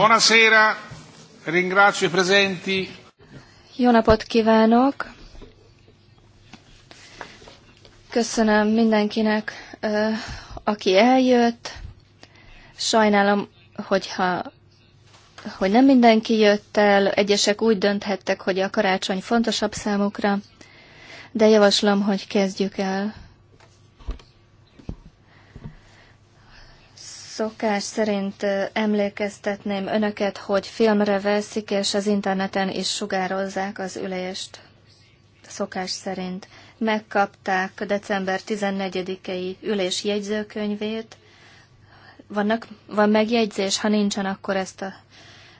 Buonasera, ringrazio i presenti. Jó napot kívánok! Köszönöm mindenkinek, aki eljött. Sajnálom, hogyha hogy nem mindenki jött el, egyesek úgy dönthettek, hogy a karácsony fontosabb számukra, de javaslom, hogy kezdjük el szokás szerint emlékeztetném önöket, hogy filmre veszik, és az interneten is sugározzák az ülést. Szokás szerint megkapták december 14-i ülés jegyzőkönyvét. Vannak, van megjegyzés, ha nincsen, akkor ezt a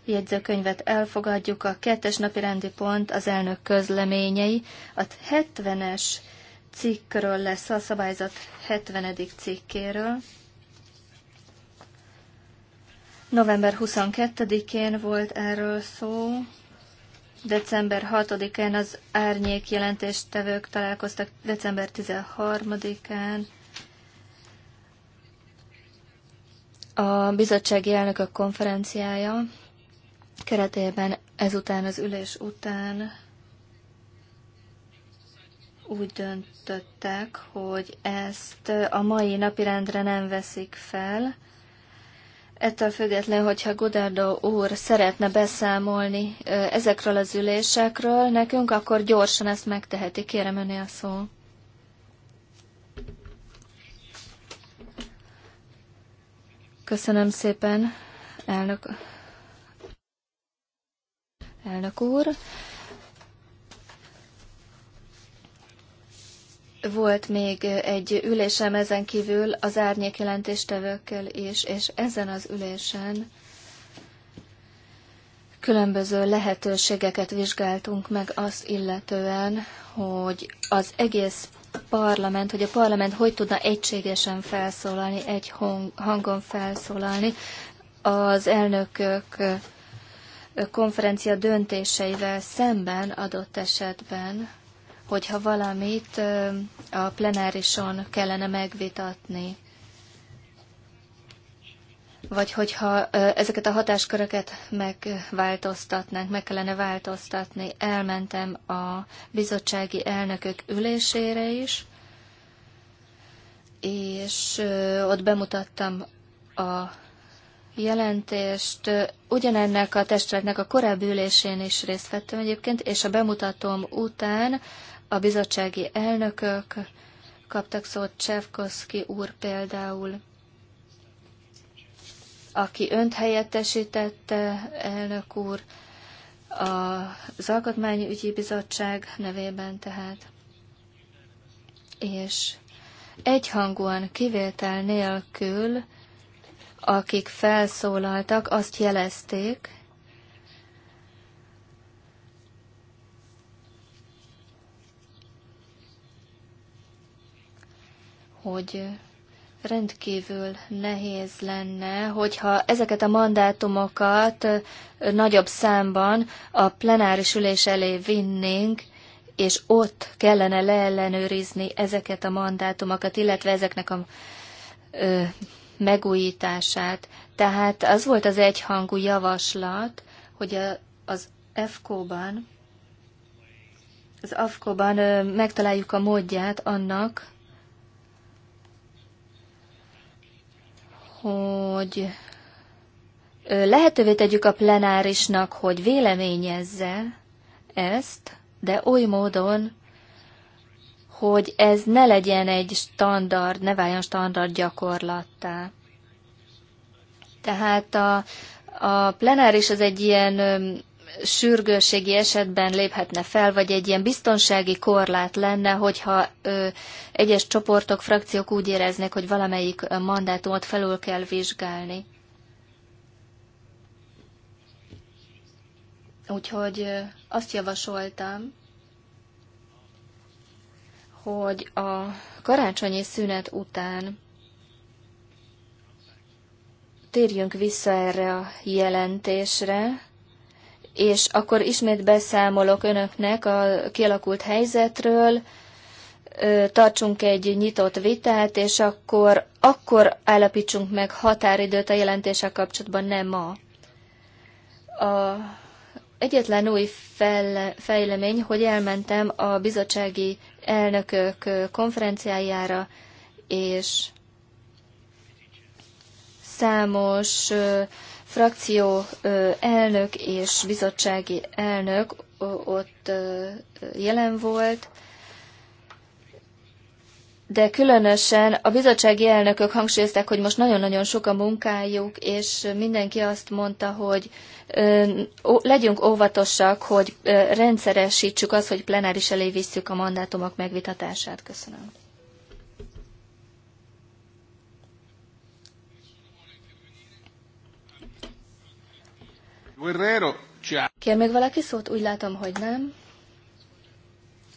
jegyzőkönyvet elfogadjuk. A kettes napi rendi pont az elnök közleményei. A 70-es cikkről lesz a szabályzat 70. cikkéről. November 22-én volt erről szó, december 6-án az árnyék jelentéstevők találkoztak, december 13-án a bizottsági elnökök konferenciája keretében ezután az ülés után úgy döntöttek, hogy ezt a mai napirendre nem veszik fel, Ettől független, hogyha Godardo úr szeretne beszámolni ezekről az ülésekről nekünk, akkor gyorsan ezt megteheti. Kérem öné a szó. Köszönöm szépen, elnök, elnök úr. Volt még egy ülésem ezen kívül az árnyék jelentéstevőkkel is, és ezen az ülésen különböző lehetőségeket vizsgáltunk meg azt illetően, hogy az egész parlament, hogy a parlament hogy tudna egységesen felszólalni, egy hangon felszólalni az elnökök konferencia döntéseivel szemben adott esetben hogyha valamit a plenárison kellene megvitatni. Vagy hogyha ezeket a hatásköröket megváltoztatnánk, meg kellene változtatni. Elmentem a bizottsági elnökök ülésére is, és ott bemutattam a jelentést. Ugyanennek a testületnek a korábbi ülésén is részt vettem egyébként, és a bemutatóm után a bizottsági elnökök kaptak szót, Csevkoszki úr például, aki önt helyettesítette, elnök úr, az Alkotmányügyi Bizottság nevében tehát. És egyhangúan kivétel nélkül, akik felszólaltak, azt jelezték, hogy rendkívül nehéz lenne, hogyha ezeket a mandátumokat nagyobb számban a plenáris ülés elé vinnénk, és ott kellene leellenőrizni ezeket a mandátumokat, illetve ezeknek a ö, megújítását. Tehát az volt az egyhangú javaslat, hogy a, az EFKO-ban az AFKO-ban megtaláljuk a módját annak, hogy lehetővé tegyük a plenárisnak, hogy véleményezze ezt, de oly módon, hogy ez ne legyen egy standard, ne váljon standard gyakorlattá. Tehát a, a plenáris az egy ilyen sürgőségi esetben léphetne fel, vagy egy ilyen biztonsági korlát lenne, hogyha ö, egyes csoportok, frakciók úgy éreznek, hogy valamelyik mandátumot felül kell vizsgálni. Úgyhogy ö, azt javasoltam, hogy a karácsonyi szünet után térjünk vissza erre a jelentésre, és akkor ismét beszámolok önöknek a kialakult helyzetről, tartsunk egy nyitott vitát, és akkor, akkor állapítsunk meg határidőt a jelentéssel kapcsolatban, nem ma. A egyetlen új fejlemény, hogy elmentem a bizottsági elnökök konferenciájára, és számos frakció elnök és bizottsági elnök ott jelen volt, de különösen a bizottsági elnökök hangsúlyozták, hogy most nagyon-nagyon sok a munkájuk, és mindenki azt mondta, hogy legyünk óvatosak, hogy rendszeresítsük azt, hogy plenáris elé visszük a mandátumok megvitatását. Köszönöm. Guerrero, Kér még valaki szót? Úgy látom, hogy nem.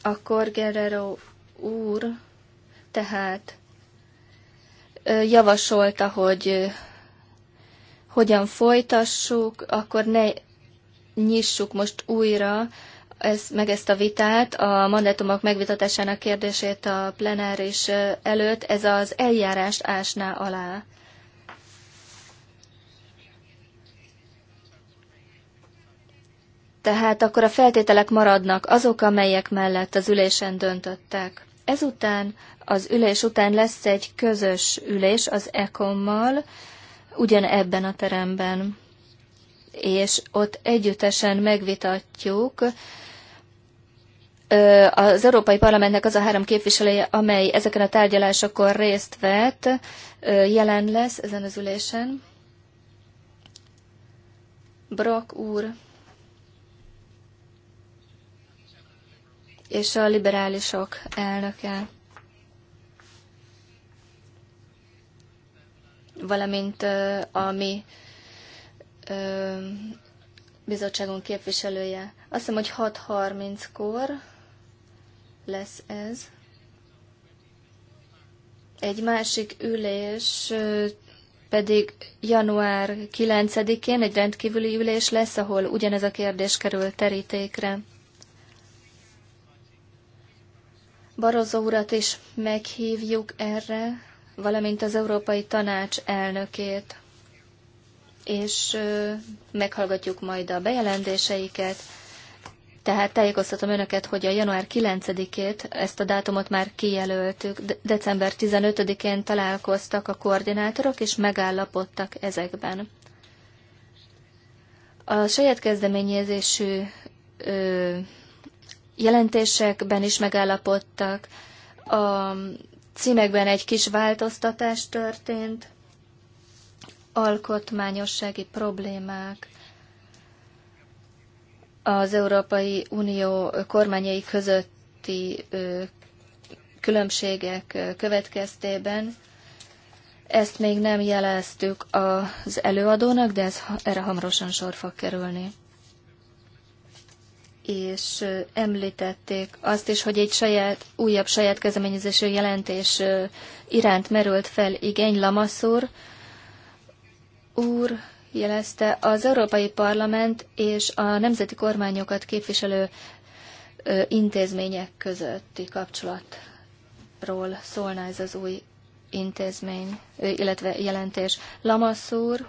Akkor Guerrero úr, tehát javasolta, hogy hogyan folytassuk, akkor ne nyissuk most újra ez, meg ezt a vitát, a mandátumok megvitatásának kérdését a plenáris előtt, ez az eljárást ásná alá. Tehát akkor a feltételek maradnak azok, amelyek mellett az ülésen döntöttek. Ezután, az ülés után lesz egy közös ülés az ECOM-mal, ugyan ebben a teremben. És ott együttesen megvitatjuk az Európai Parlamentnek az a három képviselője, amely ezeken a tárgyalásokon részt vett, jelen lesz ezen az ülésen. Brock úr és a liberálisok elnöke, valamint a mi bizottságunk képviselője. Azt hiszem, hogy 6.30-kor lesz ez. Egy másik ülés pedig január 9-én egy rendkívüli ülés lesz, ahol ugyanez a kérdés kerül terítékre. Barozó urat is meghívjuk erre, valamint az Európai Tanács elnökét, és meghallgatjuk majd a bejelentéseiket. Tehát tájékoztatom önöket, hogy a január 9-ét, ezt a dátumot már kijelöltük, de december 15-én találkoztak a koordinátorok, és megállapodtak ezekben. A saját kezdeményezésű ö, jelentésekben is megállapodtak, a címekben egy kis változtatás történt, alkotmányossági problémák, az Európai Unió kormányai közötti különbségek következtében. Ezt még nem jeleztük az előadónak, de ez, erre hamarosan sor fog kerülni és említették azt is, hogy egy saját, újabb saját kezdeményezésű jelentés iránt merült fel igény Lamaszur úr jelezte, az Európai Parlament és a nemzeti kormányokat képviselő intézmények közötti kapcsolatról szólna ez az új intézmény, illetve jelentés. Lamaszúr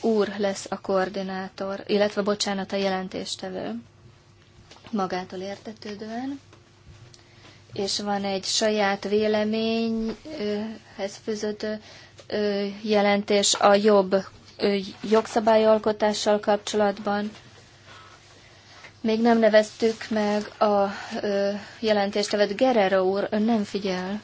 úr lesz a koordinátor, illetve bocsánat, a jelentéstevő magától értetődően, és van egy saját véleményhez fűzött jelentés a jobb jogszabályalkotással kapcsolatban. Még nem neveztük meg a jelentést, tehát Gerera úr, ön nem figyel.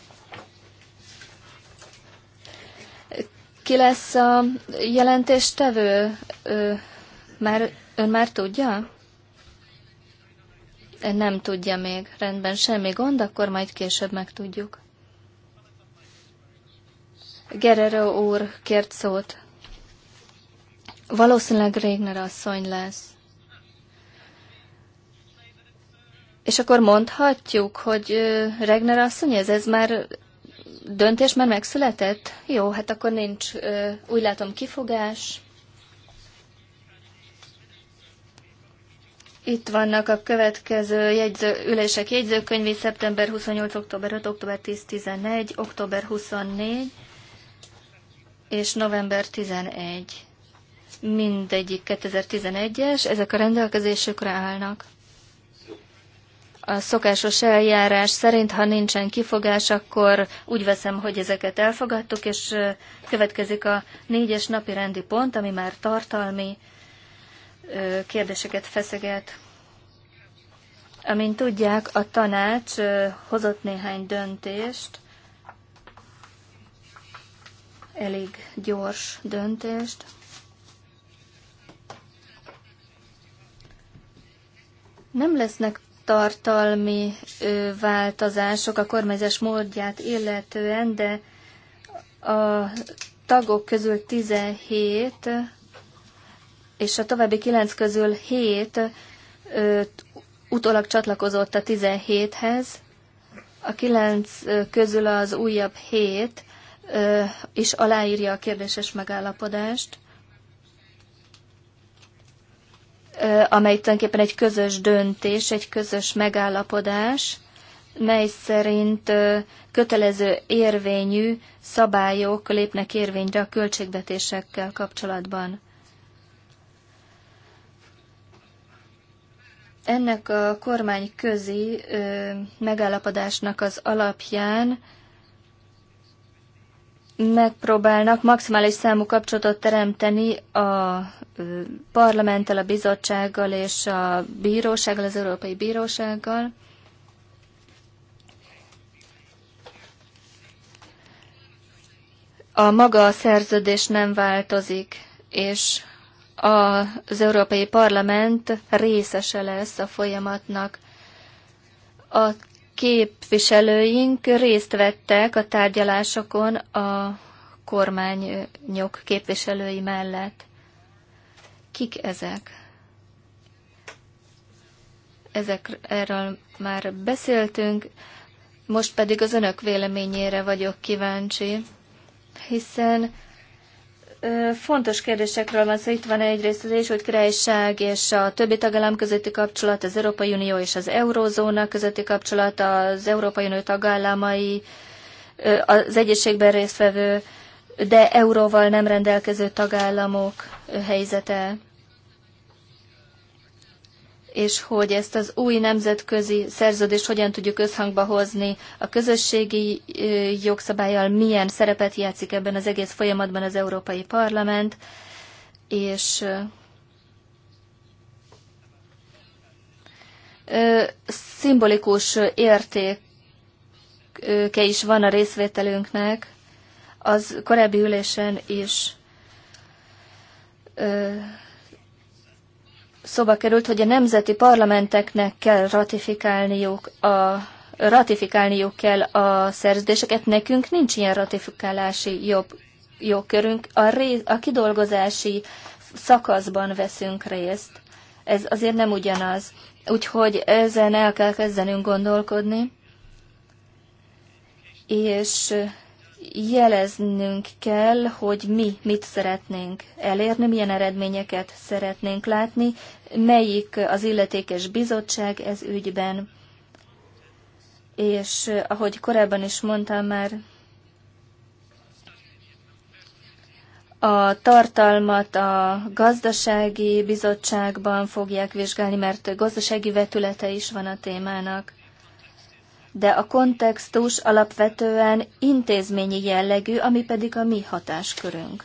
Ki lesz a jelentéstevő? ön már tudja? nem tudja még. Rendben, semmi gond, akkor majd később megtudjuk. Gerere úr kért szót. Valószínűleg Régner asszony lesz. És akkor mondhatjuk, hogy Regner asszony, ez, ez már döntés már megszületett? Jó, hát akkor nincs, úgy látom, kifogás. Itt vannak a következő jegyző, ülések jegyzőkönyvi, szeptember 28, október 5, október 10, 11, október 24 és november 11. Mindegyik 2011-es, ezek a rendelkezésükre állnak. A szokásos eljárás szerint, ha nincsen kifogás, akkor úgy veszem, hogy ezeket elfogadtuk, és következik a négyes napi rendi pont, ami már tartalmi, kérdéseket feszeget. Amint tudják, a tanács hozott néhány döntést, elég gyors döntést. Nem lesznek tartalmi változások a kormányzás módját illetően, de a tagok közül 17 és a további kilenc közül hét utólag csatlakozott a 17-hez, a kilenc közül az újabb hét is aláírja a kérdéses megállapodást, amely tulajdonképpen egy közös döntés, egy közös megállapodás, mely szerint kötelező érvényű szabályok lépnek érvényre a költségvetésekkel kapcsolatban. ennek a kormány közi megállapodásnak az alapján megpróbálnak maximális számú kapcsolatot teremteni a parlamenttel, a bizottsággal és a bírósággal, az Európai Bírósággal. A maga a szerződés nem változik, és az Európai Parlament részese lesz a folyamatnak. A képviselőink részt vettek a tárgyalásokon a kormányok képviselői mellett. Kik ezek? Ezek, erről már beszéltünk, most pedig az önök véleményére vagyok kíváncsi, hiszen fontos kérdésekről van szó. Itt van egyrészt az Egyesült Királyság és a többi tagállam közötti kapcsolat, az Európai Unió és az Eurózóna közötti kapcsolat, az Európai Unió tagállamai, az egyességben résztvevő, de euróval nem rendelkező tagállamok helyzete és hogy ezt az új nemzetközi szerződést hogyan tudjuk összhangba hozni a közösségi jogszabályal milyen szerepet játszik ebben az egész folyamatban az Európai Parlament, és szimbolikus értéke is van a részvételünknek, az korábbi ülésen is szóba került, hogy a nemzeti parlamenteknek kell ratifikálniuk a ratifikálniuk kell a szerződéseket, nekünk nincs ilyen ratifikálási jobb, jogkörünk, a, rész, a kidolgozási szakaszban veszünk részt. Ez azért nem ugyanaz. Úgyhogy ezen el kell kezdenünk gondolkodni, és jeleznünk kell, hogy mi mit szeretnénk elérni, milyen eredményeket szeretnénk látni, melyik az illetékes bizottság ez ügyben, és ahogy korábban is mondtam már, a tartalmat a gazdasági bizottságban fogják vizsgálni, mert gazdasági vetülete is van a témának de a kontextus alapvetően intézményi jellegű, ami pedig a mi hatáskörünk.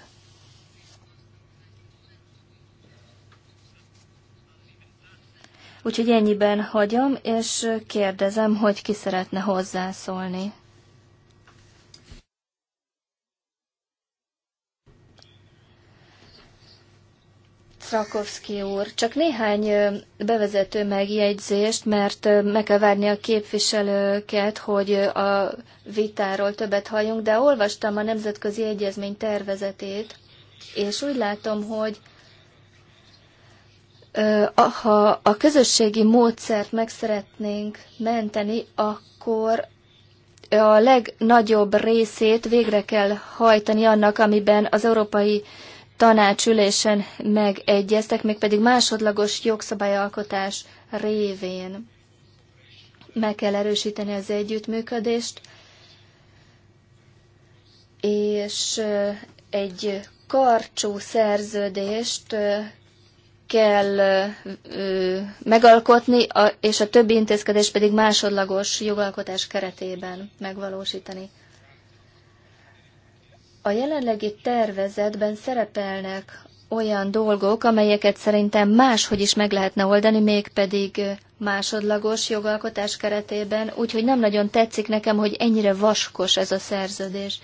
Úgyhogy ennyiben hagyom, és kérdezem, hogy ki szeretne hozzászólni. Rakowski úr, csak néhány bevezető megjegyzést, mert meg kell várni a képviselőket, hogy a vitáról többet halljunk, de olvastam a Nemzetközi Egyezmény tervezetét, és úgy látom, hogy ha a közösségi módszert meg szeretnénk menteni, akkor a legnagyobb részét végre kell hajtani annak, amiben az Európai tanácsülésen megegyeztek, mégpedig másodlagos jogszabályalkotás révén meg kell erősíteni az együttműködést, és egy karcsú szerződést kell megalkotni, és a többi intézkedés pedig másodlagos jogalkotás keretében megvalósítani. A jelenlegi tervezetben szerepelnek olyan dolgok, amelyeket szerintem máshogy is meg lehetne oldani, mégpedig másodlagos jogalkotás keretében, úgyhogy nem nagyon tetszik nekem, hogy ennyire vaskos ez a szerződés.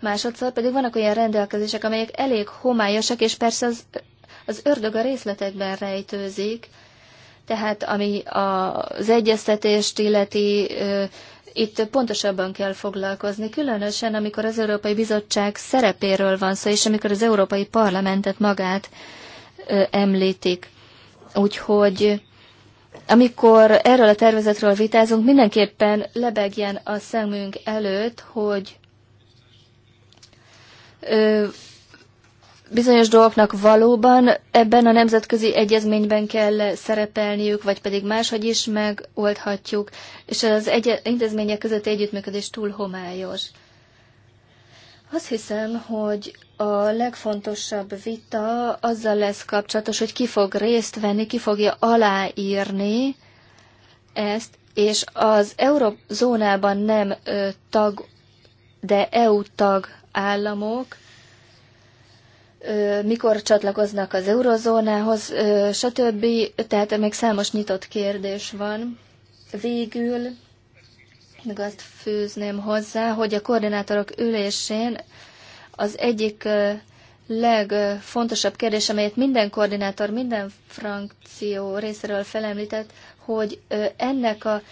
Másodszor pedig vannak olyan rendelkezések, amelyek elég homályosak, és persze az, az ördög a részletekben rejtőzik, tehát ami az egyeztetést illeti itt pontosabban kell foglalkozni, különösen amikor az Európai Bizottság szerepéről van szó, és amikor az Európai Parlamentet magát ö, említik. Úgyhogy amikor erről a tervezetről vitázunk, mindenképpen lebegjen a szemünk előtt, hogy ö, bizonyos dolgoknak valóban ebben a nemzetközi egyezményben kell szerepelniük, vagy pedig máshogy is megoldhatjuk, és az egy- intézmények közötti együttműködés túl homályos. Azt hiszem, hogy a legfontosabb vita azzal lesz kapcsolatos, hogy ki fog részt venni, ki fogja aláírni ezt, és az eurozónában nem tag, de EU tag államok, mikor csatlakoznak az eurozónához, stb. Tehát még számos nyitott kérdés van. Végül még azt fűzném hozzá, hogy a koordinátorok ülésén az egyik legfontosabb kérdés, amelyet minden koordinátor, minden frankció részéről felemlített, hogy ennek a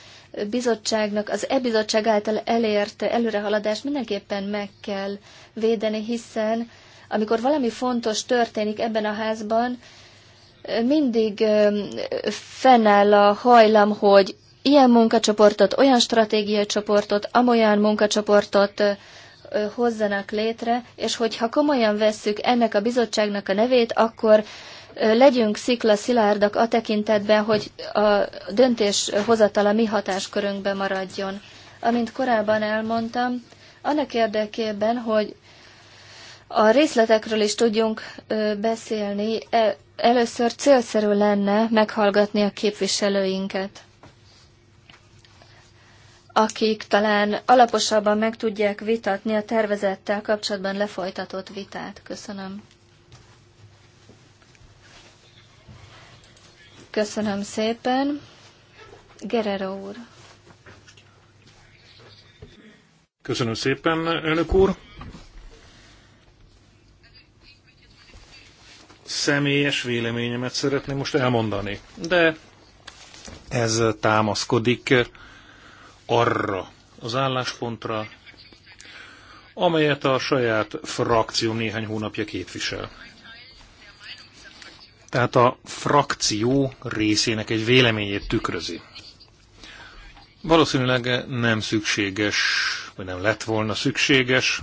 bizottságnak, az e-bizottság által elért előrehaladást mindenképpen meg kell védeni, hiszen amikor valami fontos történik ebben a házban, mindig fennáll a hajlam, hogy ilyen munkacsoportot, olyan stratégiai csoportot, amolyan munkacsoportot hozzanak létre, és hogyha komolyan vesszük ennek a bizottságnak a nevét, akkor legyünk szikla szilárdak a tekintetben, hogy a döntés hozatala mi hatáskörünkbe maradjon. Amint korábban elmondtam, annak érdekében, hogy a részletekről is tudjunk beszélni. E, először célszerű lenne meghallgatni a képviselőinket, akik talán alaposabban meg tudják vitatni a tervezettel kapcsolatban lefolytatott vitát. Köszönöm. Köszönöm szépen. Gerero úr. Köszönöm szépen, elnök úr. személyes véleményemet szeretném most elmondani, de ez támaszkodik arra az álláspontra, amelyet a saját frakció néhány hónapja képvisel. Tehát a frakció részének egy véleményét tükrözi. Valószínűleg nem szükséges, vagy nem lett volna szükséges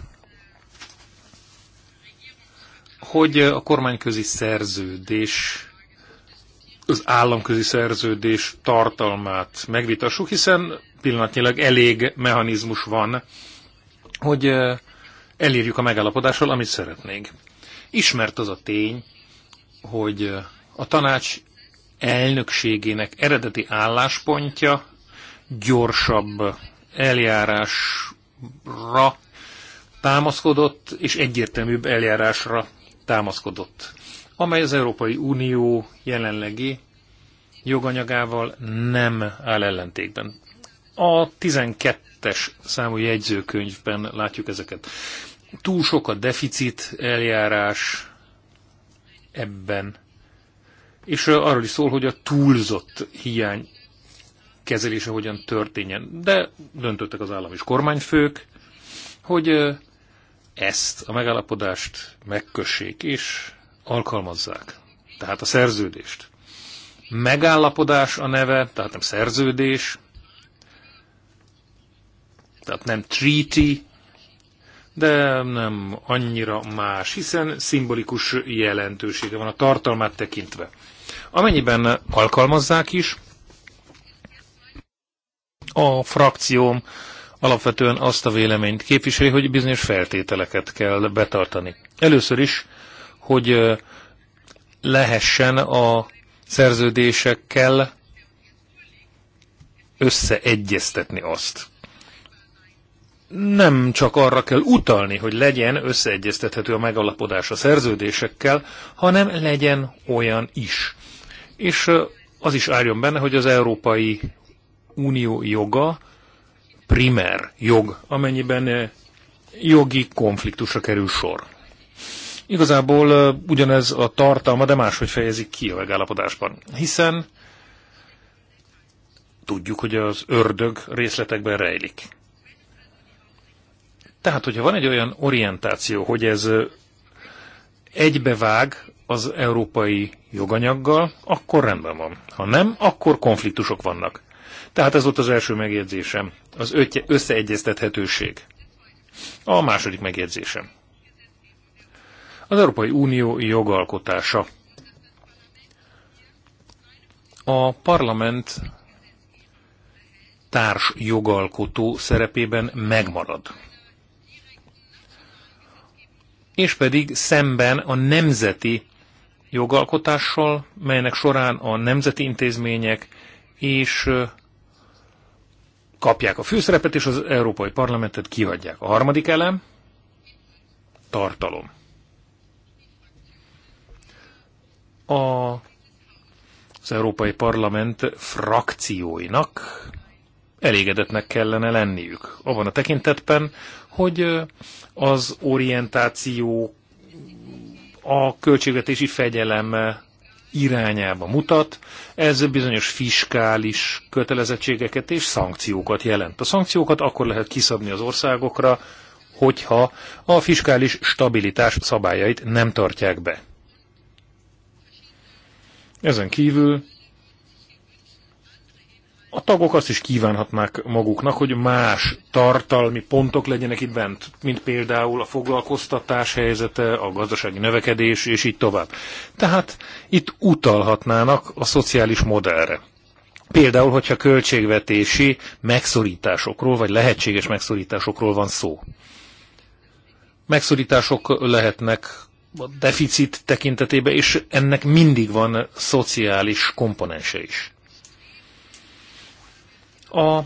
hogy a kormányközi szerződés, az államközi szerződés tartalmát megvitassuk, hiszen pillanatnyilag elég mechanizmus van, hogy elérjük a megállapodással, amit szeretnénk. Ismert az a tény, hogy a tanács elnökségének eredeti álláspontja gyorsabb eljárásra támaszkodott, és egyértelműbb eljárásra támaszkodott, amely az Európai Unió jelenlegi joganyagával nem áll ellentétben. A 12-es számú jegyzőkönyvben látjuk ezeket. Túl sok a deficit eljárás ebben, és arról is szól, hogy a túlzott hiány kezelése hogyan történjen. De döntöttek az állam és kormányfők, hogy ezt a megállapodást megkössék és alkalmazzák. Tehát a szerződést. Megállapodás a neve, tehát nem szerződés, tehát nem treaty, de nem annyira más, hiszen szimbolikus jelentősége van a tartalmát tekintve. Amennyiben alkalmazzák is, a frakcióm alapvetően azt a véleményt képviseli, hogy bizonyos feltételeket kell betartani. Először is, hogy lehessen a szerződésekkel összeegyeztetni azt. Nem csak arra kell utalni, hogy legyen összeegyeztethető a megalapodás a szerződésekkel, hanem legyen olyan is. És az is álljon benne, hogy az Európai Unió joga primer jog, amennyiben eh, jogi konfliktusra kerül sor. Igazából eh, ugyanez a tartalma, de máshogy fejezik ki a megállapodásban. Hiszen tudjuk, hogy az ördög részletekben rejlik. Tehát, hogyha van egy olyan orientáció, hogy ez eh, egybevág az európai joganyaggal, akkor rendben van. Ha nem, akkor konfliktusok vannak. Tehát ez volt az első megjegyzésem, az összeegyeztethetőség. A második megjegyzésem. Az Európai Unió jogalkotása. A parlament társ jogalkotó szerepében megmarad. És pedig szemben a nemzeti jogalkotással, melynek során a nemzeti intézmények és kapják a főszerepet, és az Európai Parlamentet kihagyják. A harmadik elem tartalom. A, az Európai Parlament frakcióinak elégedetnek kellene lenniük. Abban a tekintetben, hogy az orientáció, a költségvetési fegyelem irányába mutat, ez bizonyos fiskális kötelezettségeket és szankciókat jelent. A szankciókat akkor lehet kiszabni az országokra, hogyha a fiskális stabilitás szabályait nem tartják be. Ezen kívül a tagok azt is kívánhatnák maguknak, hogy más tartalmi pontok legyenek itt bent, mint például a foglalkoztatás helyzete, a gazdasági növekedés, és így tovább. Tehát itt utalhatnának a szociális modellre. Például, hogyha költségvetési megszorításokról, vagy lehetséges megszorításokról van szó. Megszorítások lehetnek a deficit tekintetében, és ennek mindig van szociális komponense is. A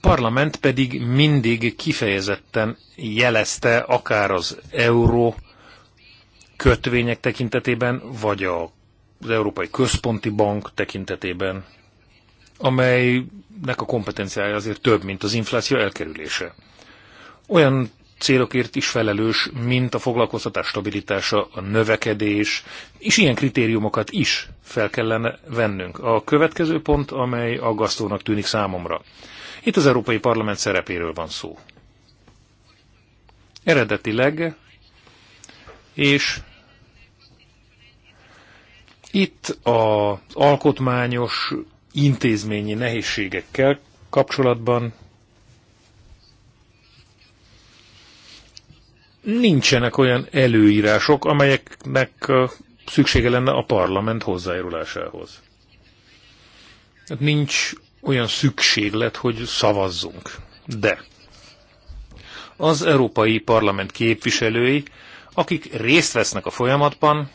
parlament pedig mindig kifejezetten jelezte, akár az euró kötvények tekintetében, vagy a, az Európai Központi Bank tekintetében, amelynek a kompetenciája azért több, mint az infláció elkerülése. Olyan célokért is felelős, mint a foglalkoztatás stabilitása, a növekedés, és ilyen kritériumokat is fel kellene vennünk. A következő pont, amely aggasztónak tűnik számomra. Itt az Európai Parlament szerepéről van szó. Eredetileg, és itt az alkotmányos intézményi nehézségekkel kapcsolatban nincsenek olyan előírások, amelyeknek szüksége lenne a parlament hozzájárulásához. Hát nincs olyan szükséglet, hogy szavazzunk. De az Európai Parlament képviselői, akik részt vesznek a folyamatban,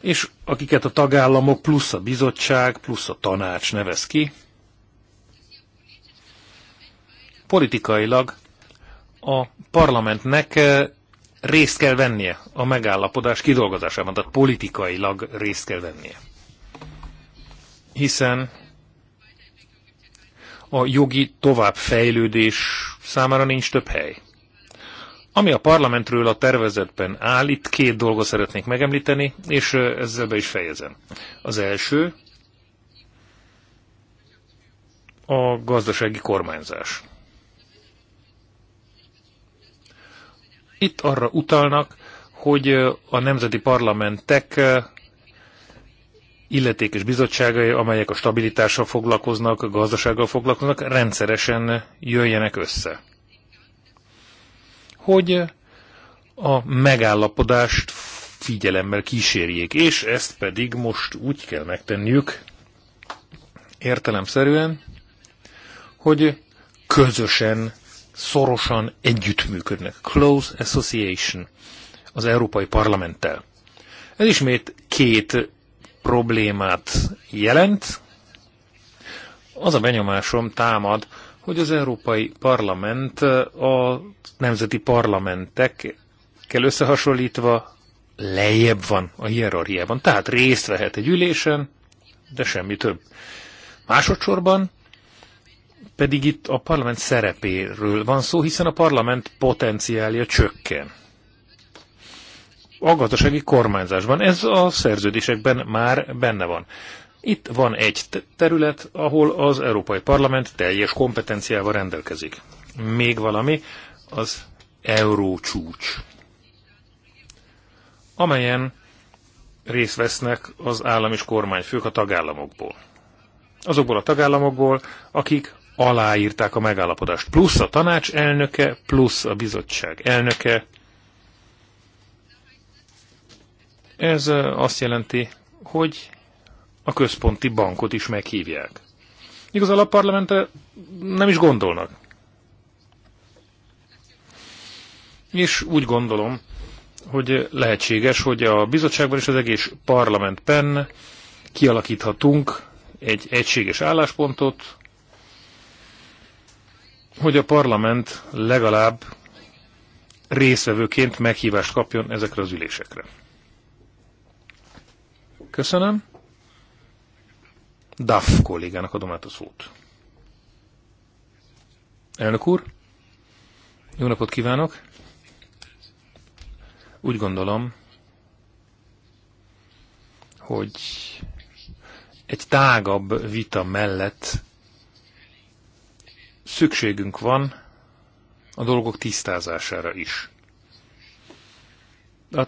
és akiket a tagállamok plusz a bizottság, plusz a tanács nevez ki, politikailag a parlamentnek eh, részt kell vennie a megállapodás kidolgozásában, tehát politikailag részt kell vennie. Hiszen a jogi továbbfejlődés számára nincs több hely. Ami a parlamentről a tervezetben áll, itt két dolgot szeretnék megemlíteni, és eh, ezzel be is fejezem. Az első a gazdasági kormányzás. Itt arra utalnak, hogy a nemzeti parlamentek illetékes bizottságai, amelyek a stabilitással foglalkoznak, a gazdasággal foglalkoznak, rendszeresen jöjjenek össze. Hogy a megállapodást figyelemmel kísérjék, és ezt pedig most úgy kell megtenniük, értelemszerűen, hogy közösen szorosan együttműködnek. Close Association az Európai Parlamenttel. Ez ismét két problémát jelent. Az a benyomásom támad, hogy az Európai Parlament a nemzeti parlamentekkel összehasonlítva lejjebb van a hierarchiában. Tehát részt vehet egy ülésen, de semmi több. Másodszorban pedig itt a parlament szerepéről van szó, hiszen a parlament potenciálja csökken. A gazdasági kormányzásban ez a szerződésekben már benne van. Itt van egy terület, ahol az Európai Parlament teljes kompetenciával rendelkezik. Még valami, az eurócsúcs, amelyen részt vesznek az állam és kormányfők a tagállamokból. Azokból a tagállamokból, akik aláírták a megállapodást. Plusz a tanács elnöke, plusz a bizottság elnöke. Ez azt jelenti, hogy a központi bankot is meghívják. Igazán a parlamentre nem is gondolnak. És úgy gondolom, hogy lehetséges, hogy a bizottságban és az egész parlamentben kialakíthatunk egy egységes álláspontot, hogy a parlament legalább részvevőként meghívást kapjon ezekre az ülésekre. Köszönöm. Duff kollégának adom át a szót. Elnök úr, jó napot kívánok! Úgy gondolom, hogy egy tágabb vita mellett szükségünk van a dolgok tisztázására is. A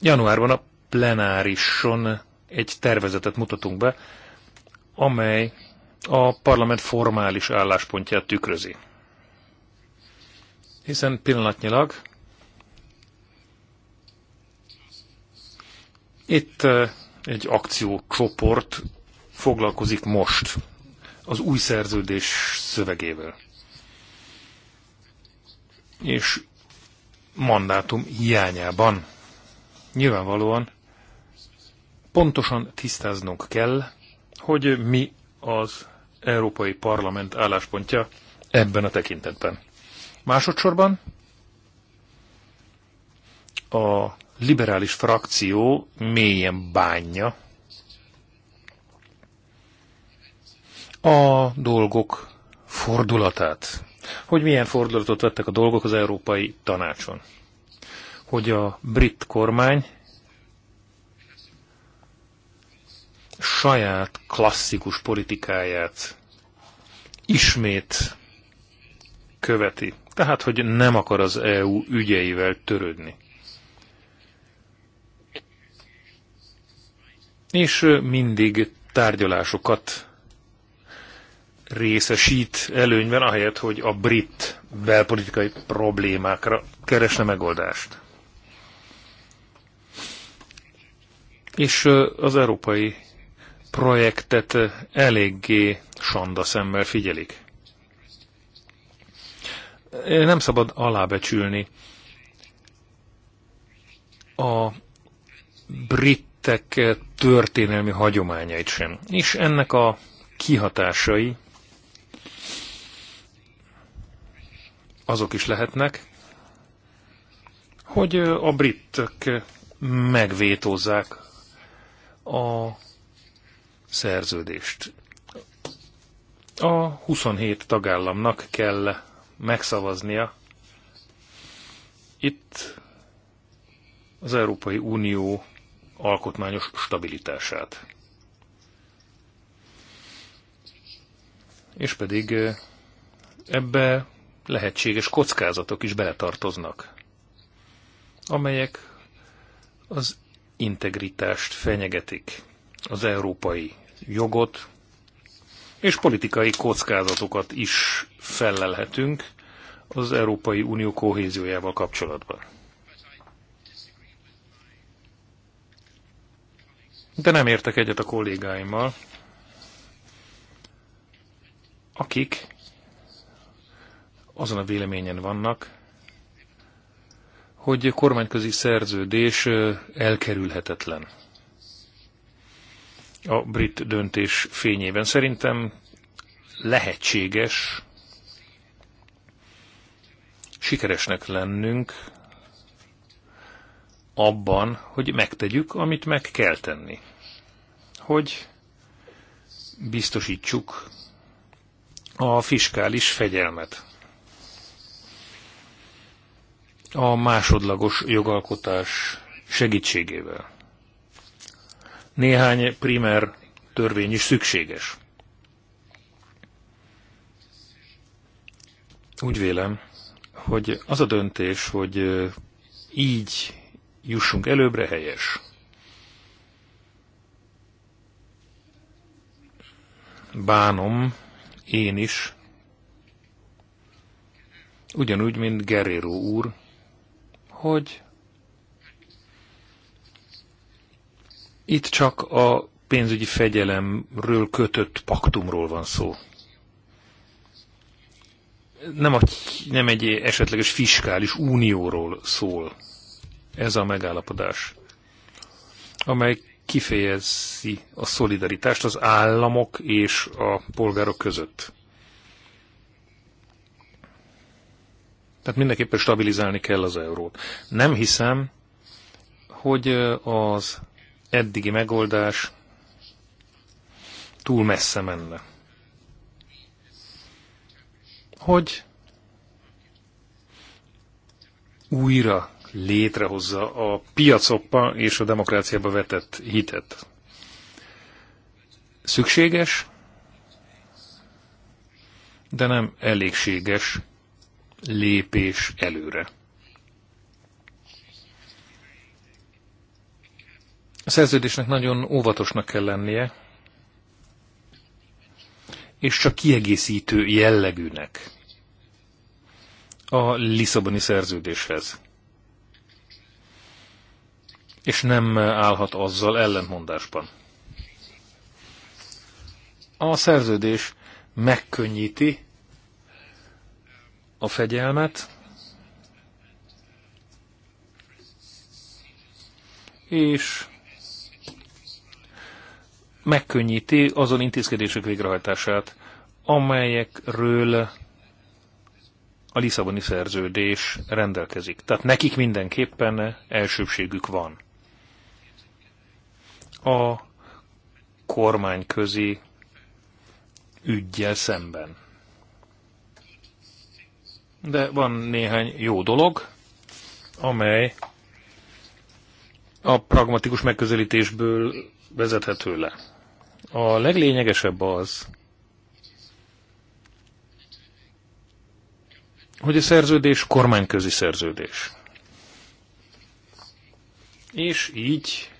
januárban a plenárison egy tervezetet mutatunk be, amely a parlament formális álláspontját tükrözi. Hiszen pillanatnyilag itt eh, egy akciócsoport foglalkozik most az új szerződés szövegével. És mandátum hiányában nyilvánvalóan pontosan tisztáznunk kell, hogy mi az Európai Parlament álláspontja ebben a tekintetben. Másodszorban a liberális frakció mélyen bánja a dolgok fordulatát. Hogy milyen fordulatot vettek a dolgok az Európai Tanácson. Hogy a brit kormány saját klasszikus politikáját ismét követi. Tehát, hogy nem akar az EU ügyeivel törődni. És mindig tárgyalásokat részesít előnyben, ahelyett, hogy a brit belpolitikai problémákra keresne megoldást. És az európai projektet eléggé sanda szemmel figyelik. Nem szabad alábecsülni a britek történelmi hagyományait sem, és ennek a kihatásai azok is lehetnek, hogy a britek megvétózzák a szerződést. A 27 tagállamnak kell megszavaznia itt az Európai Unió alkotmányos stabilitását. És pedig ebbe lehetséges kockázatok is beletartoznak, amelyek az integritást fenyegetik, az európai jogot, és politikai kockázatokat is felelhetünk az Európai Unió kohéziójával kapcsolatban. De nem értek egyet a kollégáimmal, akik azon a véleményen vannak, hogy kormányközi szerződés elkerülhetetlen. A brit döntés fényében szerintem lehetséges sikeresnek lennünk abban, hogy megtegyük, amit meg kell tenni. Hogy biztosítsuk a fiskális fegyelmet a másodlagos jogalkotás segítségével. Néhány primer törvény is szükséges. Úgy vélem, hogy az a döntés, hogy így jussunk előbbre helyes. Bánom én is, ugyanúgy, mint Gerero úr, hogy itt csak a pénzügyi fegyelemről kötött paktumról van szó. Nem, a, nem egy esetleges fiskális unióról szól ez a megállapodás, amely kifejezi a szolidaritást az államok és a polgárok között. Tehát mindenképpen stabilizálni kell az eurót. Nem hiszem, hogy az eddigi megoldás túl messze menne. Hogy újra létrehozza a piacokba és a demokráciába vetett hitet. Szükséges, de nem elégséges lépés előre. A szerződésnek nagyon óvatosnak kell lennie, és csak kiegészítő jellegűnek a Lisszaboni szerződéshez. És nem állhat azzal ellentmondásban. A szerződés megkönnyíti a fegyelmet, és megkönnyíti azon intézkedések végrehajtását, amelyekről a Lisszaboni szerződés rendelkezik. Tehát nekik mindenképpen elsőbségük van. A kormányközi ügyjel szemben de van néhány jó dolog, amely a pragmatikus megközelítésből vezethető le. A leglényegesebb az, hogy a szerződés kormányközi szerződés. És így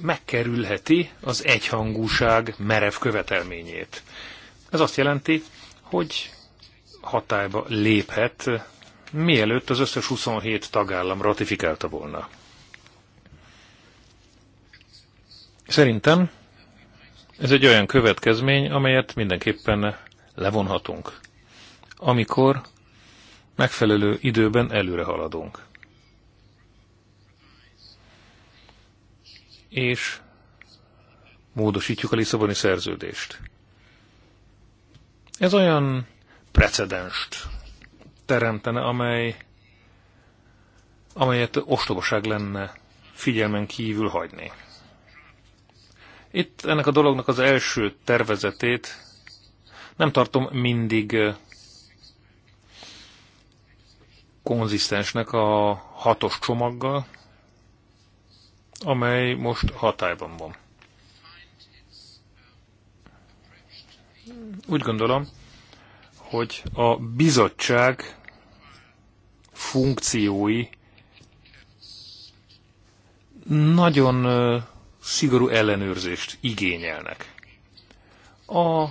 megkerülheti az egyhangúság merev követelményét. Ez azt jelenti, hogy hatályba léphet, mielőtt az összes 27 tagállam ratifikálta volna. Szerintem ez egy olyan következmény, amelyet mindenképpen levonhatunk, amikor megfelelő időben előre haladunk. És módosítjuk a Lisszaboni szerződést. Ez olyan precedenst teremtene, amely, amelyet ostobaság lenne figyelmen kívül hagyni. Itt ennek a dolognak az első tervezetét nem tartom mindig eh, konzisztensnek a hatos csomaggal, amely most hatályban van. Úgy gondolom, hogy a bizottság funkciói nagyon szigorú ellenőrzést igényelnek. A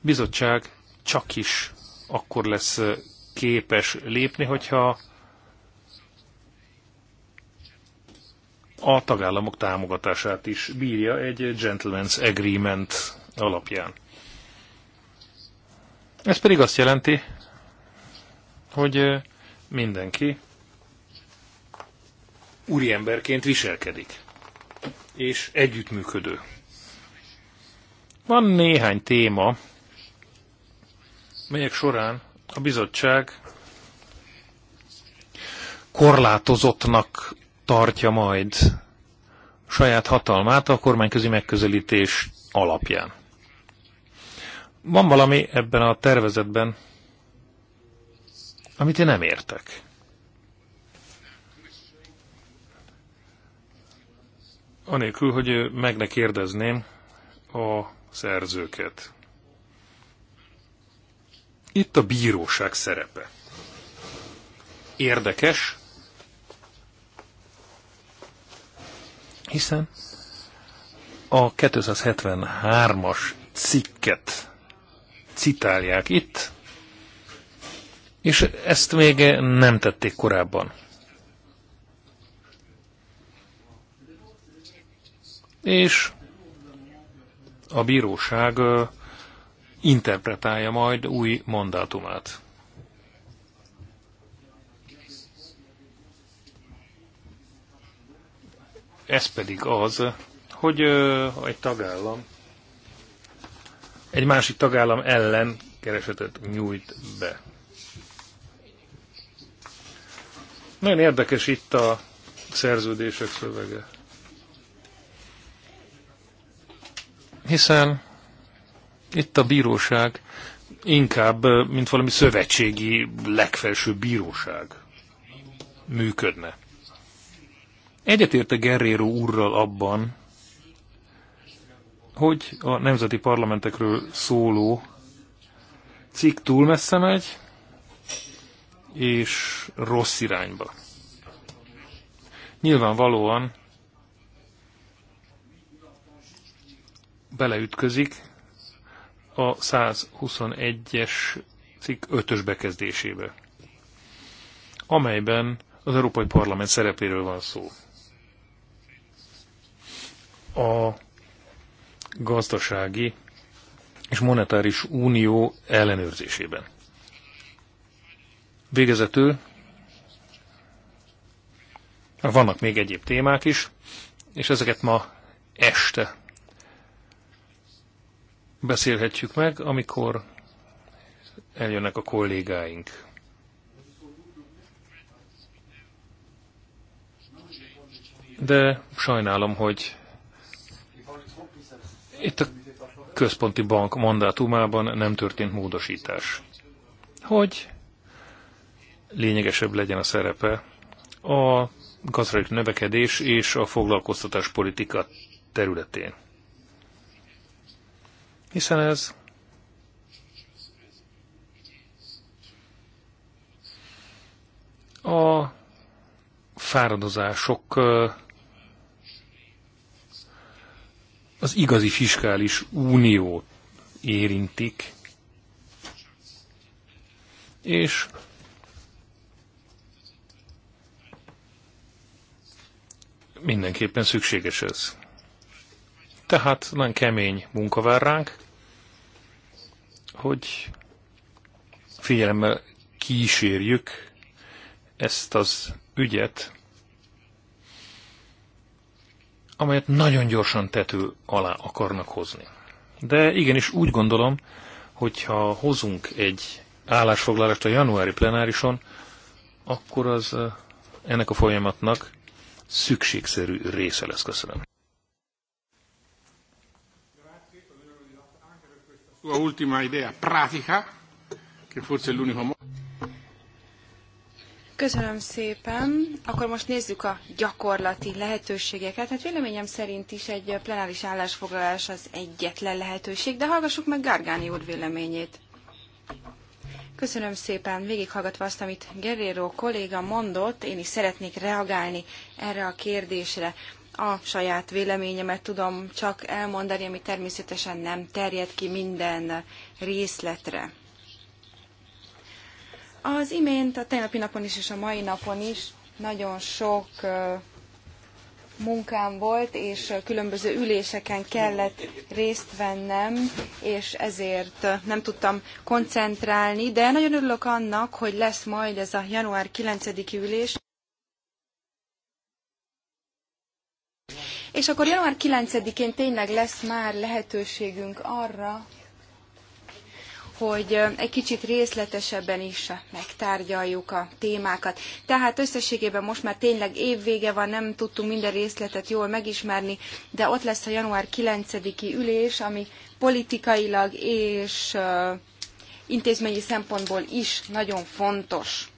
bizottság csak is akkor lesz képes lépni, hogyha a tagállamok támogatását is bírja egy gentleman's agreement alapján. Ez pedig azt jelenti, hogy mindenki úriemberként viselkedik, és együttműködő. Van néhány téma, melyek során a bizottság korlátozottnak tartja majd saját hatalmát a kormányközi megközelítés alapján van valami ebben a tervezetben, amit én nem értek. Anélkül, hogy meg ne kérdezném a szerzőket. Itt a bíróság szerepe. Érdekes, hiszen a 273-as cikket citálják itt, és ezt még nem tették korábban. És a bíróság interpretálja majd új mandátumát. Ez pedig az, hogy egy tagállam egy másik tagállam ellen keresetet nyújt be. Nagyon érdekes itt a szerződések szövege. Hiszen itt a bíróság inkább, mint valami szövetségi legfelső bíróság működne. Egyetérte Gerrero úrral abban, hogy a nemzeti parlamentekről szóló cikk túl messze megy, és rossz irányba. Nyilvánvalóan beleütközik a 121-es cikk 5-ös bekezdésébe, amelyben az Európai Parlament szerepéről van szó. A gazdasági és monetáris unió ellenőrzésében. Végezetül vannak még egyéb témák is, és ezeket ma este beszélhetjük meg, amikor eljönnek a kollégáink. De sajnálom, hogy itt a központi bank mandátumában nem történt módosítás. Hogy lényegesebb legyen a szerepe a gazdasági növekedés és a foglalkoztatás politika területén. Hiszen ez a fáradozások az igazi fiskális uniót érintik, és mindenképpen szükséges ez. Tehát nagyon kemény munka vár ránk, hogy figyelemmel kísérjük ezt az ügyet, amelyet nagyon gyorsan tető alá akarnak hozni. De igenis úgy gondolom, hogyha hozunk egy állásfoglalást a januári plenárison, akkor az eh, ennek a folyamatnak szükségszerű része lesz. Köszönöm. Sua ultima idea pratica, che forse è l'unico modo. Köszönöm szépen. Akkor most nézzük a gyakorlati lehetőségeket. Hát véleményem szerint is egy plenáris állásfoglalás az egyetlen lehetőség, de hallgassuk meg Gárgáni úr véleményét. Köszönöm szépen. Végighallgatva azt, amit Guerrero kolléga mondott, én is szeretnék reagálni erre a kérdésre. A saját véleményemet tudom csak elmondani, ami természetesen nem terjed ki minden részletre. Az imént, a tegnapi napon is és a mai napon is nagyon sok munkám volt, és különböző üléseken kellett részt vennem, és ezért nem tudtam koncentrálni, de nagyon örülök annak, hogy lesz majd ez a január 9 ülés. És akkor január 9-én tényleg lesz már lehetőségünk arra, hogy egy kicsit részletesebben is megtárgyaljuk a témákat. Tehát összességében most már tényleg évvége van, nem tudtunk minden részletet jól megismerni, de ott lesz a január 9-i ülés, ami politikailag és intézményi szempontból is nagyon fontos.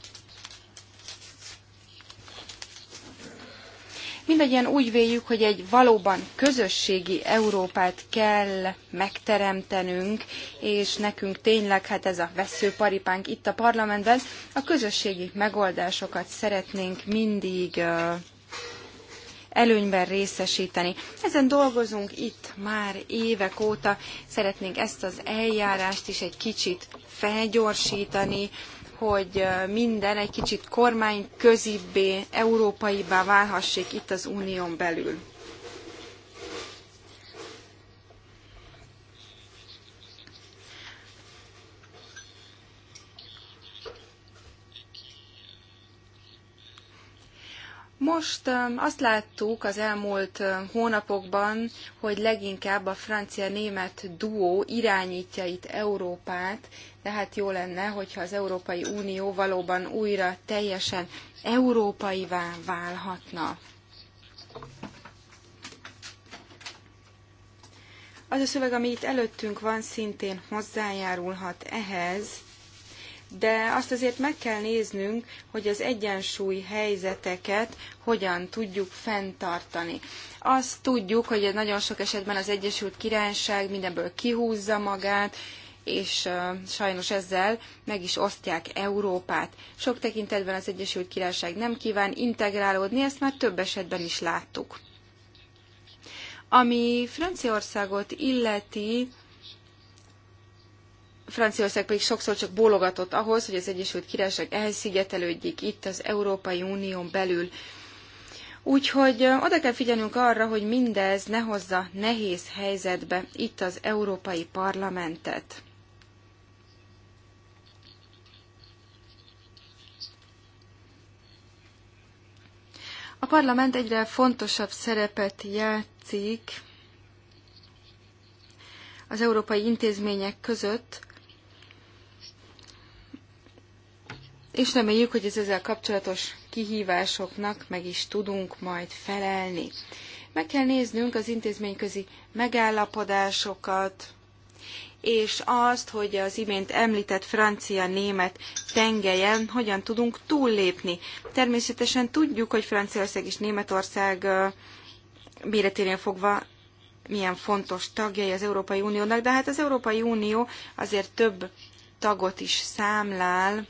Mindegyen úgy véljük, hogy egy valóban közösségi Európát kell megteremtenünk, és nekünk tényleg hát ez a veszőparipánk itt a parlamentben, a közösségi megoldásokat szeretnénk mindig előnyben részesíteni. Ezen dolgozunk itt már évek óta, szeretnénk ezt az eljárást is egy kicsit felgyorsítani, hogy minden egy kicsit kormány európaibbá válhassék itt az unión belül. Most um, azt láttuk az elmúlt um, hónapokban, hogy leginkább a francia-német duó irányítja itt Európát, tehát jó lenne, hogyha az Európai Unió valóban újra teljesen európaivá válhatna. Az a szöveg, ami itt előttünk van, szintén hozzájárulhat ehhez, de azt azért meg kell néznünk, hogy az egyensúly helyzeteket hogyan tudjuk fenntartani. Azt tudjuk, hogy nagyon sok esetben az Egyesült Királyság mindenből kihúzza magát, és sajnos ezzel meg is osztják Európát. Sok tekintetben az Egyesült Királyság nem kíván integrálódni, ezt már több esetben is láttuk. Ami Franciaországot illeti, Franciaország pedig sokszor csak bólogatott ahhoz, hogy az Egyesült Királyság ehhez szigetelődjék itt az Európai Unión belül. Úgyhogy oda kell figyelnünk arra, hogy mindez ne hozza nehéz helyzetbe itt az Európai Parlamentet. A parlament egyre fontosabb szerepet játszik az európai intézmények között, és reméljük, hogy az ezzel kapcsolatos kihívásoknak meg is tudunk majd felelni. Meg kell néznünk az intézményközi megállapodásokat, és azt, hogy az imént említett francia-német tengelyen hogyan tudunk túllépni. Természetesen tudjuk, hogy Franciaország és Németország méreténél fogva milyen fontos tagjai az Európai Uniónak, de hát az Európai Unió azért több tagot is számlál,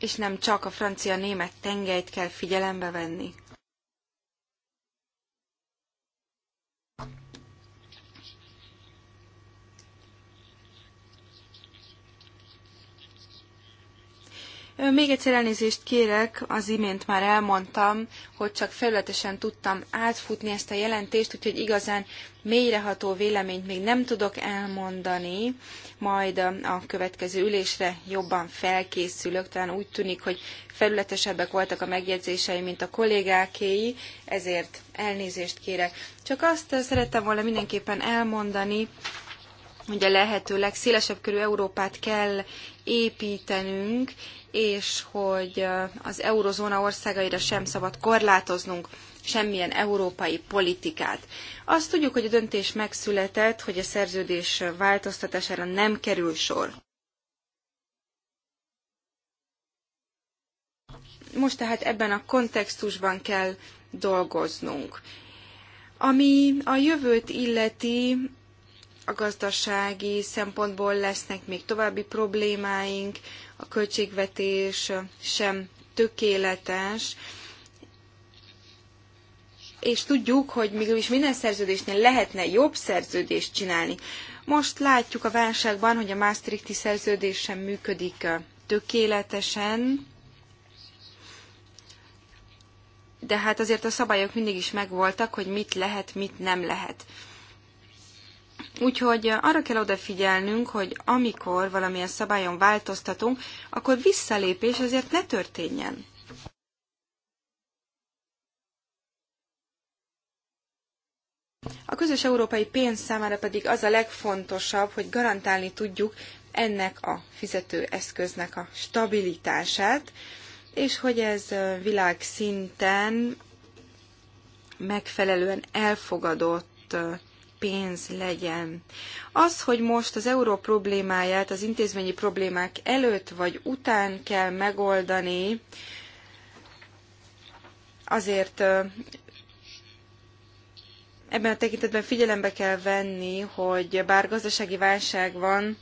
és nem csak a francia-német tengelyt kell figyelembe venni. Még egyszer elnézést kérek, az imént már elmondtam, hogy csak felületesen tudtam átfutni ezt a jelentést, úgyhogy igazán mélyreható véleményt még nem tudok elmondani, majd a következő ülésre jobban felkészülök, talán úgy tűnik, hogy felületesebbek voltak a megjegyzései mint a kollégákéi, ezért elnézést kérek. Csak azt szerettem volna mindenképpen elmondani, hogy a lehető legszélesebb körű Európát kell építenünk, és hogy az eurozóna országaira sem szabad korlátoznunk semmilyen európai politikát. Azt tudjuk, hogy a döntés megszületett, hogy a szerződés változtatására nem kerül sor. Most tehát ebben a kontextusban kell dolgoznunk. Ami a jövőt illeti, a gazdasági szempontból lesznek még további problémáink, a költségvetés sem tökéletes, és tudjuk, hogy mégis minden szerződésnél lehetne jobb szerződést csinálni. Most látjuk a válságban, hogy a Maastrichti szerződés sem működik eh, tökéletesen, de hát azért a szabályok mindig is megvoltak, hogy mit lehet, mit nem lehet. Úgyhogy eh, arra kell odafigyelnünk, hogy amikor valamilyen szabályon változtatunk, akkor visszalépés ezért ne történjen. A közös európai pénz számára pedig az a legfontosabb, hogy garantálni tudjuk ennek a fizetőeszköznek a stabilitását, és hogy ez eh, világszinten megfelelően elfogadott eh, pénz legyen. Az, hogy most az euró problémáját az intézményi problémák előtt vagy után kell megoldani, azért ebben a tekintetben figyelembe kell venni, hogy bár gazdasági válság van,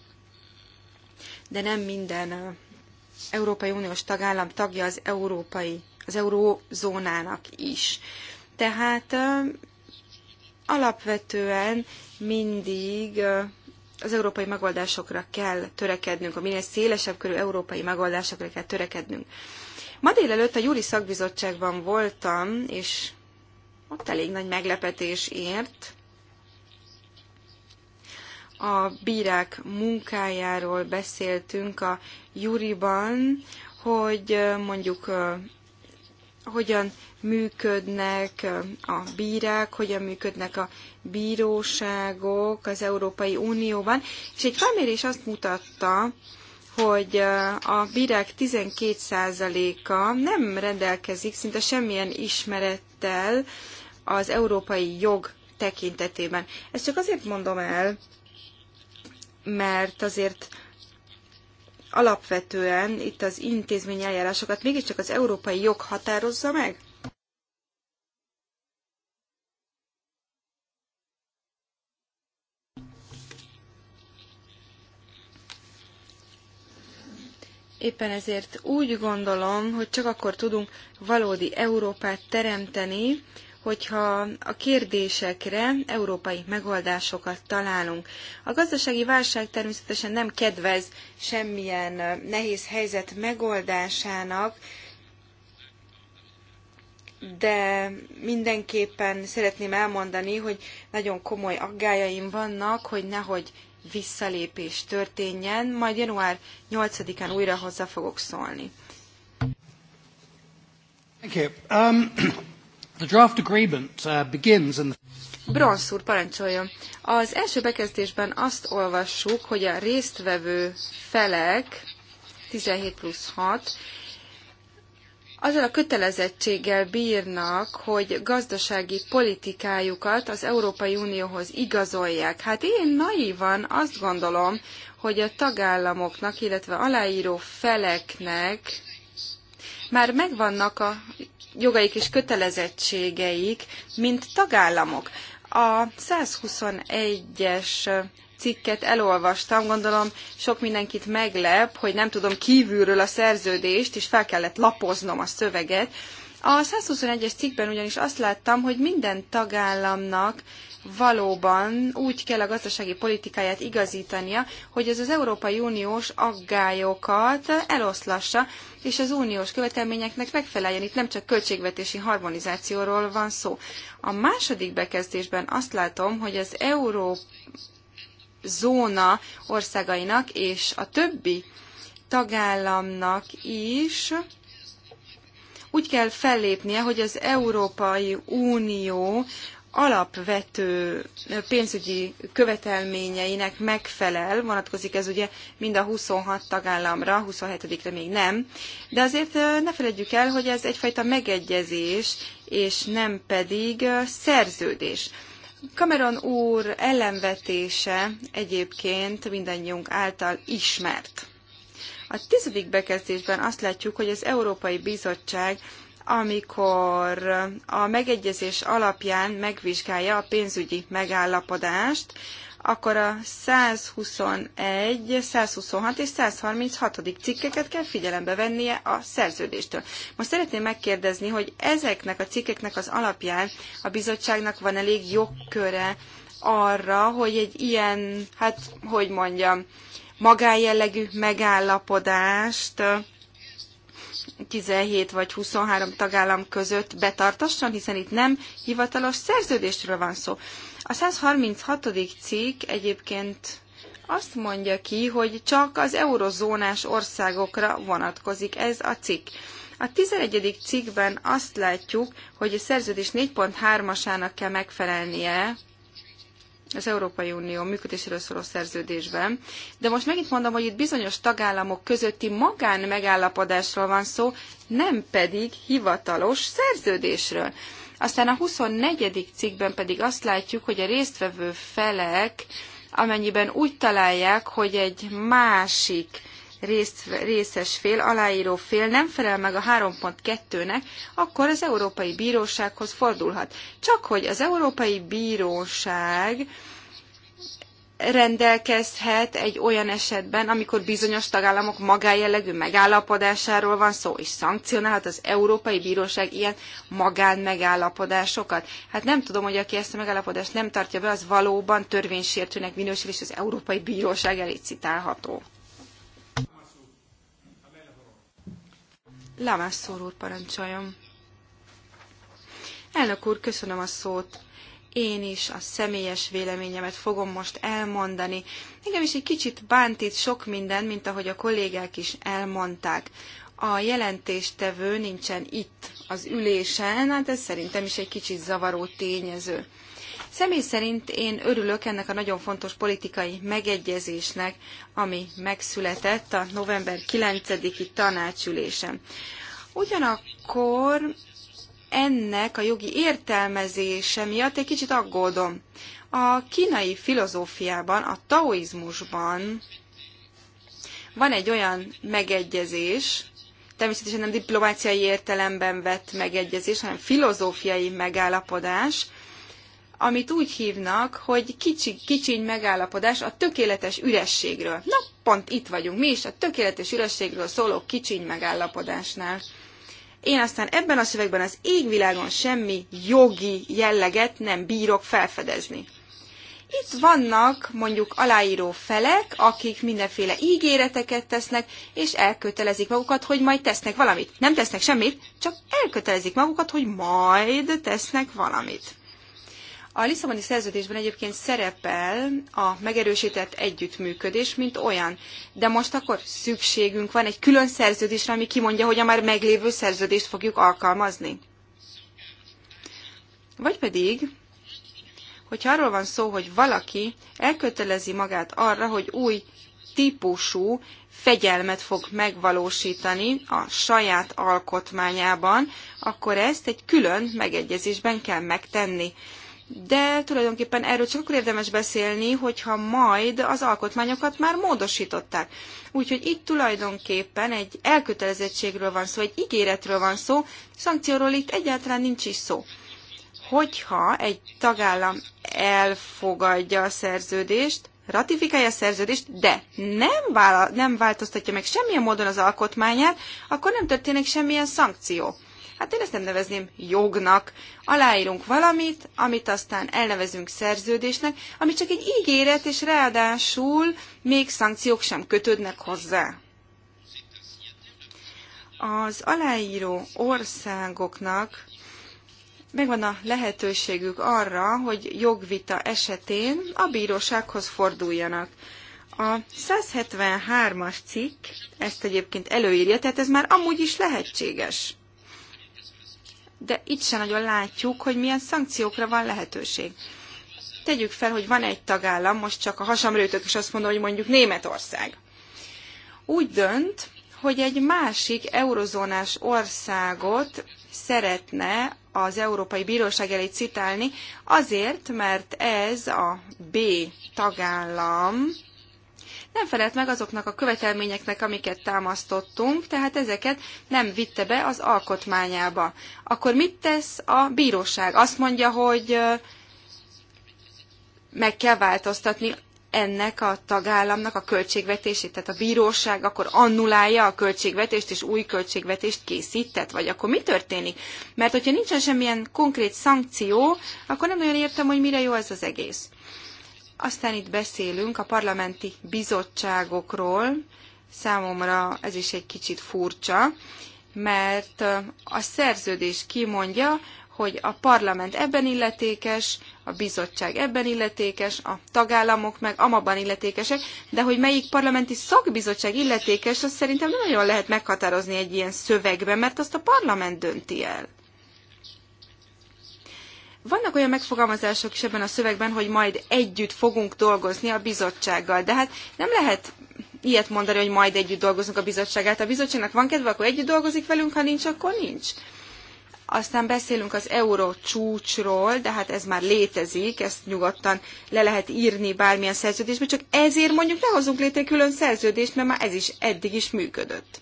de nem minden Európai Uniós tagállam tagja az európai, az eurózónának is. Tehát Alapvetően mindig az európai megoldásokra kell törekednünk, a minél szélesebb körű európai megoldásokra kell törekednünk. Ma délelőtt a Júri Szakbizottságban voltam, és ott elég nagy meglepetés ért. A bírák munkájáról beszéltünk a Júriban, hogy mondjuk hogyan működnek eh, a bírák, hogyan működnek a bíróságok az Európai Unióban, és egy felmérés azt mutatta, hogy eh, a bírák 12%-a nem rendelkezik szinte semmilyen ismerettel az európai jog tekintetében. Ezt csak azért mondom el, mert azért alapvetően itt az intézmény eljárásokat mégiscsak az európai jog határozza meg? Éppen ezért úgy gondolom, hogy csak akkor tudunk valódi Európát teremteni, hogyha a kérdésekre európai megoldásokat találunk. A gazdasági válság természetesen nem kedvez semmilyen nehéz helyzet megoldásának, de mindenképpen szeretném elmondani, hogy nagyon komoly aggájaim vannak, hogy nehogy visszalépés történjen, majd január 8-án újra hozzá fogok szólni. Thank you. Um... The draft agreement uh, begins in Bronsz úr, parancsoljon! Az első bekezdésben azt olvassuk, hogy a résztvevő felek 17 plusz 6 azzal a kötelezettséggel bírnak, hogy gazdasági politikájukat az Európai Unióhoz igazolják. Hát én naívan azt gondolom, hogy a tagállamoknak, illetve aláíró feleknek már megvannak a jogaik és kötelezettségeik, mint tagállamok. A 121-es cikket elolvastam, gondolom sok mindenkit meglep, hogy nem tudom kívülről a szerződést, és fel kellett lapoznom a szöveget. A 121-es cikkben ugyanis azt láttam, hogy minden tagállamnak valóban úgy kell a gazdasági politikáját igazítania, hogy ez az Európai Uniós aggályokat eloszlassa, és az uniós követelményeknek megfeleljen. Itt nem csak költségvetési harmonizációról van szó. A második bekezdésben azt látom, hogy az Euró zóna országainak és a többi tagállamnak is úgy kell fellépnie, hogy az Európai Unió alapvető pénzügyi követelményeinek megfelel, vonatkozik ez ugye mind a 26 tagállamra, 27-re még nem, de azért ne felejtjük el, hogy ez egyfajta megegyezés, és nem pedig szerződés. Cameron úr ellenvetése egyébként mindannyiunk által ismert. A tizedik bekezdésben azt látjuk, hogy az Európai Bizottság amikor a megegyezés alapján megvizsgálja a pénzügyi megállapodást, akkor a 121, 126 és 136. cikkeket kell figyelembe vennie a szerződéstől. Most szeretném megkérdezni, hogy ezeknek a cikkeknek az alapján a bizottságnak van elég jogköre arra, hogy egy ilyen, hát hogy mondjam, magájellegű megállapodást 17 vagy 23 tagállam között betartasson, hiszen itt nem hivatalos szerződésről van szó. A 136. cikk egyébként azt mondja ki, hogy csak az eurozónás országokra vonatkozik ez a cikk. A 11. cikkben azt látjuk, hogy a szerződés 4.3-asának kell megfelelnie az Európai Unió működéséről szóló szerződésben. De most megint mondom, hogy itt bizonyos tagállamok közötti magán megállapodásról van szó, nem pedig hivatalos szerződésről. Aztán a 24. cikkben pedig azt látjuk, hogy a résztvevő felek, amennyiben úgy találják, hogy egy másik részt, részes fél, aláíró fél nem felel meg a 3.2-nek, akkor az Európai Bírósághoz fordulhat. Csak hogy az Európai Bíróság rendelkezhet egy olyan esetben, amikor bizonyos tagállamok magájellegű megállapodásáról van szó, és szankcionálhat az Európai Bíróság ilyen magánmegállapodásokat. Hát nem tudom, hogy aki ezt a megállapodást nem tartja be, az valóban törvénysértőnek minősül, és az Európai Bíróság elé citálható. Lamászor úr parancsoljon. Elnök úr, köszönöm a szót. Én is a személyes véleményemet fogom most elmondani. Engem is egy kicsit bánt itt sok minden, mint ahogy a kollégák is elmondták. A jelentéstevő nincsen itt az ülésen, hát ez szerintem is egy kicsit zavaró tényező. Személy szerint én örülök ennek a nagyon fontos politikai megegyezésnek, ami megszületett a november 9-i tanácsülésen. Ugyanakkor ennek a jogi értelmezése miatt egy kicsit aggódom. A kínai filozófiában, a taoizmusban van egy olyan megegyezés, természetesen nem diplomáciai értelemben vett megegyezés, hanem filozófiai megállapodás, amit úgy hívnak, hogy kicsi, kicsiny megállapodás a tökéletes ürességről. Na, pont itt vagyunk mi is, a tökéletes ürességről szóló kicsiny megállapodásnál. Én aztán ebben a szövegben az égvilágon semmi jogi jelleget nem bírok felfedezni. Itt vannak mondjuk aláíró felek, akik mindenféle ígéreteket tesznek, és elkötelezik magukat, hogy majd tesznek valamit. Nem tesznek semmit, csak elkötelezik magukat, hogy majd tesznek valamit. A Lisszaboni szerződésben egyébként szerepel a megerősített együttműködés, mint olyan. De most akkor szükségünk van egy külön szerződésre, ami kimondja, hogy a már meglévő szerződést fogjuk alkalmazni. Vagy pedig, hogyha arról van szó, hogy valaki elkötelezi magát arra, hogy új típusú fegyelmet fog megvalósítani a saját alkotmányában, akkor ezt egy külön megegyezésben kell megtenni de tulajdonképpen erről csak akkor érdemes beszélni, hogyha majd az alkotmányokat már módosították. Úgyhogy itt tulajdonképpen egy elkötelezettségről van szó, egy ígéretről van szó, szankcióról itt egyáltalán nincs is szó. Hogyha egy tagállam elfogadja a szerződést, ratifikálja a szerződést, de nem, vála, nem változtatja meg semmilyen módon az alkotmányát, akkor nem történik semmilyen szankció. Hát én ezt nem nevezném jognak. Aláírunk valamit, amit aztán elnevezünk szerződésnek, ami csak egy ígéret, és ráadásul még szankciók sem kötődnek hozzá. Az aláíró országoknak megvan a lehetőségük arra, hogy jogvita esetén a bírósághoz forduljanak. A 173-as cikk ezt egyébként előírja, tehát ez már amúgy is lehetséges de itt se nagyon látjuk, hogy milyen szankciókra van lehetőség. Tegyük fel, hogy van egy tagállam, most csak a hasamrőtök is azt mondom, hogy mondjuk Németország. Úgy dönt, hogy egy másik eurozónás országot szeretne az Európai Bíróság elé citálni, azért, mert ez a B tagállam nem felelt meg azoknak a követelményeknek, amiket támasztottunk, tehát ezeket nem vitte be az alkotmányába. Akkor mit tesz a bíróság? Azt mondja, hogy meg kell változtatni ennek a tagállamnak a költségvetését, tehát a bíróság akkor annulálja a költségvetést, és új költségvetést készített, vagy akkor mi történik? Mert hogyha nincsen semmilyen konkrét szankció, akkor nem nagyon értem, hogy mire jó ez az egész. Aztán itt beszélünk a parlamenti bizottságokról. Számomra ez is egy kicsit furcsa, mert a szerződés kimondja, hogy a parlament ebben illetékes, a bizottság ebben illetékes, a tagállamok meg amaban illetékesek, de hogy melyik parlamenti szakbizottság illetékes, azt szerintem nem nagyon lehet meghatározni egy ilyen szövegben, mert azt a parlament dönti el. Vannak olyan megfogalmazások is ebben a szövegben, hogy majd együtt fogunk dolgozni a bizottsággal, de hát nem lehet ilyet mondani, hogy majd együtt dolgozunk a bizottságát. A bizottságnak van kedve, akkor együtt dolgozik velünk, ha nincs, akkor nincs. Aztán beszélünk az euró csúcsról, de hát ez már létezik, ezt nyugodtan le lehet írni bármilyen szerződésbe, csak ezért mondjuk ne hozunk létre külön szerződést, mert már ez is eddig is működött.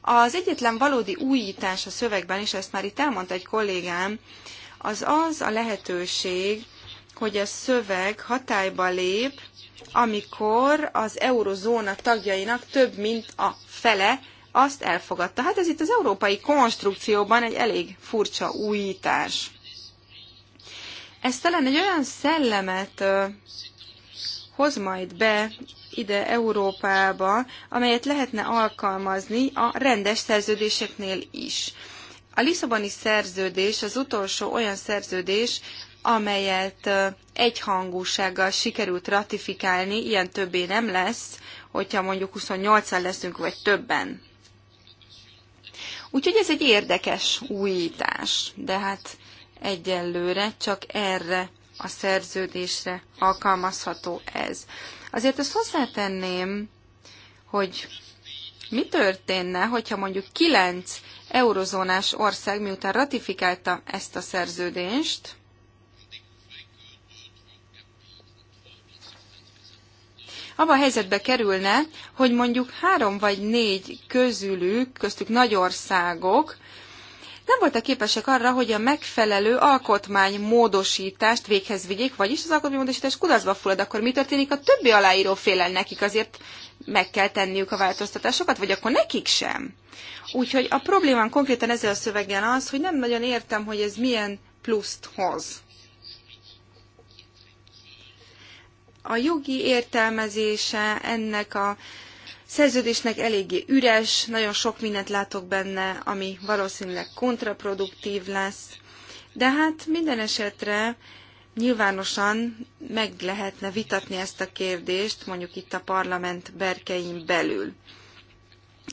Az egyetlen valódi újítás a szövegben, és ezt már itt elmondta egy kollégám, az az a lehetőség, hogy a szöveg hatályba lép, amikor az eurozóna tagjainak több mint a fele azt elfogadta. Hát ez itt az európai konstrukcióban egy elég furcsa újítás. Ez talán egy olyan szellemet hoz majd be ide Európába, amelyet lehetne alkalmazni a rendes szerződéseknél is. A Lisszaboni szerződés az utolsó olyan szerződés, amelyet egyhangúsággal sikerült ratifikálni, ilyen többé nem lesz, hogyha mondjuk 28-an leszünk, vagy többen. Úgyhogy ez egy érdekes újítás, de hát egyelőre csak erre a szerződésre alkalmazható ez. Azért azt hozzátenném, hogy mi történne, hogyha mondjuk kilenc eurozónás ország miután ratifikálta ezt a szerződést, abba a helyzetbe kerülne, hogy mondjuk három vagy négy közülük, köztük nagy országok, nem voltak képesek arra, hogy a megfelelő alkotmánymódosítást véghez vigyék, vagyis az alkotmánymódosítás kudarcba fullad, akkor mi történik? A többi aláíró félel nekik azért meg kell tenniük a változtatásokat, vagy akkor nekik sem. Úgyhogy a problémám konkrétan ezzel a szöveggel az, hogy nem nagyon értem, hogy ez milyen pluszt hoz. A jogi értelmezése ennek a szerződésnek eléggé üres, nagyon sok mindent látok benne, ami valószínűleg kontraproduktív lesz. De hát minden esetre Nyilvánosan meg lehetne vitatni ezt a kérdést, mondjuk itt a parlament berkein belül.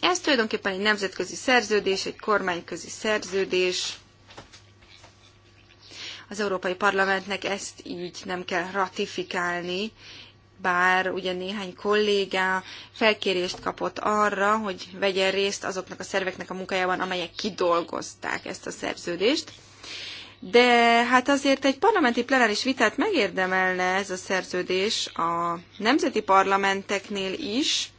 Ez tulajdonképpen egy nemzetközi szerződés, egy kormányközi szerződés. Az Európai Parlamentnek ezt így nem kell ratifikálni, bár ugye néhány kollégá felkérést kapott arra, hogy vegyen részt azoknak a szerveknek a munkájában, amelyek kidolgozták ezt a szerződést de hát azért egy parlamenti plenáris vitát megérdemelne ez a szerződés a nemzeti parlamenteknél is,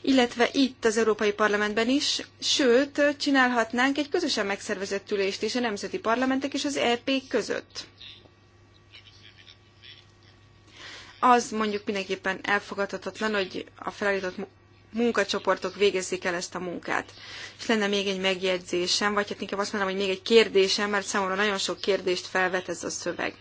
illetve itt az Európai Parlamentben is, sőt, csinálhatnánk egy közösen megszervezett ülést is a nemzeti parlamentek és az EP között. Az mondjuk mindenképpen elfogadhatatlan, hogy a felállított munkacsoportok végezzék el ezt a munkát. És lenne még egy megjegyzésem, vagy hát inkább azt mondanám, hogy még egy kérdésem, mert számomra nagyon sok kérdést felvet ez a szöveg.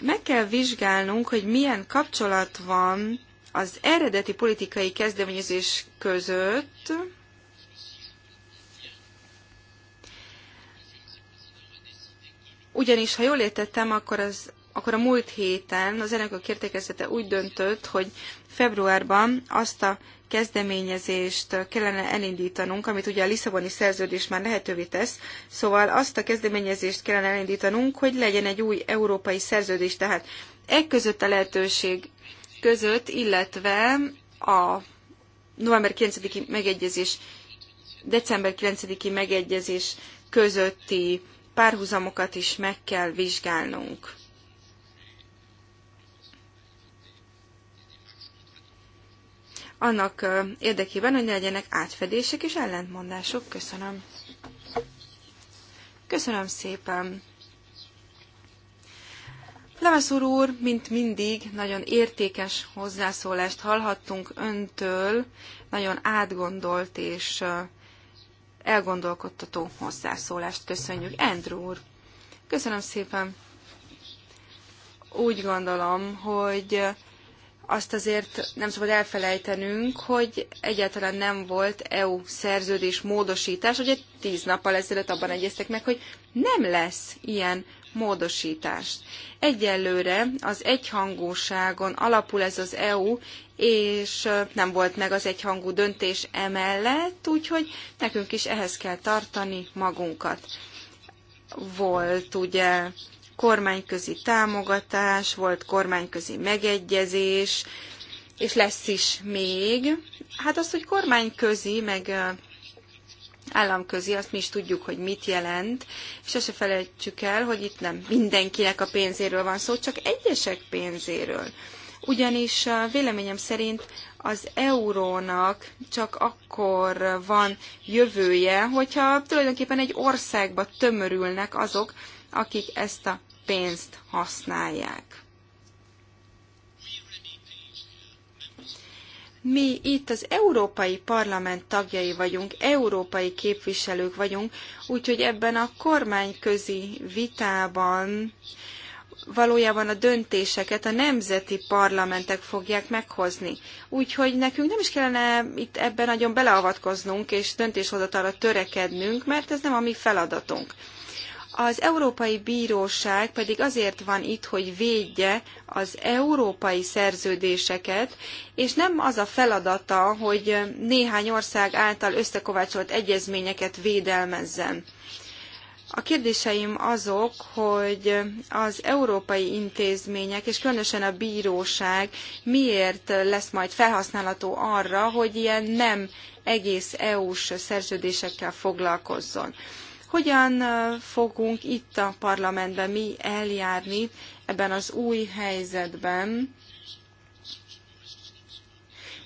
Meg kell vizsgálnunk, hogy milyen kapcsolat van az eredeti politikai kezdeményezés között, ugyanis, ha jól értettem, akkor az akkor a múlt héten az elnökök értékezete úgy döntött, hogy februárban azt a kezdeményezést kellene elindítanunk, amit ugye a Lisszaboni szerződés már lehetővé tesz, szóval azt a kezdeményezést kellene elindítanunk, hogy legyen egy új európai szerződés, tehát e között a lehetőség között, illetve a november 9-i megegyezés, december 9-i megegyezés közötti párhuzamokat is meg kell vizsgálnunk. annak érdekében, hogy ne legyenek átfedések és ellentmondások. Köszönöm. Köszönöm szépen. Lemeszúr úr, mint mindig, nagyon értékes hozzászólást hallhattunk öntől, nagyon átgondolt és elgondolkodtató hozzászólást köszönjük. Andrew úr, köszönöm szépen. Úgy gondolom, hogy azt azért nem szabad elfelejtenünk, hogy egyáltalán nem volt EU szerződés módosítás. Ugye tíz nappal ezelőtt abban egyeztek meg, hogy nem lesz ilyen módosítás. Egyelőre az egyhangúságon alapul ez az EU, és nem volt meg az egyhangú döntés emellett, úgyhogy nekünk is ehhez kell tartani magunkat. Volt ugye kormányközi támogatás, volt kormányközi megegyezés, és lesz is még. Hát az, hogy kormányközi, meg államközi, azt mi is tudjuk, hogy mit jelent, és azt se felejtsük el, hogy itt nem mindenkinek a pénzéről van szó, csak egyesek pénzéről. Ugyanis véleményem szerint az eurónak csak akkor van jövője, hogyha tulajdonképpen egy országba tömörülnek azok, akik ezt a pénzt használják. Mi itt az Európai Parlament tagjai vagyunk, európai képviselők vagyunk, úgyhogy ebben a kormányközi vitában valójában a döntéseket a nemzeti parlamentek fogják meghozni. Úgyhogy nekünk nem is kellene itt ebben nagyon beleavatkoznunk és döntéshozatalra törekednünk, mert ez nem a mi feladatunk. Az Európai Bíróság pedig azért van itt, hogy védje az európai szerződéseket, és nem az a feladata, hogy néhány ország által összekovácsolt egyezményeket védelmezzen. A kérdéseim azok, hogy az európai intézmények, és különösen a bíróság miért lesz majd felhasználható arra, hogy ilyen nem egész EU-s szerződésekkel foglalkozzon. Hogyan fogunk itt a parlamentben mi eljárni ebben az új helyzetben,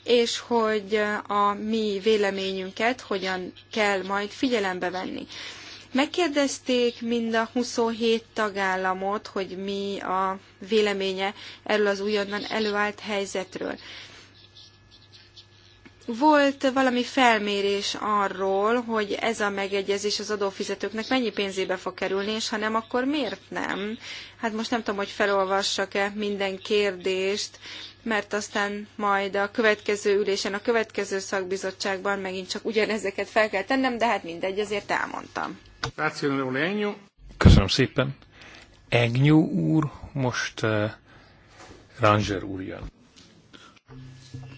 és hogy a mi véleményünket hogyan kell majd figyelembe venni. Megkérdezték mind a 27 tagállamot, hogy mi a véleménye erről az újonnan előállt helyzetről. Volt valami felmérés arról, hogy ez a megegyezés az adófizetőknek mennyi pénzébe fog kerülni, és ha nem, akkor miért nem? Hát most nem tudom, hogy felolvassak-e minden kérdést, mert aztán majd a következő ülésen, a következő szakbizottságban megint csak ugyanezeket fel kell tennem, de hát mindegy, azért elmondtam. Köszönöm szépen. Egnyú úr, most uh, Ranger úr jön.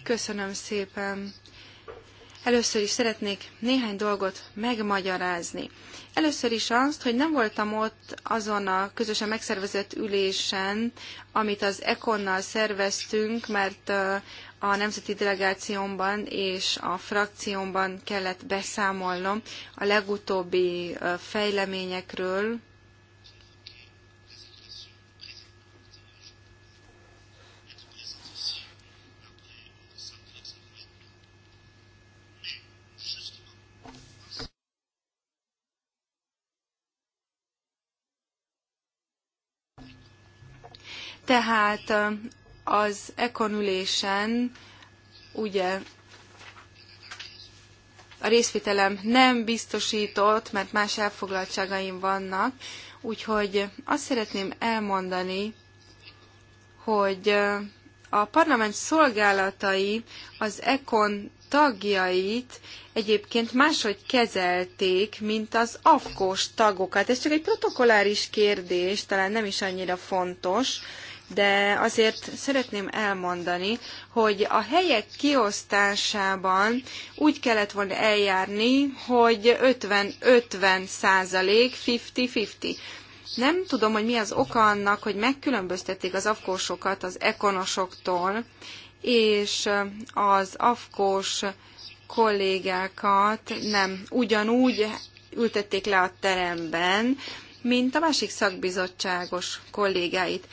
Köszönöm szépen. Először is szeretnék néhány dolgot megmagyarázni. Először is azt, hogy nem voltam ott azon a közösen megszervezett ülésen, amit az Econnal szerveztünk, mert a nemzeti delegációmban és a frakciómban kellett beszámolnom a legutóbbi fejleményekről, Tehát az ekonülésen ugye a részvételem nem biztosított, mert más elfoglaltságaim vannak, úgyhogy azt szeretném elmondani, hogy a parlament szolgálatai az ECON tagjait egyébként máshogy kezelték, mint az afkós tagokat. Ez csak egy protokoláris kérdés, talán nem is annyira fontos, de azért szeretném elmondani, hogy a helyek kiosztásában úgy kellett volna eljárni, hogy 50-50 százalék, 50-50. Nem tudom, hogy mi az oka annak, hogy megkülönböztették az afkósokat az ekonosoktól, és az afkós kollégákat nem ugyanúgy ültették le a teremben, mint a másik szakbizottságos kollégáit.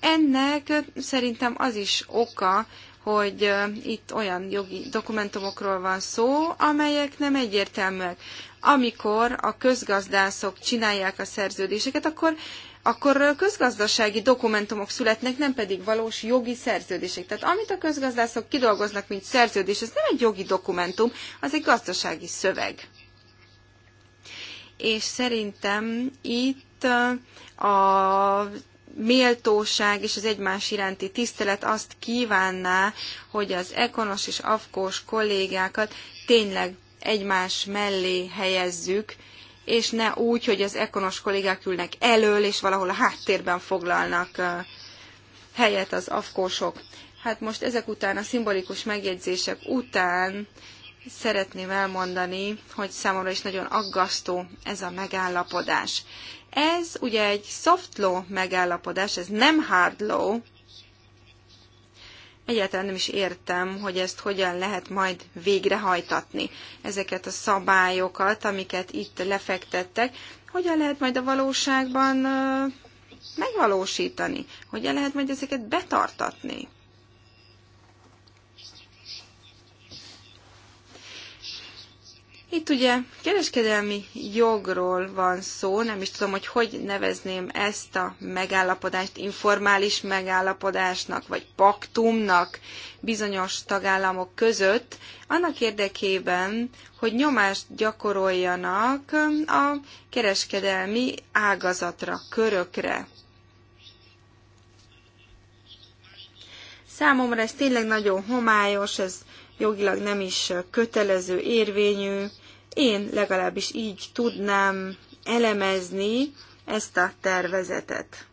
Ennek szerintem az is oka, hogy itt olyan jogi dokumentumokról van szó, amelyek nem egyértelműek. Amikor a közgazdászok csinálják a szerződéseket, akkor akkor közgazdasági dokumentumok születnek, nem pedig valós jogi szerződések. Tehát amit a közgazdászok kidolgoznak, mint szerződés, ez nem egy jogi dokumentum, az egy gazdasági szöveg. És szerintem itt a méltóság és az egymás iránti tisztelet azt kívánná, hogy az ekonos és afkós kollégákat tényleg egymás mellé helyezzük, és ne úgy, hogy az ekonos kollégák ülnek elől, és valahol a háttérben foglalnak helyet az afkósok. Hát most ezek után, a szimbolikus megjegyzések után szeretném elmondani, hogy számomra is nagyon aggasztó ez a megállapodás. Ez ugye egy soft law megállapodás, ez nem hard law. Egyáltalán nem is értem, hogy ezt hogyan lehet majd végrehajtatni. Ezeket a szabályokat, amiket itt lefektettek, hogyan lehet majd a valóságban megvalósítani? Hogyan lehet majd ezeket betartatni? Itt ugye kereskedelmi jogról van szó, nem is tudom, hogy hogy nevezném ezt a megállapodást informális megállapodásnak, vagy paktumnak bizonyos tagállamok között, annak érdekében, hogy nyomást gyakoroljanak a kereskedelmi ágazatra, körökre. Számomra ez tényleg nagyon homályos, ez jogilag nem is kötelező, érvényű. Én legalábbis így tudnám elemezni ezt a tervezetet.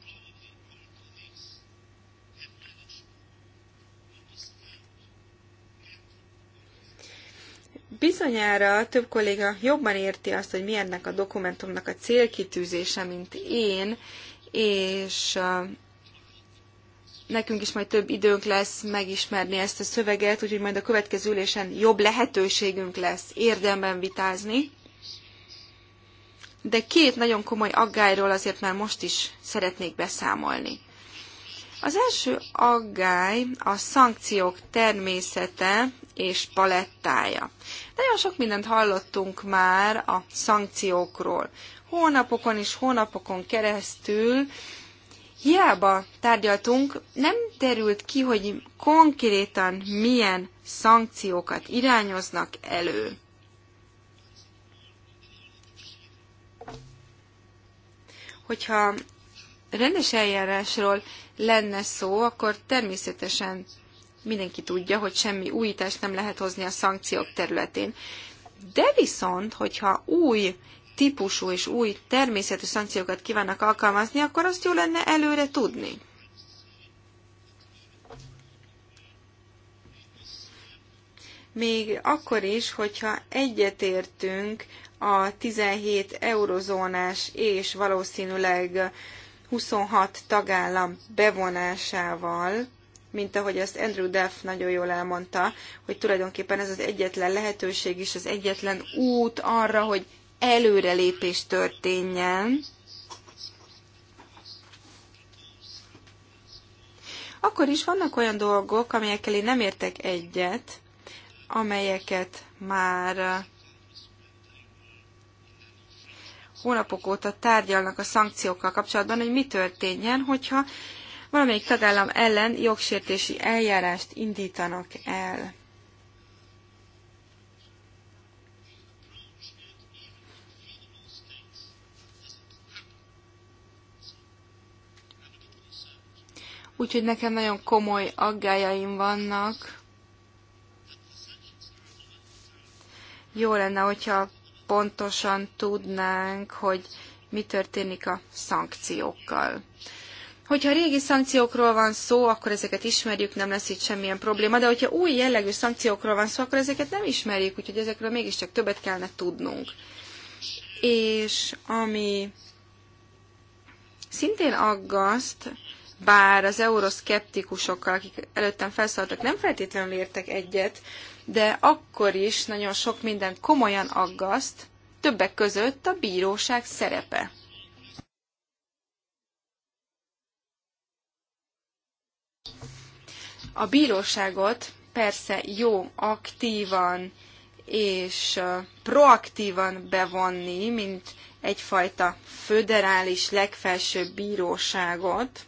Bizonyára több kolléga jobban érti azt, hogy mi ennek a dokumentumnak a célkitűzése, mint én, és nekünk is majd több időnk lesz megismerni ezt a szöveget, úgyhogy majd a következő ülésen jobb lehetőségünk lesz érdemben vitázni. De két nagyon komoly aggályról azért már most is szeretnék beszámolni. Az első aggály a szankciók természete és palettája. Nagyon sok mindent hallottunk már a szankciókról. Hónapokon és hónapokon keresztül Hiába tárgyaltunk, nem terült ki, hogy konkrétan milyen szankciókat irányoznak elő. Hogyha rendes eljárásról lenne szó, akkor természetesen mindenki tudja, hogy semmi újítást nem lehet hozni a szankciók területén. De viszont, hogyha új típusú és új természetű szankciókat kívánnak alkalmazni, akkor azt jó lenne előre tudni. Még akkor is, hogyha egyetértünk a 17 eurozónás és valószínűleg 26 tagállam bevonásával, mint ahogy azt Andrew Duff nagyon jól elmondta, hogy tulajdonképpen ez az egyetlen lehetőség is, az egyetlen út arra, hogy előrelépés történjen, akkor is vannak olyan dolgok, amelyekkel én nem értek egyet, amelyeket már hónapok óta tárgyalnak a szankciókkal kapcsolatban, hogy mi történjen, hogyha valamelyik tagállam ellen jogsértési eljárást indítanak el. úgyhogy nekem nagyon komoly aggájaim vannak. Jó lenne, hogyha pontosan tudnánk, hogy mi történik a szankciókkal. Hogyha régi szankciókról van szó, akkor ezeket ismerjük, nem lesz itt semmilyen probléma, de hogyha új jellegű szankciókról van szó, akkor ezeket nem ismerjük, úgyhogy ezekről mégiscsak többet kellene tudnunk. És ami szintén aggaszt, bár az euroszkeptikusokkal, akik előttem felszólaltak, nem feltétlenül értek egyet, de akkor is nagyon sok mindent komolyan aggaszt, többek között a bíróság szerepe. A bíróságot persze jó aktívan és proaktívan bevonni, mint egyfajta föderális legfelsőbb bíróságot,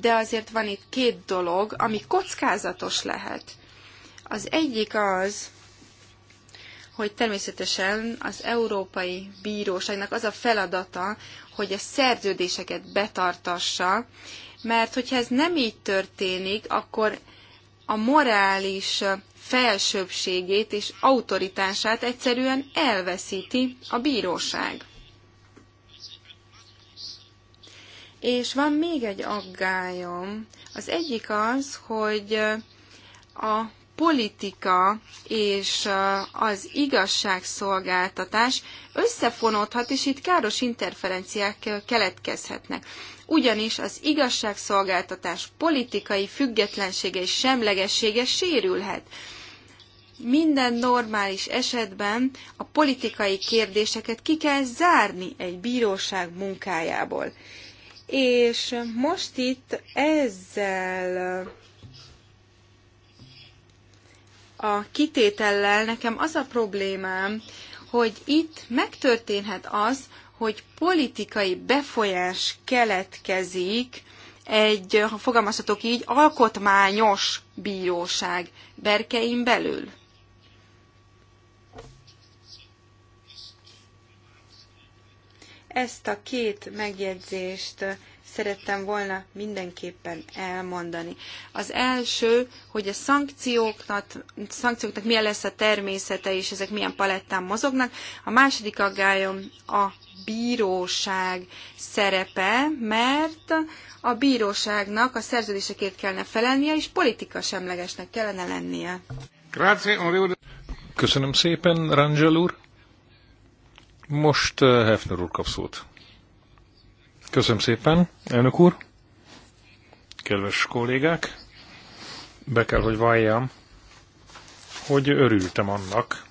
de azért van itt két dolog, ami kockázatos lehet. Az egyik az, hogy természetesen az Európai Bíróságnak az a feladata, hogy a szerződéseket betartassa, mert hogyha ez nem így történik, akkor a morális felsőbbségét és autoritását egyszerűen elveszíti a bíróság. És van még egy aggályom. Az egyik az, hogy a politika és az igazságszolgáltatás összefonódhat, és itt káros interferenciák keletkezhetnek. Ugyanis az igazságszolgáltatás politikai függetlensége és semlegessége sérülhet. Minden normális esetben a politikai kérdéseket ki kell zárni egy bíróság munkájából. És most itt ezzel a kitétellel nekem az a problémám, hogy itt megtörténhet az, hogy politikai befolyás keletkezik egy, ha fogalmazhatok így, alkotmányos bíróság berkein belül. Ezt a két megjegyzést szerettem volna mindenképpen elmondani. Az első, hogy a szankcióknak, szankcióknak milyen lesz a természete, és ezek milyen palettán mozognak. A második aggályom a bíróság szerepe, mert a bíróságnak a szerződésekért kellene felelnie, és politika semlegesnek kellene lennie. Köszönöm szépen, Rangel úr. Most eh, Hefner úr kap szót. Köszönöm szépen, elnök úr. Kedves kollégák, be kell, hogy valljam, hogy örültem annak,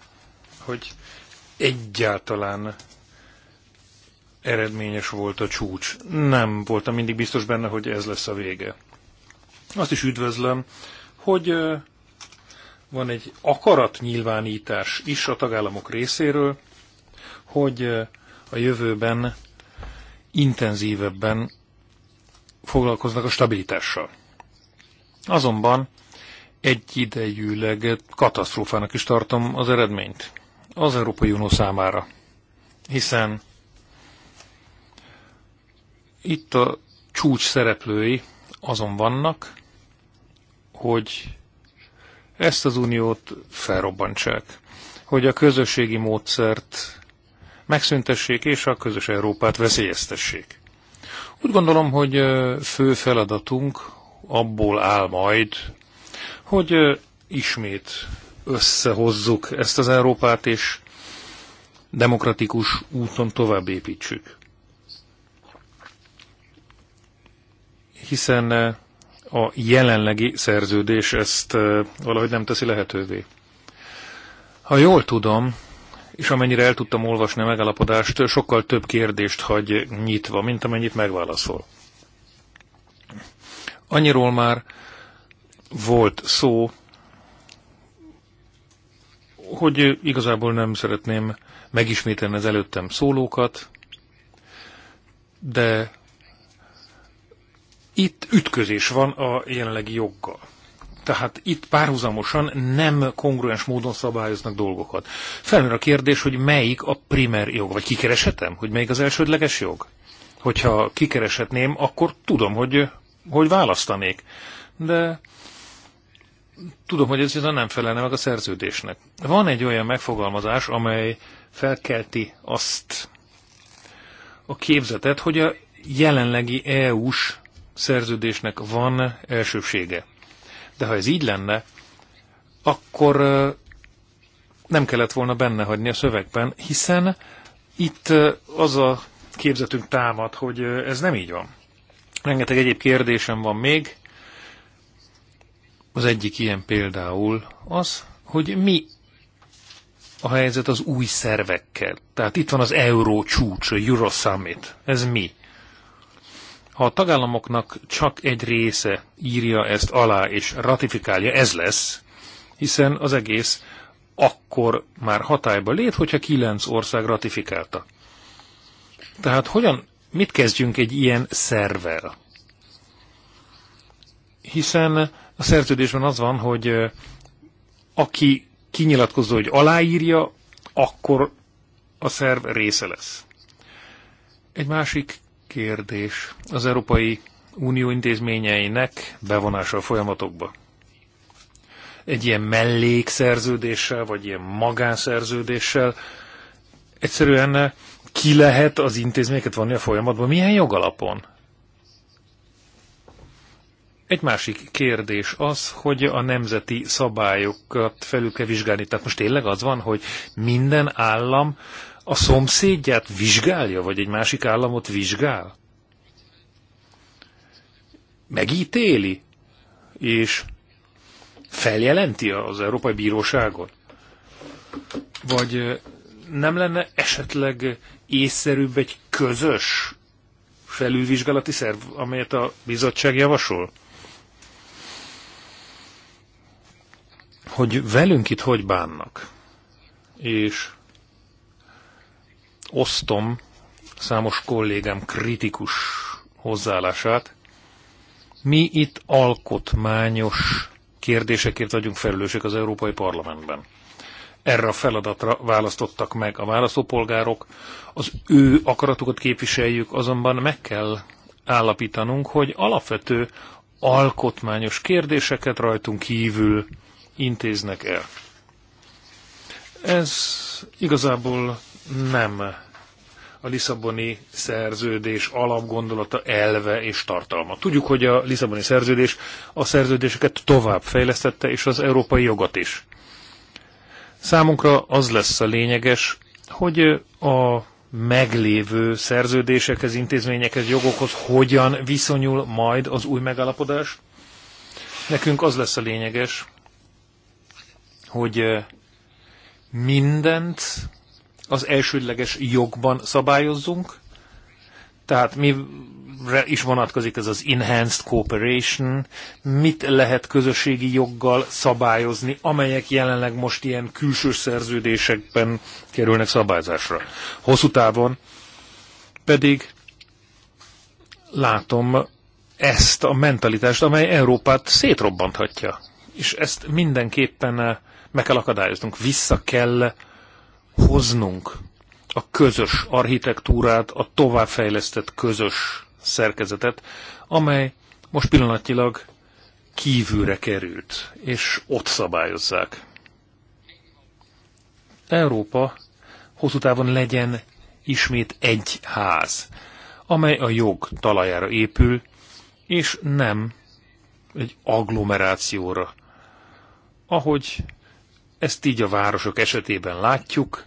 hogy egyáltalán eredményes volt a csúcs. Nem voltam mindig biztos benne, hogy ez lesz a vége. Azt is üdvözlöm, hogy eh, van egy akaratnyilvánítás is a tagállamok részéről, hogy a jövőben intenzívebben foglalkoznak a stabilitással. Azonban egyidejűleg katasztrófának is tartom az eredményt az Európai Unió számára, hiszen itt a csúcs szereplői azon vannak, hogy ezt az uniót felrobbantsák, hogy a közösségi módszert megszüntessék és a közös Európát veszélyeztessék. Úgy gondolom, hogy fő feladatunk abból áll majd, hogy ismét összehozzuk ezt az Európát, és demokratikus úton tovább építsük. Hiszen a jelenlegi szerződés ezt valahogy nem teszi lehetővé. Ha jól tudom, és amennyire el tudtam olvasni a megállapodást, sokkal több kérdést hagy nyitva, mint amennyit megválaszol. Annyiról már volt szó, hogy igazából nem szeretném megismételni az előttem szólókat, de itt ütközés van a jelenlegi joggal. Tehát itt párhuzamosan nem kongruens módon szabályoznak dolgokat. Felmerül a kérdés, hogy melyik a primer jog, vagy kikeresetem, hogy melyik az elsődleges jog? Hogyha kikeresetném, akkor tudom, hogy hogy választanék. De tudom, hogy ez nem felelne meg a szerződésnek. Van egy olyan megfogalmazás, amely felkelti azt a képzetet, hogy a jelenlegi EU-s szerződésnek van elsősége. De ha ez így lenne, akkor nem kellett volna benne hagyni a szövegben, hiszen itt az a képzetünk támad, hogy ez nem így van. Rengeteg egyéb kérdésem van még. Az egyik ilyen például az, hogy mi a helyzet az új szervekkel. Tehát itt van az Euró csúcs, a Euro Summit. Ez mi? Ha a tagállamoknak csak egy része írja ezt alá és ratifikálja, ez lesz, hiszen az egész akkor már hatályba lép, hogyha kilenc ország ratifikálta. Tehát hogyan, mit kezdjünk egy ilyen szervvel? Hiszen a szerződésben az van, hogy aki kinyilatkozó, hogy aláírja, akkor a szerv része lesz. Egy másik kérdés az Európai Unió intézményeinek bevonása a folyamatokba. Egy ilyen mellékszerződéssel, vagy ilyen magánszerződéssel egyszerűen ki lehet az intézményeket vonni a folyamatban? Milyen jogalapon? Egy másik kérdés az, hogy a nemzeti szabályokat felül kell vizsgálni. Tehát most tényleg az van, hogy minden állam a szomszédját vizsgálja, vagy egy másik államot vizsgál? Megítéli, és feljelenti az Európai Bíróságon? Vagy nem lenne esetleg észszerűbb egy közös felülvizsgálati szerv, amelyet a bizottság javasol? Hogy velünk itt hogy bánnak? És osztom számos kollégám kritikus hozzáállását. Mi itt alkotmányos kérdésekért vagyunk felelősek az Európai Parlamentben. Erre a feladatra választottak meg a választópolgárok, az ő akaratukat képviseljük, azonban meg kell állapítanunk, hogy alapvető alkotmányos kérdéseket rajtunk kívül intéznek el. Ez igazából nem a Lisszaboni szerződés alapgondolata, elve és tartalma. Tudjuk, hogy a Lisszaboni szerződés a szerződéseket tovább fejlesztette, és az európai jogot is. Számunkra az lesz a lényeges, hogy a meglévő szerződésekhez, intézményekhez, jogokhoz hogyan viszonyul majd az új megállapodás. Nekünk az lesz a lényeges, hogy mindent az elsődleges jogban szabályozzunk, tehát mi is vonatkozik ez az enhanced cooperation, mit lehet közösségi joggal szabályozni, amelyek jelenleg most ilyen külső szerződésekben kerülnek szabályzásra. Hosszú távon pedig látom ezt a mentalitást, amely Európát szétrobbanthatja. És ezt mindenképpen meg kell akadályoznunk. Vissza kell hoznunk a közös architektúrát, a továbbfejlesztett közös szerkezetet, amely most pillanatnyilag kívülre került, és ott szabályozzák. Európa hosszú távon legyen ismét egy ház, amely a jog talajára épül, és nem egy agglomerációra, ahogy ezt így a városok esetében látjuk,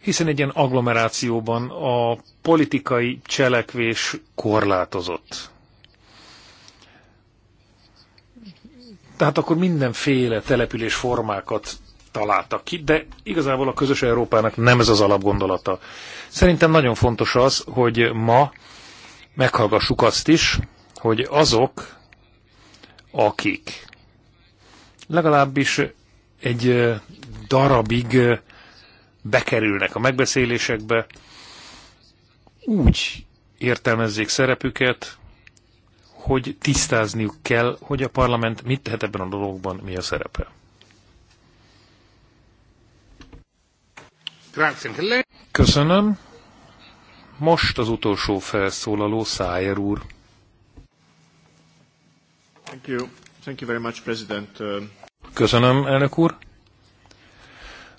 hiszen egy ilyen agglomerációban a politikai cselekvés korlátozott. Tehát akkor mindenféle település formákat találtak ki, de igazából a közös Európának nem ez az alapgondolata. Szerintem nagyon fontos az, hogy ma meghallgassuk azt is, hogy azok, akik legalábbis egy darabig bekerülnek a megbeszélésekbe, úgy értelmezzék szerepüket, hogy tisztázniuk kell, hogy a parlament mit tehet ebben a dologban, mi a szerepe. Köszönöm. Most az utolsó felszólaló, Szájer úr. Thank you. Thank you very much, President. Köszönöm, elnök úr,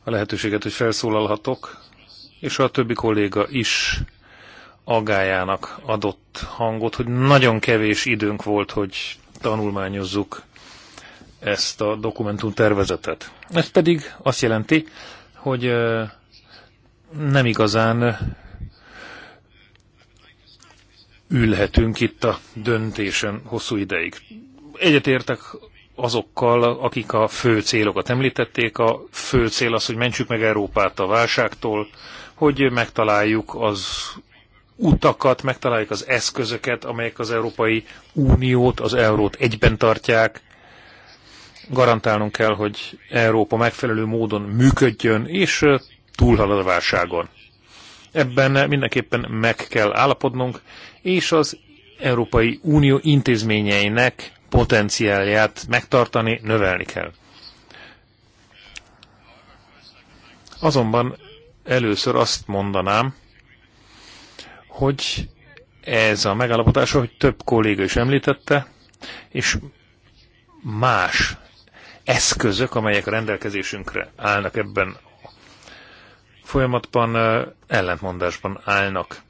a lehetőséget, hogy felszólalhatok, és a többi kolléga is agájának adott hangot, hogy nagyon kevés időnk volt, hogy tanulmányozzuk ezt a dokumentum tervezetet. Ez pedig azt jelenti, hogy nem igazán ülhetünk itt a döntésen hosszú ideig. Egyetértek azokkal, akik a fő célokat említették. A fő cél az, hogy mentsük meg Európát a válságtól, hogy megtaláljuk az utakat, megtaláljuk az eszközöket, amelyek az Európai Uniót, az eurót egyben tartják. Garantálnunk kell, hogy Európa megfelelő módon működjön, és túlhalad a válságon. Ebben mindenképpen meg kell állapodnunk, és az Európai Unió intézményeinek potenciálját megtartani, növelni kell. Azonban először azt mondanám, hogy ez a megállapodás, hogy több kolléga is említette, és más eszközök, amelyek a rendelkezésünkre állnak ebben a folyamatban, ellentmondásban állnak.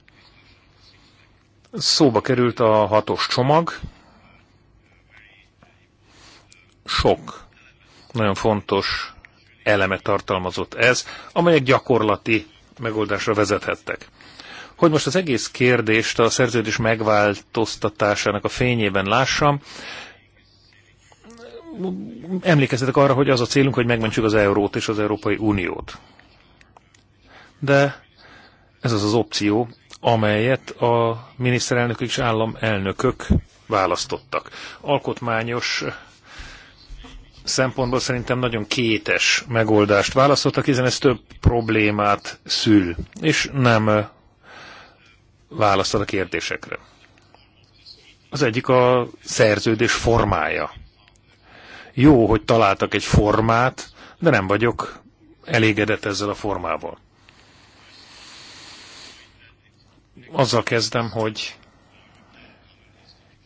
Szóba került a hatos csomag, sok nagyon fontos eleme tartalmazott ez, amelyek gyakorlati megoldásra vezethettek. Hogy most az egész kérdést a szerződés megváltoztatásának a fényében lássam, emlékezzetek arra, hogy az a célunk, hogy megmentsük az eurót és az Európai Uniót. De ez az az opció, amelyet a miniszterelnökök és államelnökök választottak. Alkotmányos szempontból szerintem nagyon kétes megoldást választottak, hiszen ez több problémát szül, és nem válaszol a kérdésekre. Az egyik a szerződés formája. Jó, hogy találtak egy formát, de nem vagyok elégedett ezzel a formával. Azzal kezdem, hogy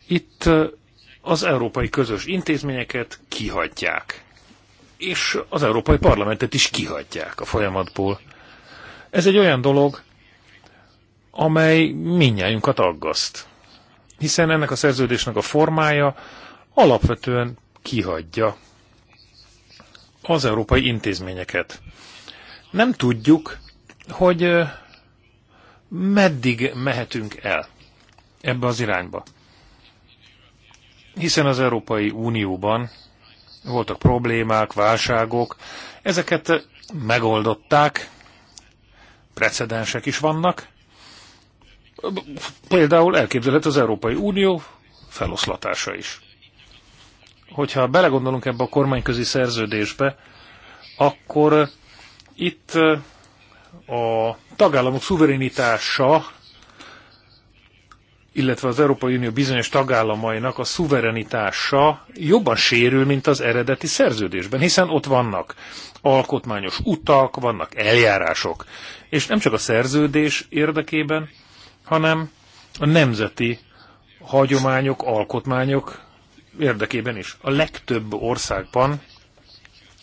itt az európai közös intézményeket kihagyják. És az Európai Parlamentet is kihagyják a folyamatból. Ez egy olyan dolog, amely minnyájunkat aggaszt. Hiszen ennek a szerződésnek a formája alapvetően kihagyja az európai intézményeket. Nem tudjuk, hogy meddig mehetünk el ebbe az irányba hiszen az Európai Unióban voltak problémák, válságok, ezeket megoldották, precedensek is vannak. Például elképzelhető az Európai Unió feloszlatása is. Hogyha belegondolunk ebbe a kormányközi szerződésbe, akkor itt a tagállamok szuverenitása illetve az Európai Unió bizonyos tagállamainak a szuverenitása jobban sérül, mint az eredeti szerződésben, hiszen ott vannak alkotmányos utak, vannak eljárások. És nem csak a szerződés érdekében, hanem a nemzeti hagyományok, alkotmányok érdekében is. A legtöbb országban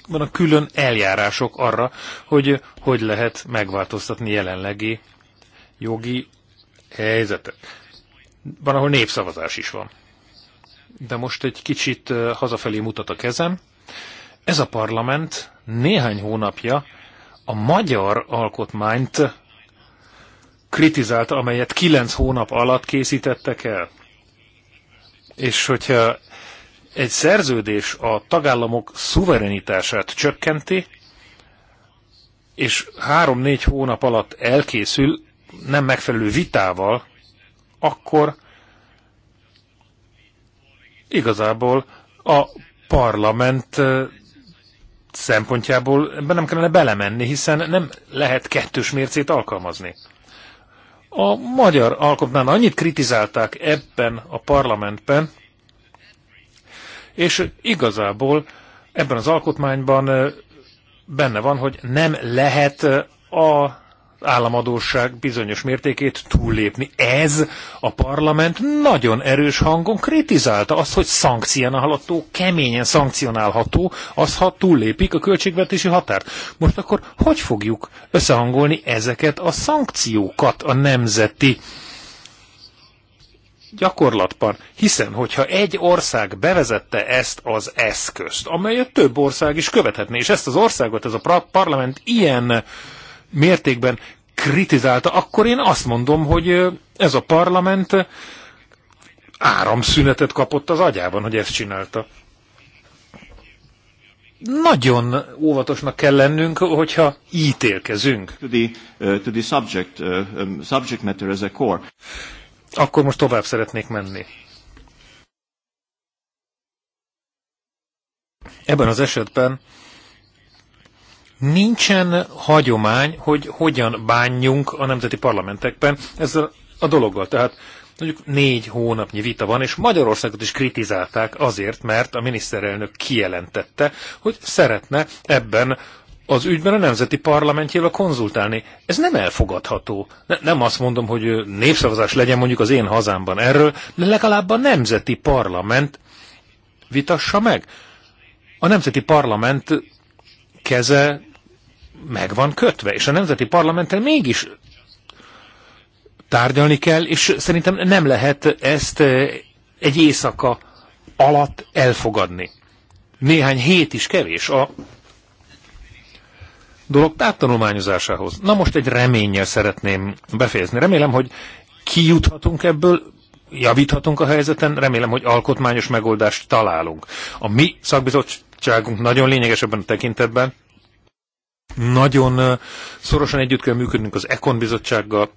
vannak külön eljárások arra, hogy hogy lehet megváltoztatni jelenlegi jogi helyzetet van, ahol népszavazás is van. De most egy kicsit hazafelé mutat a kezem. Ez a parlament néhány hónapja a magyar alkotmányt kritizálta, amelyet kilenc hónap alatt készítettek el. És hogyha egy szerződés a tagállamok szuverenitását csökkenti, és három-négy hónap alatt elkészül, nem megfelelő vitával, akkor igazából a parlament szempontjából ebben nem kellene belemenni, hiszen nem lehet kettős mércét alkalmazni. A magyar alkotmány annyit kritizálták ebben a parlamentben, és igazából ebben az alkotmányban benne van, hogy nem lehet a államadóság bizonyos mértékét túllépni. Ez a parlament nagyon erős hangon kritizálta azt, hogy szankcionálható, keményen szankcionálható az, ha túllépik a költségvetési határt. Most akkor hogy fogjuk összehangolni ezeket a szankciókat a nemzeti gyakorlatban, hiszen hogyha egy ország bevezette ezt az eszközt, amelyet több ország is követhetné, és ezt az országot ez a parlament ilyen mértékben kritizálta, akkor én azt mondom, hogy ez a parlament áramszünetet kapott az agyában, hogy ezt csinálta. Nagyon óvatosnak kell lennünk, hogyha ítélkezünk. To the, uh, to the subject, uh, um, subject matter as a core. Akkor most tovább szeretnék menni. Ebben az esetben Nincsen hagyomány, hogy hogyan bánjunk a nemzeti parlamentekben ezzel a dologgal. Tehát mondjuk négy hónapnyi vita van, és Magyarországot is kritizálták azért, mert a miniszterelnök kijelentette, hogy szeretne ebben az ügyben a nemzeti parlamentjével konzultálni. Ez nem elfogadható. Ne, nem azt mondom, hogy népszavazás legyen mondjuk az én hazámban erről, de legalább a nemzeti parlament vitassa meg. A nemzeti parlament keze meg van kötve, és a nemzeti parlamenten mégis tárgyalni kell, és szerintem nem lehet ezt eh, egy éjszaka alatt elfogadni. Néhány hét is kevés a dolog tártanulmányozásához. Na most egy reménnyel szeretném befejezni. Remélem, hogy kijuthatunk ebből, javíthatunk a helyzeten, remélem, hogy alkotmányos megoldást találunk. A mi szakbizottság barátságunk nagyon lényeges ebben a tekintetben. Nagyon szorosan együtt kell működnünk az Ekon bizottsággal,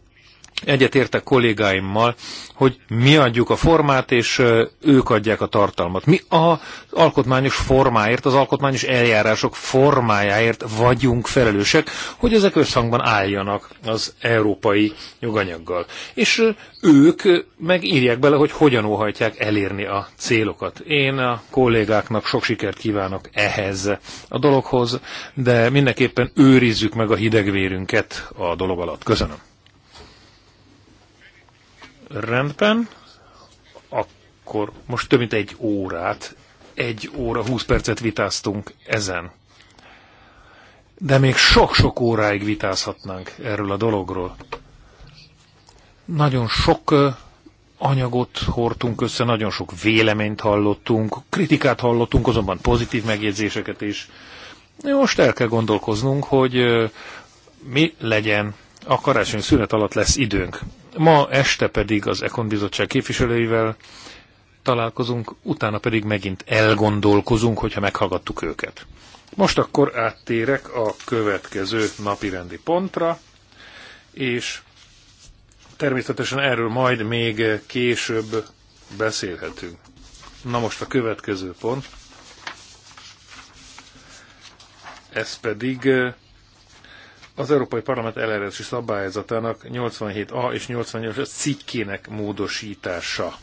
egyetértek kollégáimmal, hogy mi adjuk a formát, és ők adják a tartalmat. Mi az alkotmányos formáért, az alkotmányos eljárások formájáért vagyunk felelősek, hogy ezek összhangban álljanak az európai joganyaggal. És ők megírják bele, hogy hogyan óhajtják elérni a célokat. Én a kollégáknak sok sikert kívánok ehhez a dologhoz, de mindenképpen őrizzük meg a hidegvérünket a dolog alatt. Köszönöm. Rendben, akkor most több mint egy órát, egy óra, húsz percet vitáztunk ezen. De még sok-sok óráig vitázhatnánk erről a dologról. Nagyon sok anyagot hordtunk össze, nagyon sok véleményt hallottunk, kritikát hallottunk, azonban pozitív megjegyzéseket is. Most el kell gondolkoznunk, hogy mi legyen a karácsony szünet alatt lesz időnk. Ma este pedig az Ekon Bizottság képviselőivel találkozunk, utána pedig megint elgondolkozunk, hogyha meghallgattuk őket. Most akkor áttérek a következő napirendi pontra, és természetesen erről majd még később beszélhetünk. Na most a következő pont, ez pedig az Európai Parlament elérési szabályzatának 87A és 88-as cikkének módosítása.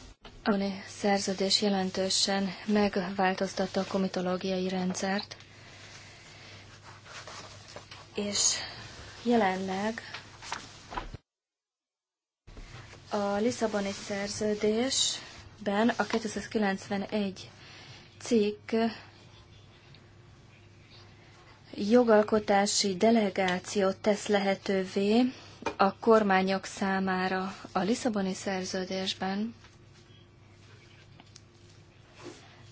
A szerződés jelentősen megváltoztatta a komitológiai rendszert, és jelenleg a Lisszaboni szerződésben a 291 cikk jogalkotási delegációt tesz lehetővé a kormányok számára a Lisszaboni szerződésben.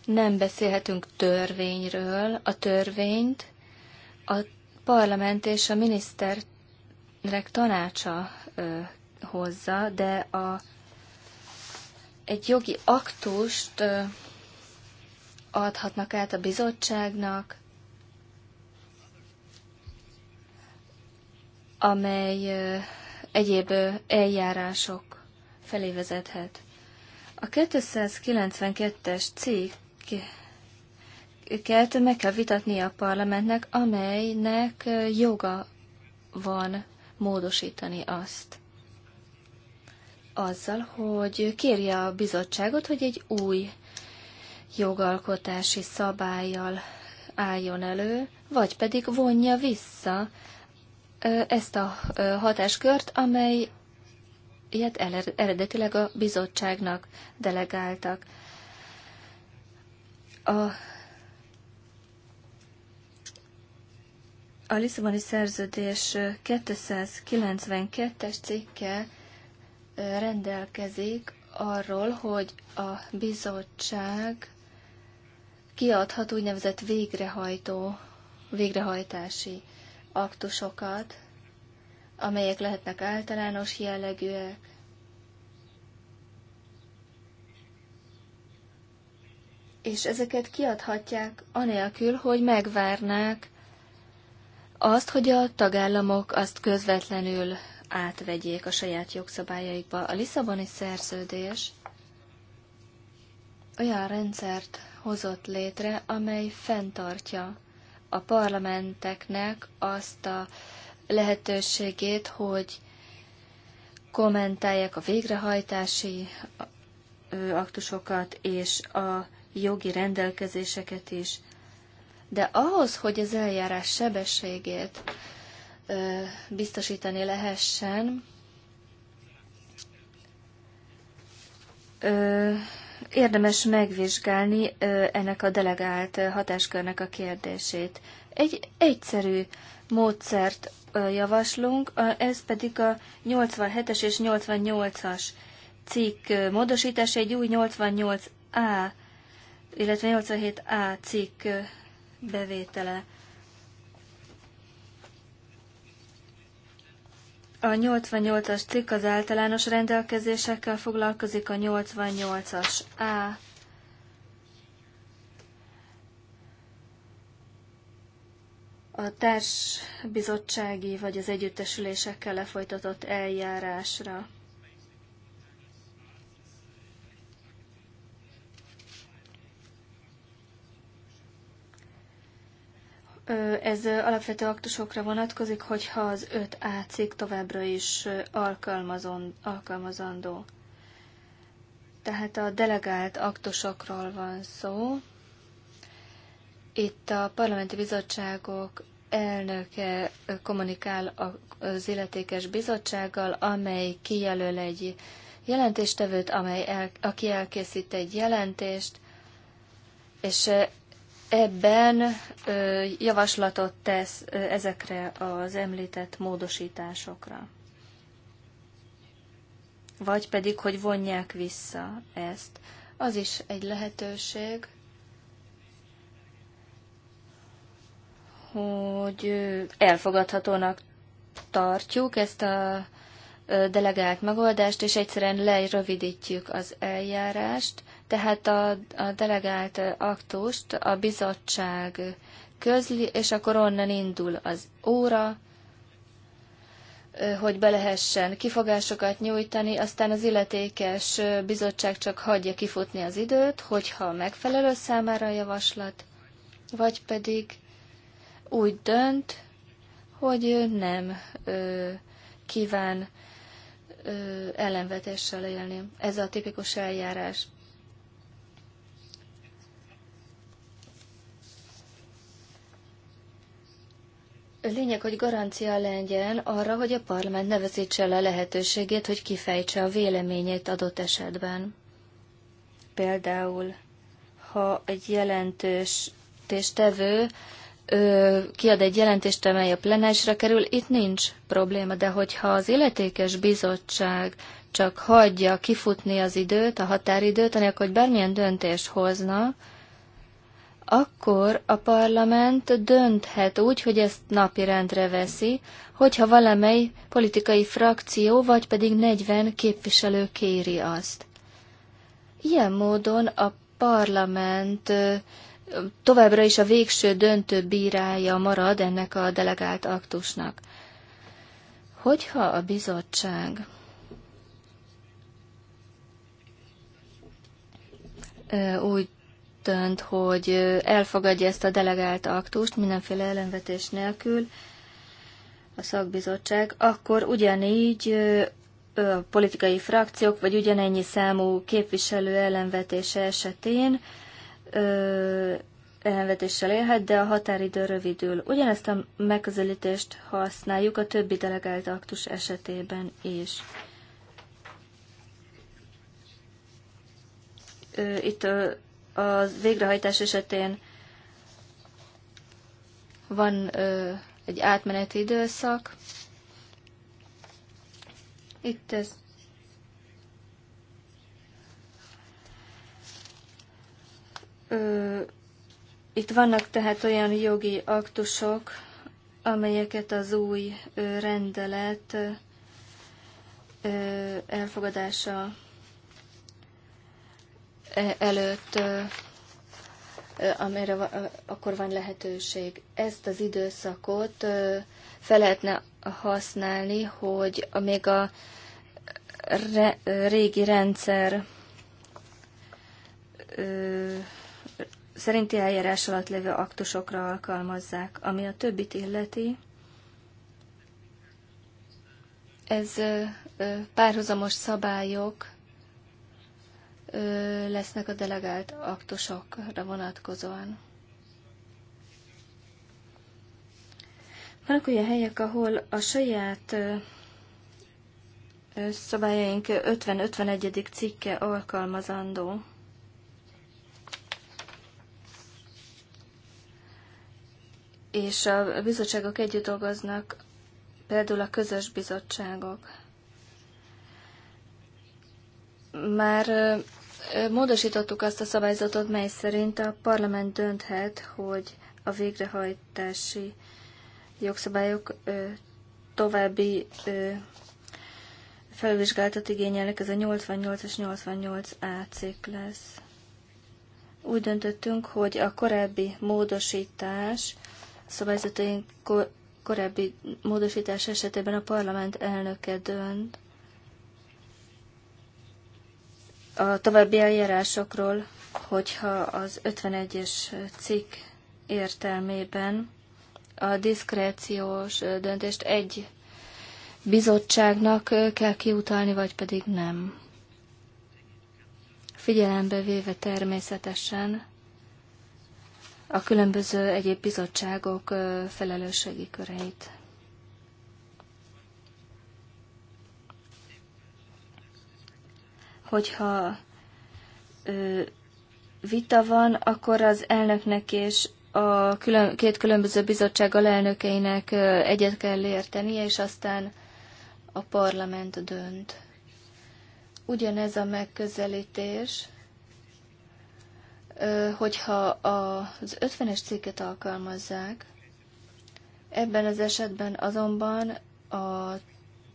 Nem beszélhetünk törvényről. A törvényt a parlament és a miniszterek tanácsa ö, hozza, de a, egy jogi aktust ö, adhatnak át a bizottságnak, amely egyéb eljárások felé vezethet. A 292-es cikket meg kell vitatni a parlamentnek, amelynek joga van módosítani azt. Azzal, hogy kérje a bizottságot, hogy egy új jogalkotási szabályjal álljon elő, vagy pedig vonja vissza ezt a hatáskört, amelyet eredetileg a bizottságnak delegáltak. A a Lisszaboni szerződés 292-es cikke rendelkezik arról, hogy a bizottság kiadhat úgynevezett végrehajtó, végrehajtási aktusokat, amelyek lehetnek általános jellegűek, és ezeket kiadhatják anélkül, hogy megvárnák azt, hogy a tagállamok azt közvetlenül átvegyék a saját jogszabályaikba. A Lisszaboni szerződés olyan rendszert hozott létre, amely fenntartja a parlamenteknek azt a lehetőségét, hogy kommentálják a végrehajtási aktusokat és a jogi rendelkezéseket is. De ahhoz, hogy az eljárás sebességét biztosítani lehessen, érdemes megvizsgálni ennek a delegált hatáskörnek a kérdését. Egy egyszerű módszert javaslunk, ez pedig a 87-es és 88-as cikk módosítása, egy új 88A, illetve 87A cikk bevétele. A 88-as cikk az általános rendelkezésekkel foglalkozik, a 88-as A. A társbizottsági vagy az együttesülésekkel lefolytatott eljárásra Ez alapvető aktusokra vonatkozik, hogyha az 5A cikk továbbra is alkalmazandó. Tehát a delegált aktusokról van szó. Itt a parlamenti bizottságok elnöke kommunikál az illetékes bizottsággal, amely kijelöl egy jelentéstevőt, amely el, aki elkészít egy jelentést, és ebben javaslatot tesz ezekre az említett módosításokra. Vagy pedig, hogy vonják vissza ezt. Az is egy lehetőség, hogy elfogadhatónak tartjuk ezt a delegált megoldást, és egyszerűen lerövidítjük az eljárást, tehát a, a delegált aktust a bizottság közli, és akkor onnan indul az óra, hogy belehessen kifogásokat nyújtani, aztán az illetékes bizottság csak hagyja kifutni az időt, hogyha megfelelő számára a javaslat, vagy pedig úgy dönt, hogy nem ö, kíván ö, ellenvetéssel élni. Ez a tipikus eljárás. lényeg, hogy garancia legyen arra, hogy a parlament ne veszítse le lehetőségét, hogy kifejtse a véleményét adott esetben. Például, ha egy jelentős tevő kiad egy jelentést, amely a plenásra kerül, itt nincs probléma, de hogyha az illetékes bizottság csak hagyja kifutni az időt, a határidőt, anélkül, hogy bármilyen döntést hozna, akkor a parlament dönthet úgy, hogy ezt napirendre veszi, hogyha valamely politikai frakció, vagy pedig 40 képviselő kéri azt. Ilyen módon a parlament továbbra is a végső döntő bírája marad ennek a delegált aktusnak. Hogyha a bizottság úgy dönt, hogy elfogadja ezt a delegált aktust mindenféle ellenvetés nélkül a szakbizottság, akkor ugyanígy a politikai frakciók, vagy ugyanennyi számú képviselő ellenvetése esetén ellenvetéssel élhet, de a határidő rövidül. Ugyanezt a megközelítést használjuk a többi delegált aktus esetében is. Itt a végrehajtás esetén van ö, egy átmeneti időszak. Itt ez. Ö, itt vannak tehát olyan jogi aktusok, amelyeket az új ö, rendelet ö, elfogadása E, előtt, amire akkor van lehetőség. Ezt az időszakot fel lehetne használni, hogy még a régi rendszer szerinti eljárás alatt lévő aktusokra alkalmazzák. Ami a többit illeti, ez párhuzamos szabályok lesznek a delegált aktusokra vonatkozóan. Vannak olyan helyek, ahol a saját szabályaink 50-51. cikke alkalmazandó. És a bizottságok együtt dolgoznak, például a közös bizottságok. Már módosítottuk azt a szabályzatot, mely szerint a parlament dönthet, hogy a végrehajtási jogszabályok további felvizsgáltat igényelnek, ez a 88 és 88A cikk lesz. Úgy döntöttünk, hogy a korábbi módosítás, a szabályzataink korábbi módosítás esetében a parlament elnöke dönt, a további eljárásokról, hogyha az 51-es cikk értelmében a diszkréciós döntést egy bizottságnak kell kiutalni, vagy pedig nem. Figyelembe véve természetesen a különböző egyéb bizottságok felelősségi köreit. hogyha ö, vita van, akkor az elnöknek és a külön, két különböző bizottság alelnökeinek egyet kell értenie, és aztán a parlament dönt. Ugyanez a megközelítés, hogyha az 50-es cikket alkalmazzák, ebben az esetben azonban a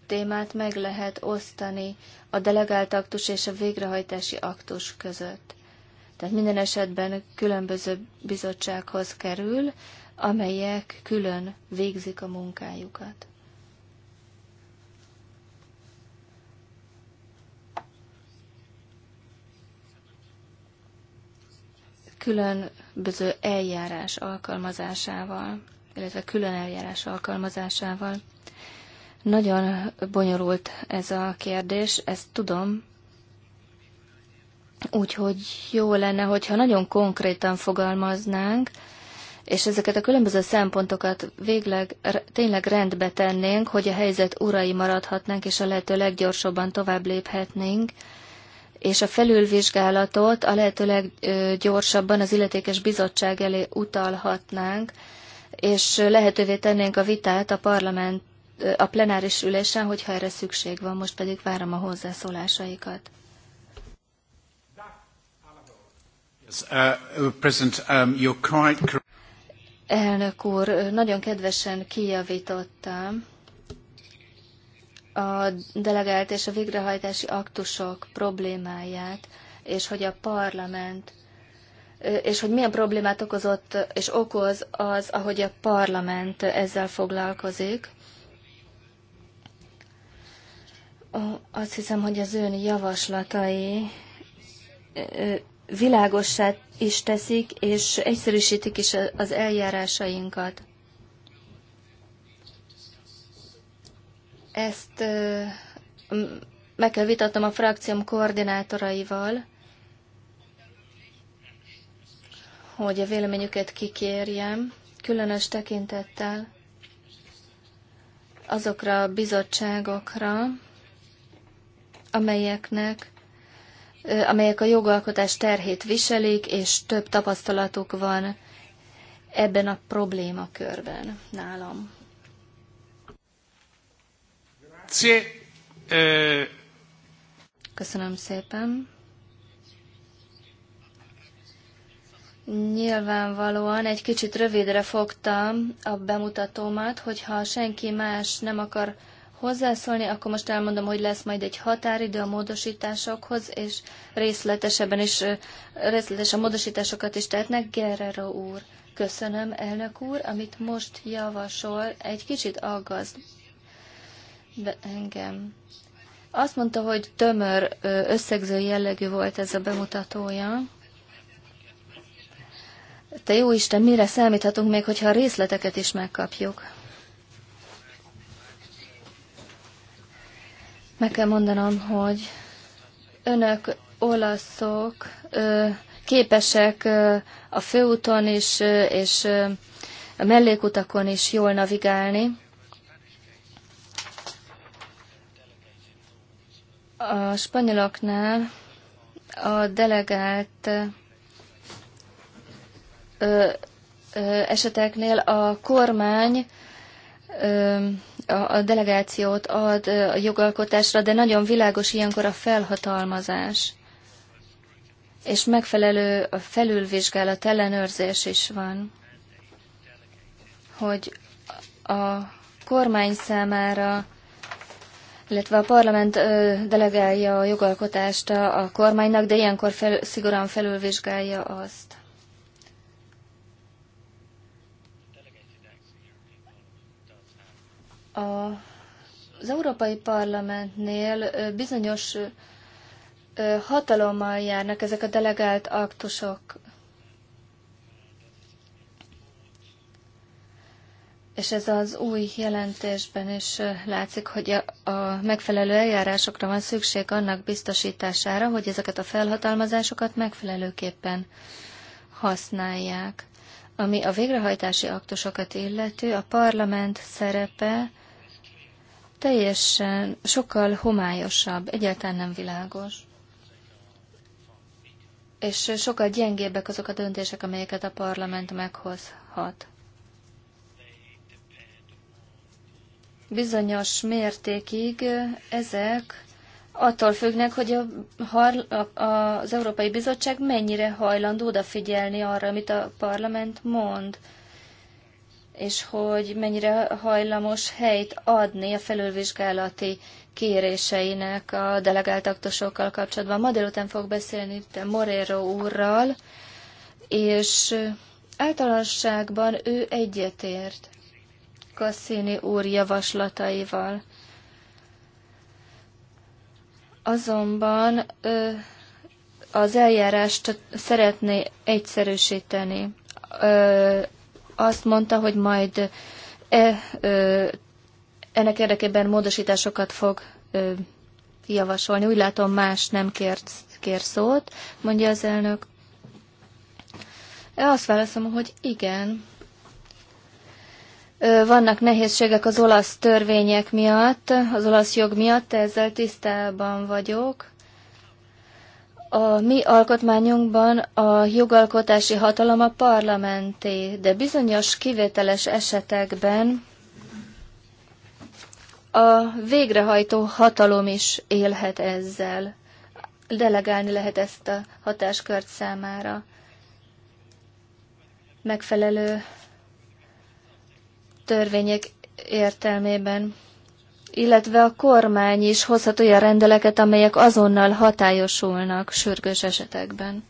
témát meg lehet osztani a delegált aktus és a végrehajtási aktus között. Tehát minden esetben különböző bizottsághoz kerül, amelyek külön végzik a munkájukat. különböző eljárás alkalmazásával, illetve külön eljárás alkalmazásával. Nagyon bonyolult ez a kérdés, ezt tudom. Úgyhogy jó lenne, hogyha nagyon konkrétan fogalmaznánk, és ezeket a különböző szempontokat végleg tényleg rendbe tennénk, hogy a helyzet urai maradhatnánk, és a lehető leggyorsabban tovább léphetnénk, és a felülvizsgálatot a lehető leggyorsabban az illetékes bizottság elé utalhatnánk, és lehetővé tennénk a vitát a parlament a plenáris ülésen, hogyha erre szükség van, most pedig várom a hozzászólásaikat. Uh, uh, um, Elnök úr, nagyon kedvesen kijavítottam a delegált és a végrehajtási aktusok problémáját, és hogy a parlament uh, és hogy milyen problémát okozott és okoz az, ahogy a parlament ezzel foglalkozik. Azt hiszem, hogy az ön javaslatai világossá is teszik, és egyszerűsítik is az eljárásainkat. Ezt meg kell vitatnom a frakcióm koordinátoraival, hogy a véleményüket kikérjem, különös tekintettel azokra a bizottságokra, amelyeknek amelyek a jogalkotás terhét viselik, és több tapasztalatuk van ebben a problémakörben nálam. Köszönöm szépen. Nyilvánvalóan egy kicsit rövidre fogtam a bemutatómat, hogyha senki más nem akar hozzászólni, akkor most elmondom, hogy lesz majd egy határidő a módosításokhoz, és részletesebben is, részletes a módosításokat is tettnek. Gerrero úr, köszönöm, elnök úr, amit most javasol, egy kicsit aggaszt engem. Azt mondta, hogy tömör, összegző jellegű volt ez a bemutatója. Te jó Isten, mire számíthatunk még, hogyha a részleteket is megkapjuk? Meg kell mondanom, hogy önök olaszok képesek a főúton is, és a mellékutakon is jól navigálni. A spanyoloknál a delegált eseteknél a kormány a delegációt ad a jogalkotásra, de nagyon világos ilyenkor a felhatalmazás, és megfelelő felülvizsgálat ellenőrzés is van, hogy a kormány számára illetve a parlament delegálja a jogalkotást a kormánynak, de ilyenkor fel, szigorúan felülvizsgálja azt. A, az Európai Parlamentnél bizonyos hatalommal járnak ezek a delegált aktusok. És ez az új jelentésben is látszik, hogy a, a megfelelő eljárásokra van szükség annak biztosítására, hogy ezeket a felhatalmazásokat megfelelőképpen használják. Ami a végrehajtási aktusokat illető a parlament szerepe teljesen sokkal homályosabb, egyáltalán nem világos. És sokkal gyengébbek azok a döntések, amelyeket a parlament meghozhat. Bizonyos mértékig ezek attól függnek, hogy a, a, az Európai Bizottság mennyire hajlandó odafigyelni arra, amit a parlament mond és hogy mennyire hajlamos helyt adni a felülvizsgálati kéréseinek a delegált aktusokkal kapcsolatban. Ma délután fog beszélni itt Morero úrral, és általánosságban ő egyetért Cassini úr javaslataival. Azonban az eljárást szeretné egyszerűsíteni azt mondta, hogy majd e, e, ennek érdekében módosításokat fog e, javasolni. Úgy látom, más nem kér, kér szót, mondja az elnök. E, azt válaszom, hogy igen. Vannak nehézségek az olasz törvények miatt, az olasz jog miatt, ezzel tisztában vagyok. A mi alkotmányunkban a jogalkotási hatalom a parlamenté, de bizonyos kivételes esetekben a végrehajtó hatalom is élhet ezzel. Delegálni lehet ezt a hatáskört számára. Megfelelő törvények értelmében illetve a kormány is hozhat olyan rendeleket, amelyek azonnal hatályosulnak sürgős esetekben.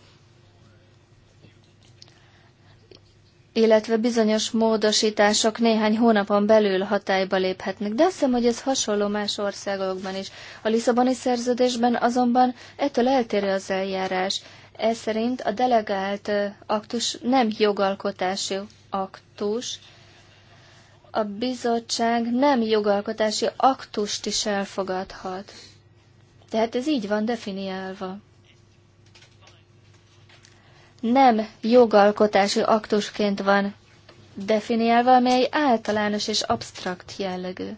illetve bizonyos módosítások néhány hónapon belül hatályba léphetnek. De azt hiszem, hogy ez hasonló más országokban is. A Lisszaboni szerződésben azonban ettől eltérő az eljárás. Ez szerint a delegált aktus nem jogalkotási aktus, a bizottság nem jogalkotási aktust is elfogadhat. Tehát ez így van definiálva. Nem jogalkotási aktusként van definiálva, amely általános és absztrakt jellegű.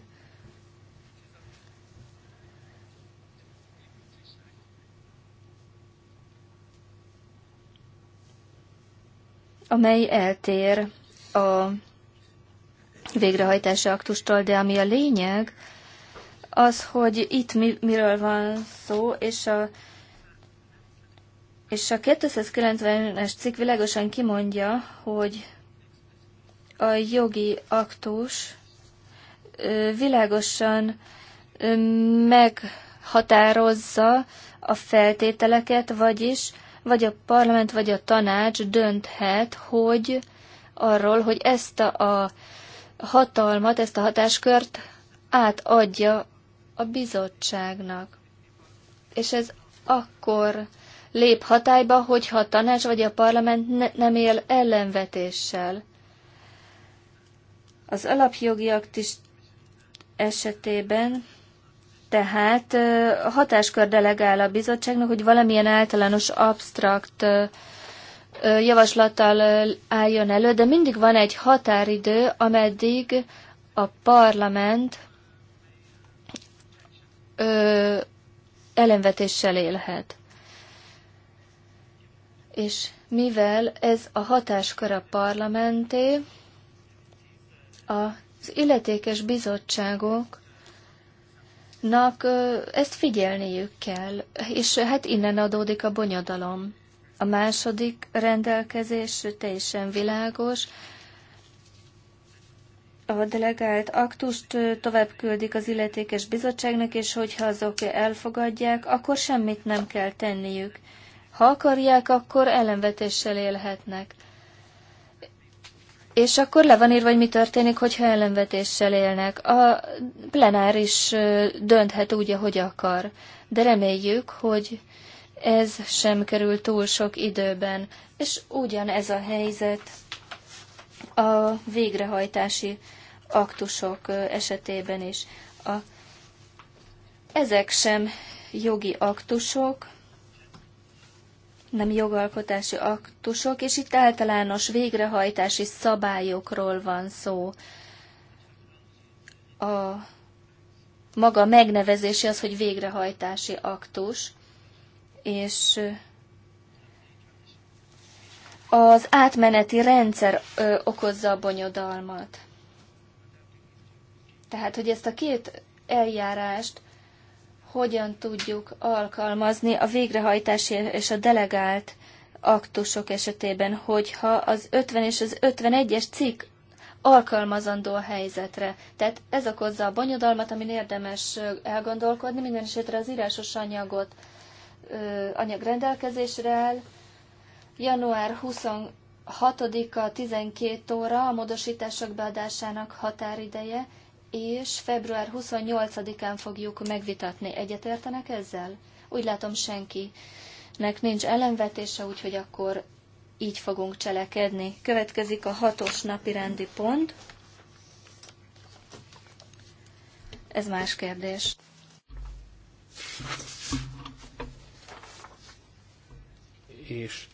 amely eltér a végrehajtási aktustól, de ami a lényeg, az, hogy itt mi, miről van szó, és a, és a 290-es cikk világosan kimondja, hogy a jogi aktus világosan meghatározza a feltételeket, vagyis vagy a parlament, vagy a tanács dönthet, hogy arról, hogy ezt a, a hatalmat, ezt a hatáskört átadja a bizottságnak. És ez akkor lép hatályba, hogyha a tanács vagy a parlament ne, nem él ellenvetéssel. Az alapjogi aktis esetében tehát hatáskör delegál a bizottságnak, hogy valamilyen általános absztrakt javaslattal álljon elő, de mindig van egy határidő, ameddig a parlament ö, ellenvetéssel élhet. És mivel ez a hatáskör a parlamenté, az illetékes bizottságoknak ezt figyelniük kell, és hát innen adódik a bonyodalom. A második rendelkezés teljesen világos. A delegált aktust tovább küldik az illetékes bizottságnak, és hogyha azok elfogadják, akkor semmit nem kell tenniük. Ha akarják, akkor ellenvetéssel élhetnek. És akkor le van írva, hogy mi történik, hogyha ellenvetéssel élnek. A plenáris dönthet úgy, ahogy akar. De reméljük, hogy ez sem kerül túl sok időben, és ugyan ez a helyzet a végrehajtási aktusok esetében is. A, ezek sem jogi aktusok, nem jogalkotási aktusok, és itt általános végrehajtási szabályokról van szó. A maga megnevezési az, hogy végrehajtási aktus, és az átmeneti rendszer okozza a bonyodalmat. Tehát, hogy ezt a két eljárást hogyan tudjuk alkalmazni a végrehajtási és a delegált aktusok esetében, hogyha az 50 és az 51-es cikk alkalmazandó a helyzetre. Tehát ez okozza a bonyodalmat, amin érdemes elgondolkodni, minden esetre az írásos anyagot anyag rendelkezésre áll. Január 26-a 12 óra a módosítások beadásának határideje, és február 28-án fogjuk megvitatni. Egyetértenek ezzel? Úgy látom senkinek nincs ellenvetése, úgyhogy akkor így fogunk cselekedni. Következik a hatos napi rendi pont. Ez más kérdés. és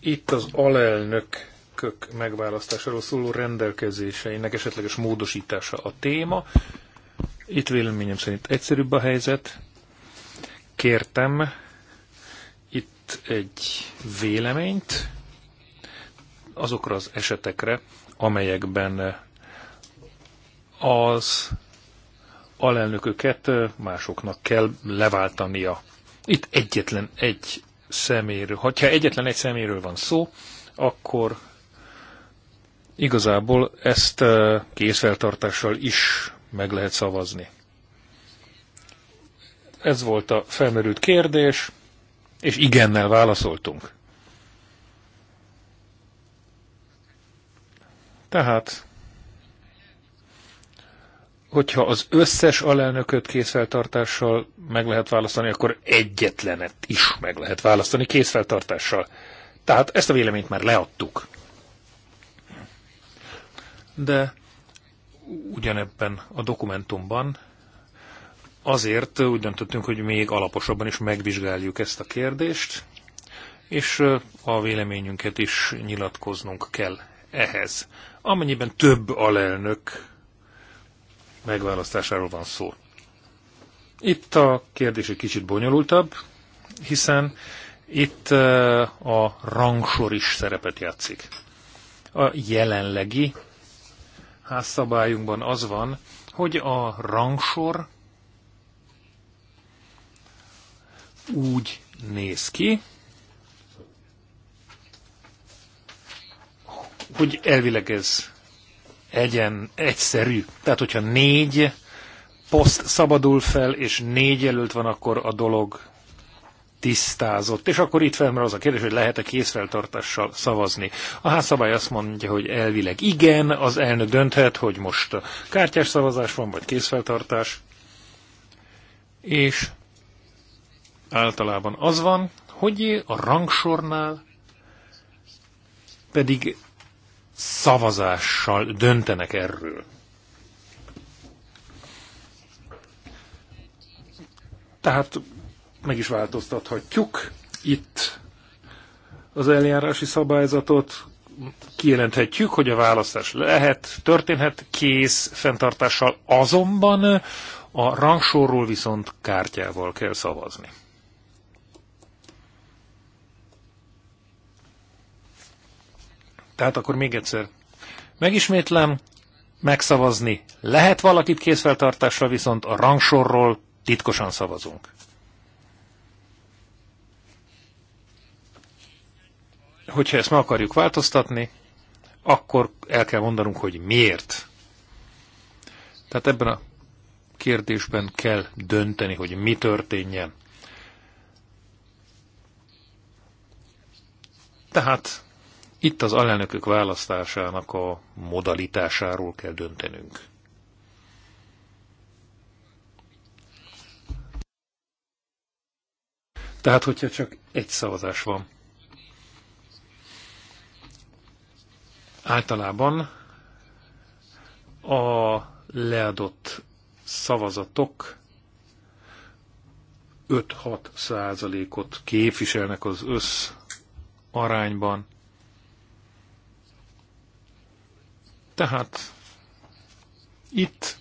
itt az alelnök kök megválasztásáról szóló rendelkezéseinek esetleges módosítása a téma. Itt véleményem szerint egyszerűbb a helyzet. Kértem itt egy véleményt azokra az esetekre, amelyekben az alelnököket másoknak kell leváltania. Itt egyetlen egy szeméről, ha egyetlen egy szeméről van szó, akkor igazából ezt készfeltartással is meg lehet szavazni. Ez volt a felmerült kérdés, és igennel válaszoltunk. Tehát hogyha az összes alelnököt készfeltartással meg lehet választani, akkor egyetlenet is meg lehet választani készfeltartással. Tehát ezt a véleményt már leadtuk. De ugyanebben a dokumentumban azért úgy döntöttünk, hogy még alaposabban is megvizsgáljuk ezt a kérdést, és a véleményünket is nyilatkoznunk kell ehhez. Amennyiben több alelnök megválasztásáról van szó. Itt a kérdés egy kicsit bonyolultabb, hiszen itt eh, a rangsor is szerepet játszik. A jelenlegi házszabályunkban az van, hogy a rangsor úgy néz ki, hogy elvileg ez egyen, egyszerű. Tehát, hogyha négy poszt szabadul fel, és négy jelölt van, akkor a dolog tisztázott. És akkor itt felmerül az a kérdés, hogy lehet-e készfeltartással szavazni. A házszabály azt mondja, hogy elvileg igen, az elnök dönthet, hogy most kártyás szavazás van, vagy készfeltartás. És általában az van, hogy a rangsornál pedig szavazással döntenek erről. Tehát meg is változtathatjuk itt az eljárási szabályzatot, kijelenthetjük, hogy a választás lehet, történhet kész fenntartással, azonban a rangsorról viszont kártyával kell szavazni. Tehát akkor még egyszer. Megismétlem, megszavazni lehet valakit készfeltartásra, viszont a rangsorról titkosan szavazunk. Hogyha ezt meg akarjuk változtatni, akkor el kell mondanunk, hogy miért. Tehát ebben a kérdésben kell dönteni, hogy mi történjen. Tehát itt az alelnökök választásának a modalitásáról kell döntenünk. Tehát, hogyha csak egy szavazás van. Általában a leadott szavazatok 5-6 százalékot képviselnek az össz arányban, Tehát itt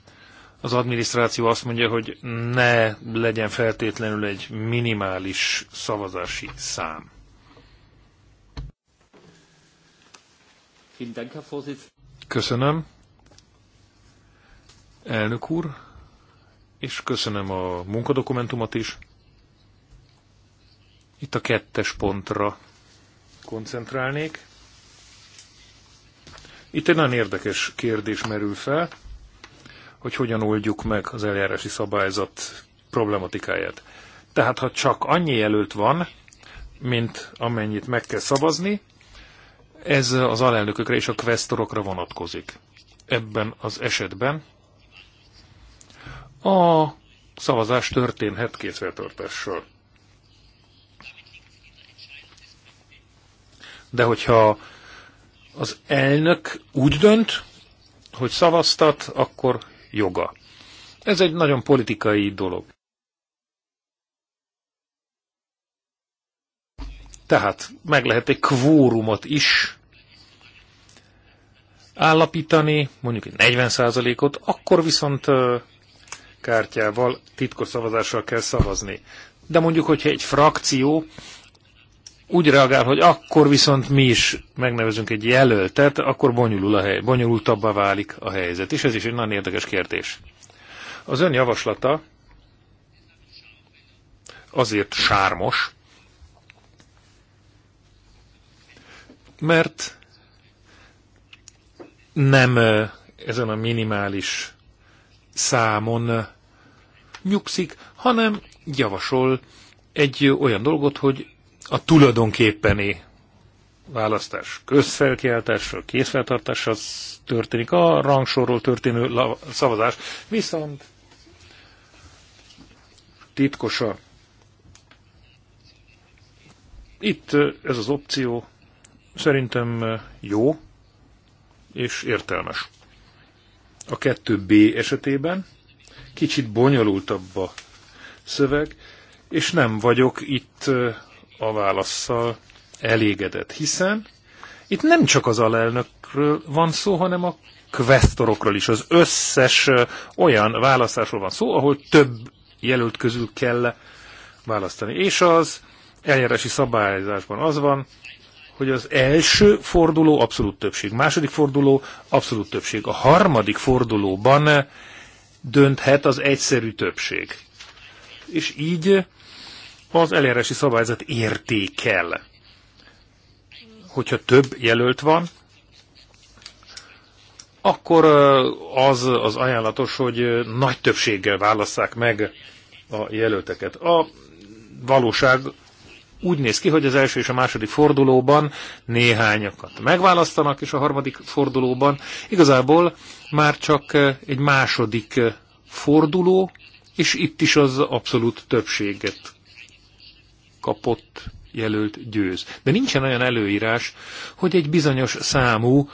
az adminisztráció azt mondja, hogy ne legyen feltétlenül egy minimális szavazási szám. Köszönöm, elnök úr, és köszönöm a munkadokumentumot is. Itt a kettes pontra koncentrálnék. Itt egy nagyon érdekes kérdés merül fel, hogy hogyan oldjuk meg az eljárási szabályzat problematikáját. Tehát, ha csak annyi jelölt van, mint amennyit meg kell szavazni, ez az alelnökökre és a kvesztorokra vonatkozik. Ebben az esetben a szavazás történhet készfeltartással. De hogyha az elnök úgy dönt, hogy szavaztat, akkor joga. Ez egy nagyon politikai dolog. Tehát meg lehet egy kvórumot is állapítani, mondjuk egy 40%-ot, akkor viszont kártyával, titkos szavazással kell szavazni. De mondjuk, hogyha egy frakció úgy reagál, hogy akkor viszont mi is megnevezünk egy jelöltet, akkor bonyolul a hely, bonyolultabbá válik a helyzet. És ez is egy nagyon érdekes kérdés. Az ön javaslata azért sármos, mert nem ezen a minimális számon nyugszik, hanem javasol egy olyan dolgot, hogy a tulajdonképpeni választás közfelkiáltással, készfeltartással történik, a rangsorról történő szavazás, viszont titkosa. Itt ez az opció szerintem jó és értelmes. A 2B esetében kicsit bonyolultabb a szöveg, és nem vagyok itt a válaszsal elégedett, hiszen itt nem csak az alelnökről van szó, hanem a kvesztorokról is. Az összes olyan választásról van szó, ahol több jelölt közül kell választani. És az eljárási szabályzásban az van, hogy az első forduló abszolút többség, második forduló abszolút többség, a harmadik fordulóban dönthet az egyszerű többség. És így az eljárási szabályzat értékel. Hogyha több jelölt van, akkor az az ajánlatos, hogy nagy többséggel válasszák meg a jelölteket. A valóság úgy néz ki, hogy az első és a második fordulóban néhányakat megválasztanak, és a harmadik fordulóban igazából már csak egy második forduló, és itt is az abszolút többséget kapott jelölt győz. De nincsen olyan előírás, hogy egy bizonyos számú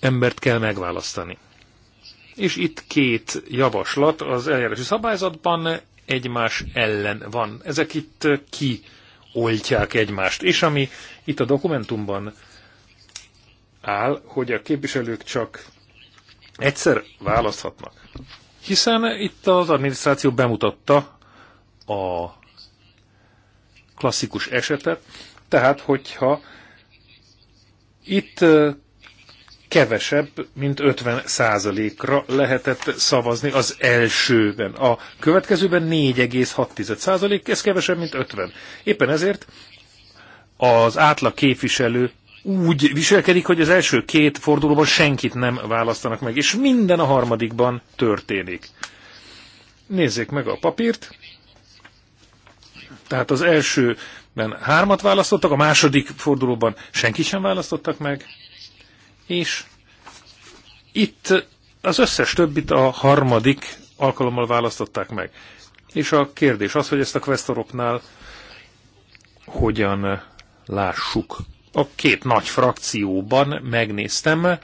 embert kell megválasztani. És itt két javaslat az eljárási szabályzatban egymás ellen van. Ezek itt ki oltják egymást. És ami itt a dokumentumban áll, hogy a képviselők csak egyszer választhatnak. Hiszen itt az adminisztráció bemutatta a klasszikus esetet, tehát hogyha itt kevesebb, mint 50 százalékra lehetett szavazni az elsőben. A következőben 4,6 százalék, ez kevesebb, mint 50. Éppen ezért az átlag képviselő úgy viselkedik, hogy az első két fordulóban senkit nem választanak meg, és minden a harmadikban történik. Nézzék meg a papírt, tehát az elsőben hármat választottak, a második fordulóban senki sem választottak meg, és itt az összes többit a harmadik alkalommal választották meg. És a kérdés az, hogy ezt a questoroknál hogyan lássuk. A két nagy frakcióban megnéztem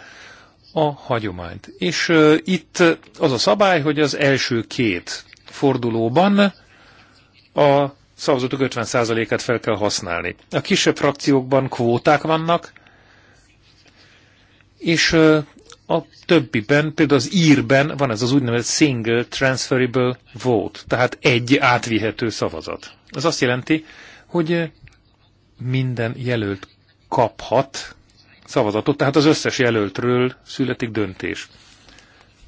a hagyományt. És uh, itt az a szabály, hogy az első két fordulóban a szavazatok 50%-át fel kell használni. A kisebb frakciókban kvóták vannak, és a többiben, például az írben van ez az úgynevezett single transferable vote, tehát egy átvihető szavazat. Ez azt jelenti, hogy minden jelölt kaphat szavazatot, tehát az összes jelöltről születik döntés.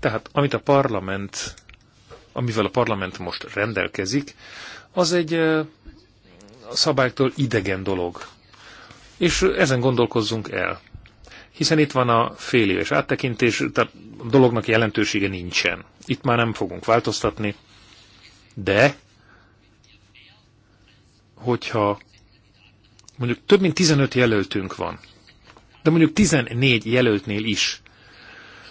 Tehát amit a parlament, amivel a parlament most rendelkezik, az egy a szabálytól idegen dolog. És ezen gondolkozzunk el. Hiszen itt van a fél éves áttekintés, tehát a dolognak jelentősége nincsen. Itt már nem fogunk változtatni, de hogyha mondjuk több mint 15 jelöltünk van, de mondjuk 14 jelöltnél is,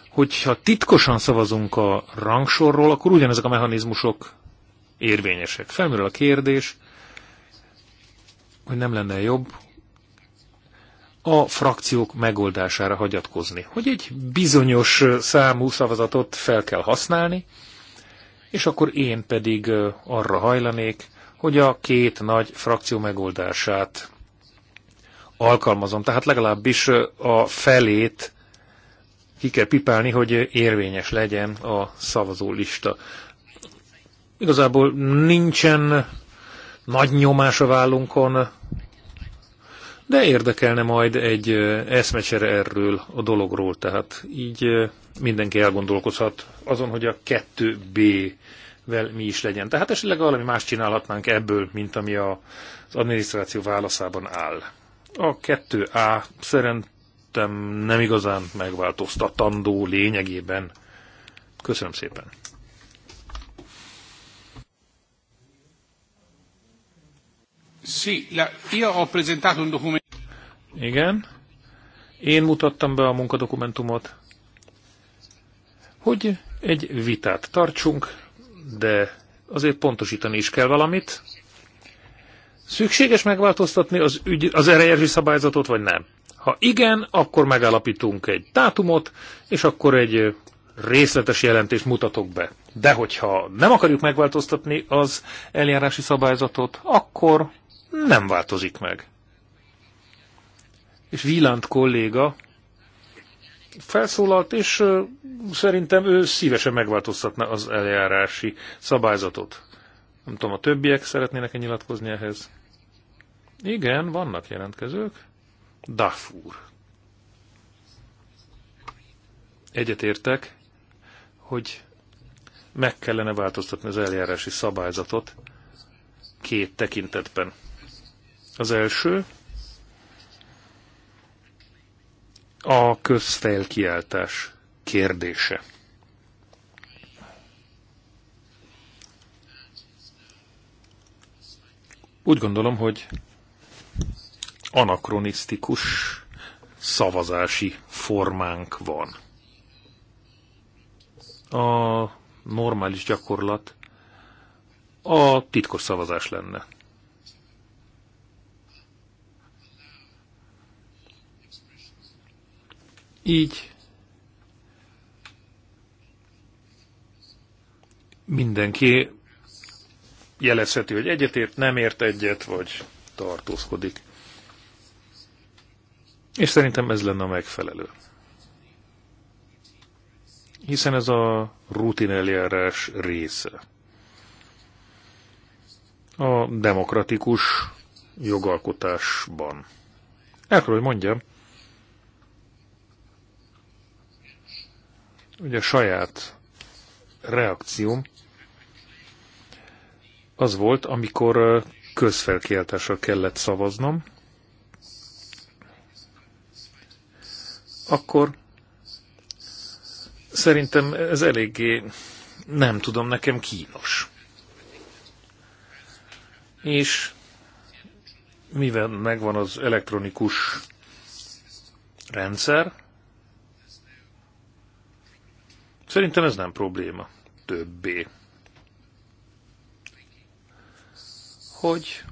hogyha titkosan szavazunk a rangsorról, akkor ugyanezek a mechanizmusok érvényesek. Felmerül a kérdés, hogy nem lenne jobb a frakciók megoldására hagyatkozni, hogy egy bizonyos számú szavazatot fel kell használni, és akkor én pedig arra hajlanék, hogy a két nagy frakció megoldását alkalmazom. Tehát legalábbis a felét ki kell pipálni, hogy érvényes legyen a szavazólista. Igazából nincsen nagy nyomás a vállunkon, de érdekelne majd egy eszmecsere erről a dologról, tehát így mindenki elgondolkozhat azon, hogy a 2B-vel mi is legyen. Tehát esetleg valami más csinálhatnánk ebből, mint ami az adminisztráció válaszában áll. A 2A szerintem nem igazán megváltoztatandó lényegében. Köszönöm szépen. Sì, la, io ho presentato un documento. Igen. Én mutattam be a munkadokumentumot, hogy egy vitát tartsunk, de azért pontosítani is kell valamit. Szükséges megváltoztatni az, ügy, az erejelzsi szabályzatot, vagy nem? Ha igen, akkor megállapítunk egy dátumot, és akkor egy részletes jelentést mutatok be. De hogyha nem akarjuk megváltoztatni az eljárási szabályzatot, akkor nem változik meg. És Wieland kolléga felszólalt, és szerintem ő szívesen megváltoztatna az eljárási szabályzatot. Nem tudom, a többiek szeretnének-e nyilatkozni ehhez? Igen, vannak jelentkezők. Dafur. Egyetértek, hogy meg kellene változtatni az eljárási szabályzatot két tekintetben. Az első a közfelkiáltás kérdése. Úgy gondolom, hogy anakronisztikus szavazási formánk van. A normális gyakorlat a titkos szavazás lenne. Így mindenki jelezheti, hogy egyetért, nem ért egyet, vagy tartózkodik. És szerintem ez lenne a megfelelő. Hiszen ez a rutin eljárás része. A demokratikus jogalkotásban. Erről, hogy mondjam, hogy a saját reakcióm az volt, amikor közfelkiáltással kellett szavaznom, akkor szerintem ez eléggé, nem tudom, nekem kínos. És mivel megvan az elektronikus rendszer, Szerintem ez nem probléma többé. Hogy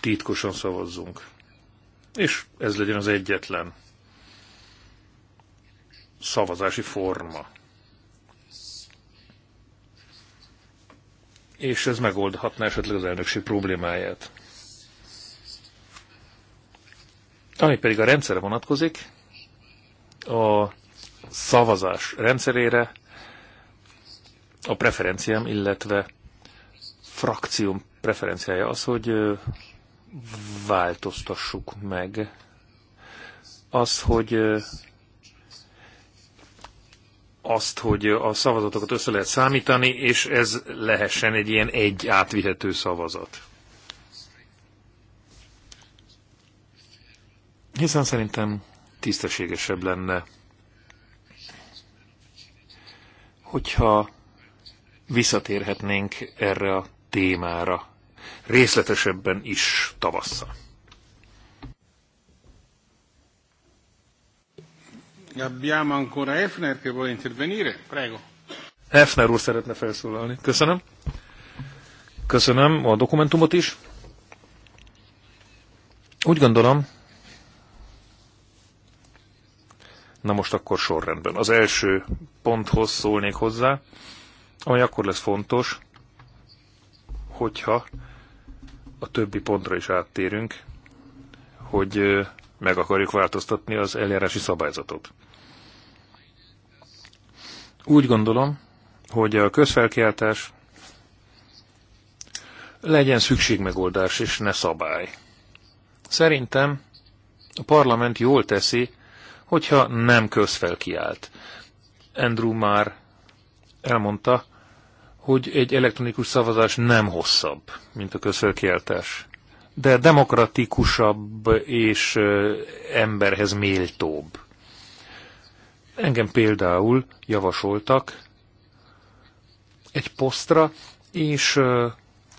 titkosan szavazzunk. És ez legyen az egyetlen szavazási forma. És ez megoldhatná esetleg az elnökség problémáját. Ami pedig a rendszerre vonatkozik, a szavazás rendszerére a preferenciám, illetve frakcióm preferenciája az, hogy változtassuk meg az, hogy azt, hogy a szavazatokat össze lehet számítani, és ez lehessen egy ilyen egy átvihető szavazat. Hiszen szerintem tisztességesebb lenne hogyha visszatérhetnénk erre a témára részletesebben is tavasszal. Abbiamo ancora Efner che vuole intervenire. Prego. Efner úr szeretne felszólalni. Köszönöm. Köszönöm a dokumentumot is. Úgy gondolom, Na most akkor sorrendben. Az első ponthoz szólnék hozzá, ami akkor lesz fontos, hogyha a többi pontra is áttérünk, hogy meg akarjuk változtatni az eljárási szabályzatot. Úgy gondolom, hogy a közfelkiáltás legyen szükségmegoldás és ne szabály. Szerintem a parlament jól teszi, hogyha nem közfelkiált. Andrew már elmondta, hogy egy elektronikus szavazás nem hosszabb, mint a közfelkiáltás, de demokratikusabb és emberhez méltóbb. Engem például javasoltak egy posztra, és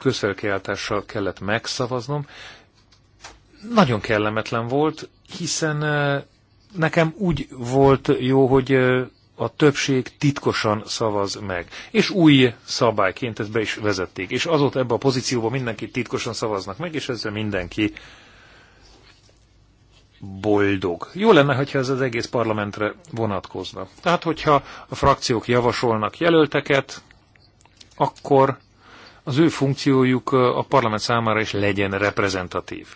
közfelkiáltással kellett megszavaznom. Nagyon kellemetlen volt, hiszen nekem úgy volt jó, hogy a többség titkosan szavaz meg. És új szabályként ezt be is vezették. És azóta ebbe a pozícióba mindenki titkosan szavaznak meg, és ezzel mindenki boldog. Jó lenne, hogyha ez az egész parlamentre vonatkozna. Tehát, hogyha a frakciók javasolnak jelölteket, akkor az ő funkciójuk a parlament számára is legyen reprezentatív.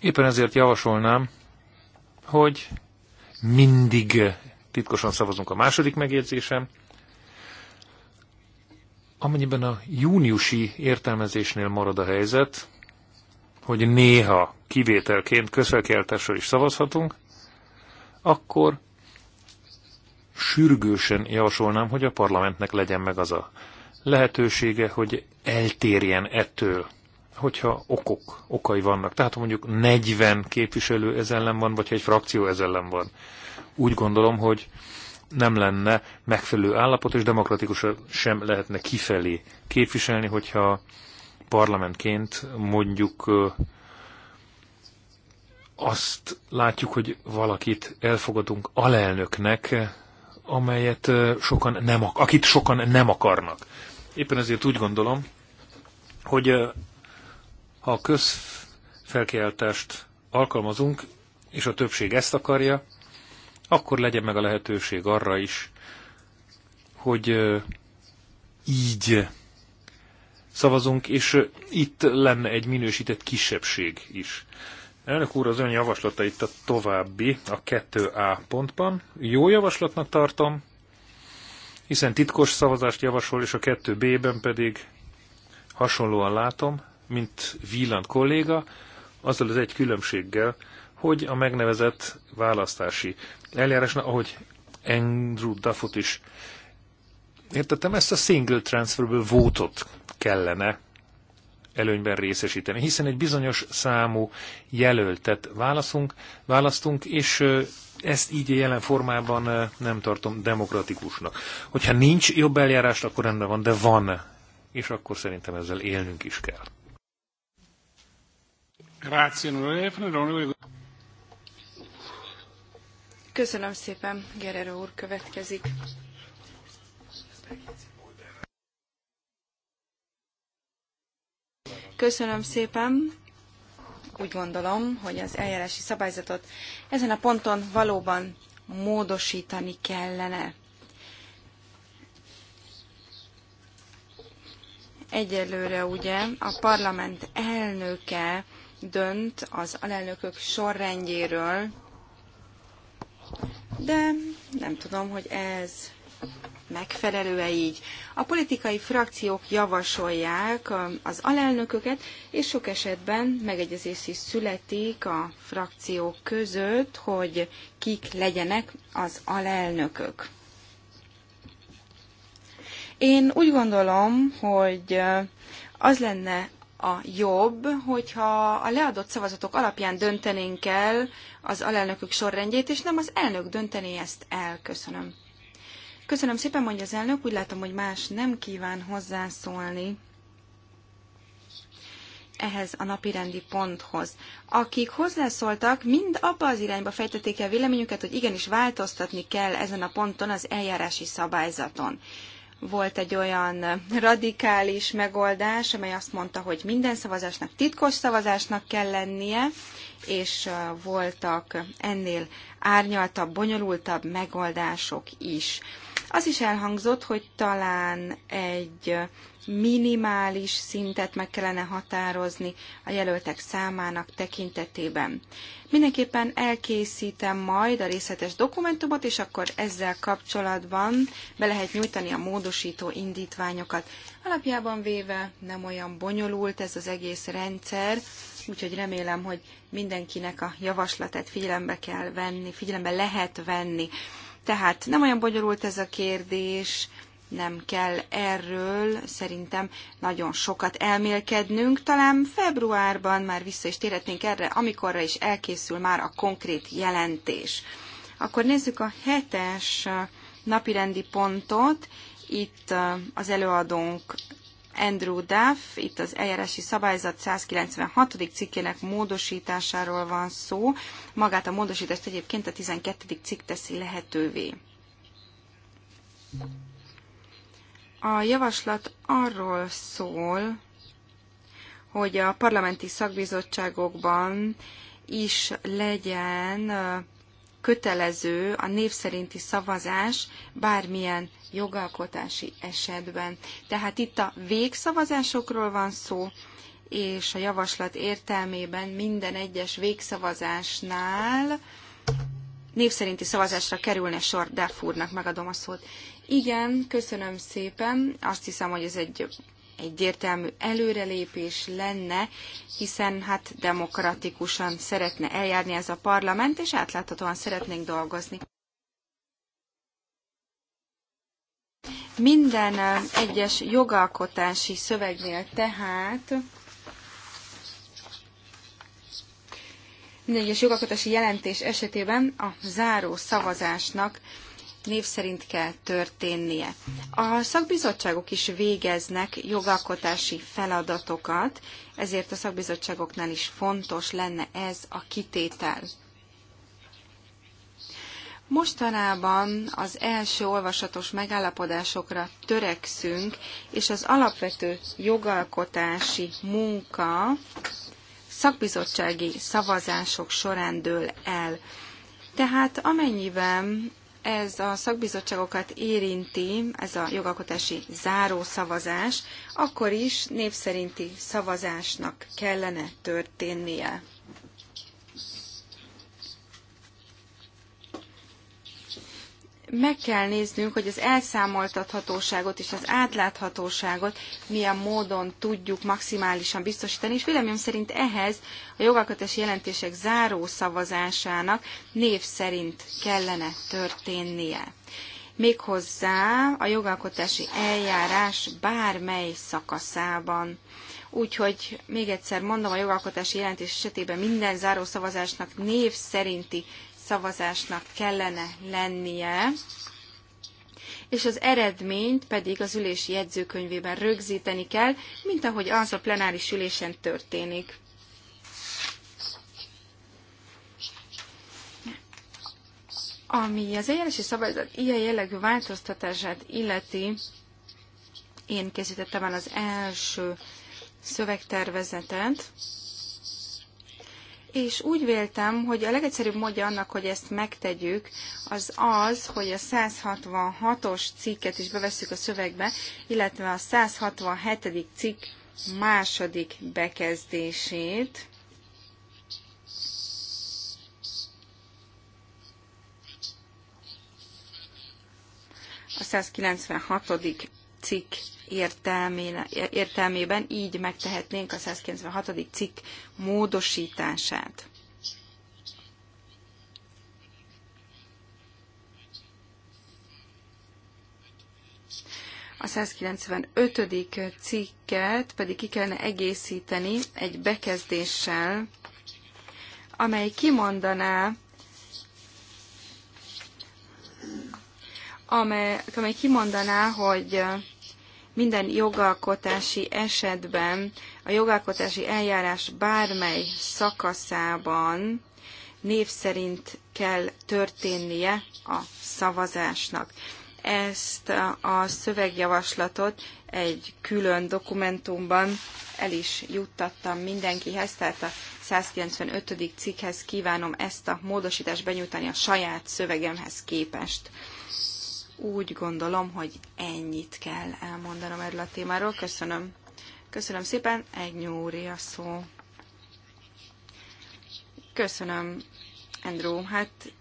Éppen ezért javasolnám, hogy mindig titkosan szavazunk a második megjegyzésem. Amennyiben a júniusi értelmezésnél marad a helyzet, hogy néha kivételként közfelkiáltással is szavazhatunk, akkor sürgősen javasolnám, hogy a parlamentnek legyen meg az a lehetősége, hogy eltérjen ettől hogyha okok, okai vannak, tehát mondjuk 40 képviselő ez ellen van, vagy ha egy frakció ez ellen van, úgy gondolom, hogy nem lenne megfelelő állapot, és demokratikusan sem lehetne kifelé képviselni, hogyha parlamentként mondjuk azt látjuk, hogy valakit elfogadunk alelnöknek, amelyet sokan nem, akit sokan nem akarnak. Éppen ezért úgy gondolom, hogy ha közfelkiáltást alkalmazunk, és a többség ezt akarja, akkor legyen meg a lehetőség arra is, hogy így szavazunk, és itt lenne egy minősített kisebbség is. Elnök úr, az ön javaslata itt a további, a 2A pontban. Jó javaslatnak tartom, hiszen titkos szavazást javasol, és a 2B-ben pedig hasonlóan látom, mint Wieland kolléga, azzal az egy különbséggel, hogy a megnevezett választási eljárásnál, ahogy Andrew Duffot is értettem, ezt a single transferből vótot kellene előnyben részesíteni, hiszen egy bizonyos számú jelöltet válaszunk, választunk, és ezt így a jelen formában nem tartom demokratikusnak. Hogyha nincs jobb eljárás, akkor rendben van, de van, és akkor szerintem ezzel élnünk is kell. Köszönöm szépen, Gerero úr következik. Köszönöm szépen. Úgy gondolom, hogy az eljárási szabályzatot ezen a ponton valóban módosítani kellene. Egyelőre ugye a parlament elnöke dönt az alelnökök sorrendjéről, de nem tudom, hogy ez megfelelő-e így. A politikai frakciók javasolják um, az alelnököket, és sok esetben megegyezés is születik a frakciók között, hogy kik legyenek az alelnökök. Én úgy gondolom, hogy uh, az lenne a jobb, hogyha a leadott szavazatok alapján döntenénk el az alelnökök sorrendjét, és nem az elnök döntené ezt el. Köszönöm. Köszönöm szépen, mondja az elnök. Úgy látom, hogy más nem kíván hozzászólni ehhez a napirendi ponthoz. Akik hozzászóltak, mind abba az irányba fejtették el véleményüket, hogy igenis változtatni kell ezen a ponton az eljárási szabályzaton volt egy olyan radikális megoldás, amely azt mondta, hogy minden szavazásnak titkos szavazásnak kell lennie, és voltak ennél árnyaltabb, bonyolultabb megoldások is. Az is elhangzott, hogy talán egy minimális szintet meg kellene határozni a jelöltek számának tekintetében. Mindenképpen elkészítem majd a részletes dokumentumot, és akkor ezzel kapcsolatban be lehet nyújtani a módosító indítványokat. Alapjában véve nem olyan bonyolult ez az egész rendszer, úgyhogy remélem, hogy mindenkinek a javaslatát figyelembe kell venni, figyelembe lehet venni. Tehát nem olyan bonyolult ez a kérdés, nem kell erről szerintem nagyon sokat elmélkednünk. Talán februárban már vissza is térhetnénk erre, amikorra is elkészül már a konkrét jelentés. Akkor nézzük a hetes napirendi pontot. Itt az előadónk Andrew Duff, itt az eljárási szabályzat 196. cikkének módosításáról van szó. Magát a módosítást egyébként a 12. cikk teszi lehetővé. A javaslat arról szól, hogy a parlamenti szakbizottságokban is legyen kötelező a név szerinti szavazás bármilyen jogalkotási esetben. Tehát itt a végszavazásokról van szó, és a javaslat értelmében minden egyes végszavazásnál név szerinti szavazásra kerülne sor, Darfurnak megadom a szót. Igen, köszönöm szépen. Azt hiszem, hogy ez egy egyértelmű előrelépés lenne, hiszen hát demokratikusan szeretne eljárni ez a parlament, és átláthatóan szeretnénk dolgozni. Minden egyes jogalkotási szövegnél tehát Minden egyes jogalkotási jelentés esetében a záró szavazásnak név szerint kell történnie. A szakbizottságok is végeznek jogalkotási feladatokat, ezért a szakbizottságoknál is fontos lenne ez a kitétel. Mostanában az első olvasatos megállapodásokra törekszünk, és az alapvető jogalkotási munka szakbizottsági szavazások során dől el. Tehát amennyiben ez a szakbizottságokat érinti, ez a jogalkotási záró szavazás, akkor is népszerinti szavazásnak kellene történnie. meg kell néznünk, hogy az elszámoltathatóságot és az átláthatóságot milyen módon tudjuk maximálisan biztosítani, és véleményem szerint ehhez a jogalkotási jelentések záró szavazásának név szerint kellene történnie. Méghozzá a jogalkotási eljárás bármely szakaszában. Úgyhogy még egyszer mondom, a jogalkotási jelentés esetében minden záró szavazásnak név szerinti szavazásnak kellene lennie, és az eredményt pedig az ülési jegyzőkönyvében rögzíteni kell, mint ahogy az a plenáris ülésen történik. Ami az eljárási szabályzat ilyen jellegű változtatását illeti, én készítettem el az első szövegtervezetet, és úgy véltem, hogy a legegyszerűbb módja annak, hogy ezt megtegyük, az az, hogy a 166-os cikket is bevesszük a szövegbe, illetve a 167. cikk második bekezdését. A 196. cikk értelmében így megtehetnénk a 196. cikk módosítását. a 195. cikket pedig ki kellene egészíteni egy bekezdéssel, amely kimondaná, amely, amely kimondaná, hogy minden jogalkotási esetben a jogalkotási eljárás bármely szakaszában név szerint kell történnie a szavazásnak. Ezt a szövegjavaslatot egy külön dokumentumban el is juttattam mindenkihez, tehát a 195. cikkhez kívánom ezt a módosítást benyújtani a saját szövegemhez képest úgy gondolom, hogy ennyit kell elmondanom erről a témáról. Köszönöm. Köszönöm szépen, egy nyúri a szó. Köszönöm, Andrew. Hát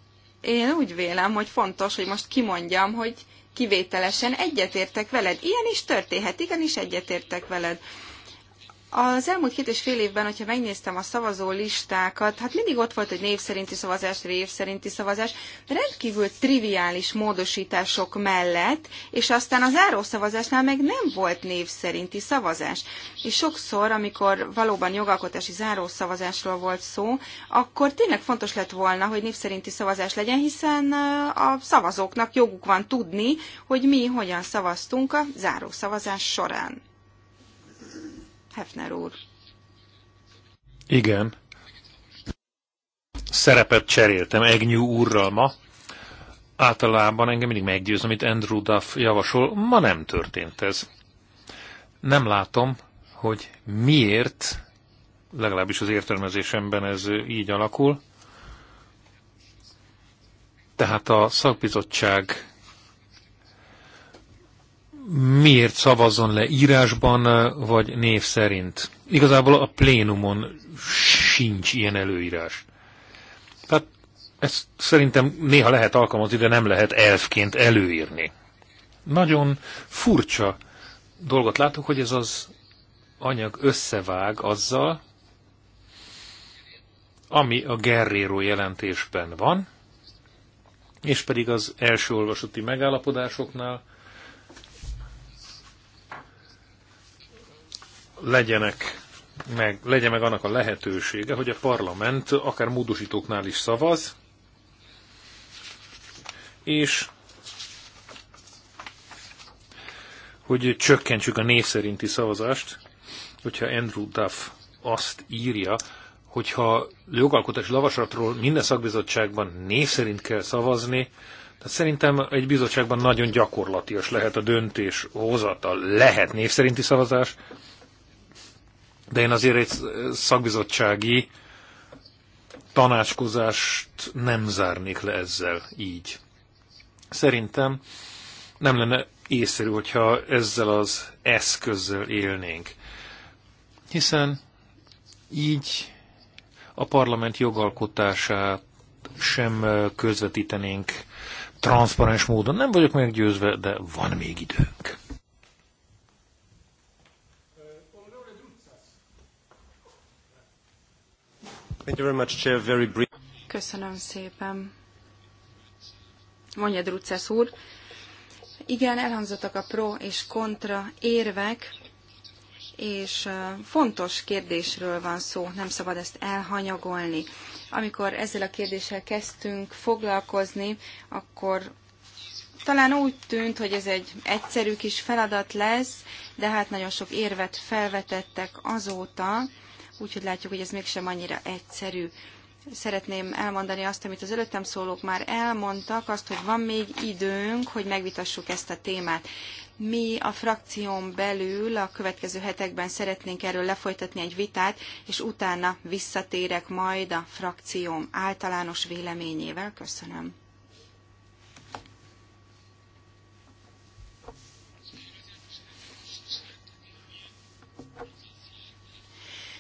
én úgy vélem, hogy fontos, hogy most kimondjam, hogy kivételesen egyetértek veled. Ilyen is történhet, igenis egyetértek veled. Az elmúlt két és fél évben, hogyha megnéztem a szavazó listákat, hát mindig ott volt, hogy név szerinti szavazás, rév szerinti szavazás, rendkívül triviális módosítások mellett, és aztán az szavazásnál meg nem volt név szerinti szavazás. És sokszor, amikor valóban jogalkotási zárószavazásról volt szó, akkor tényleg fontos lett volna, hogy név szerinti szavazás legyen, hiszen a szavazóknak joguk van tudni, hogy mi hogyan szavaztunk a zárószavazás során. Hefner úr. Igen. Szerepet cseréltem Egnyú úrral ma. Általában engem mindig meggyőz, amit Andrew Duff javasol. Ma nem történt ez. Nem látom, hogy miért, legalábbis az értelmezésemben ez így alakul, tehát a szakbizottság miért szavazzon le írásban, eh, vagy név szerint. Igazából a plénumon sincs ilyen előírás. Tehát ezt szerintem néha lehet alkalmazni, de nem lehet elfként előírni. Nagyon furcsa dolgot látok, hogy ez az anyag összevág azzal, ami a Gerrero jelentésben van, és pedig az első olvasati megállapodásoknál legyenek meg, legyen meg annak a lehetősége, hogy a parlament akár módosítóknál is szavaz, és hogy csökkentsük a név szerinti szavazást, hogyha Andrew Duff azt írja, hogyha jogalkotás lavaslatról minden szakbizottságban név szerint kell szavazni, tehát szerintem egy bizottságban nagyon gyakorlatias lehet a döntés hozatal. Lehet név szerinti szavazás, de én azért egy szakbizottsági tanácskozást nem zárnék le ezzel így. Szerintem nem lenne észszerű, hogyha ezzel az eszközzel élnénk. Hiszen így a parlament jogalkotását sem közvetítenénk transzparens módon. Nem vagyok meggyőzve, de van még időnk. Köszönöm szépen. Mondja Drucces úr. Igen, elhangzottak a pro és kontra érvek, és fontos kérdésről van szó, nem szabad ezt elhanyagolni. Amikor ezzel a kérdéssel kezdtünk foglalkozni, akkor talán úgy tűnt, hogy ez egy egyszerű kis feladat lesz, de hát nagyon sok érvet felvetettek azóta, úgyhogy látjuk, hogy ez mégsem annyira egyszerű. Szeretném elmondani azt, amit az előttem szólók már elmondtak, azt, hogy van még időnk, hogy megvitassuk ezt a témát. Mi a frakción belül a következő hetekben szeretnénk erről lefolytatni egy vitát, és utána visszatérek majd a frakcióm általános véleményével. Köszönöm.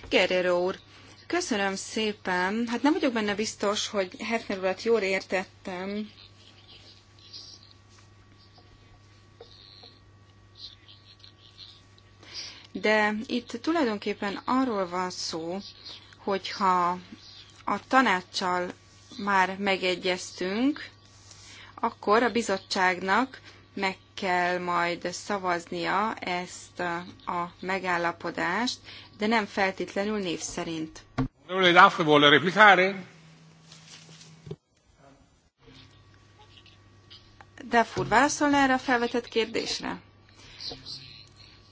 Guerrero úr, köszönöm szépen. Hát nem vagyok benne biztos, hogy Hefner urat jól értettem. De itt tulajdonképpen arról van szó, hogyha a tanácssal már megegyeztünk, akkor a bizottságnak meg kell majd szavaznia ezt a megállapodást de nem feltétlenül név szerint. Dafur válaszolna erre a felvetett kérdésre?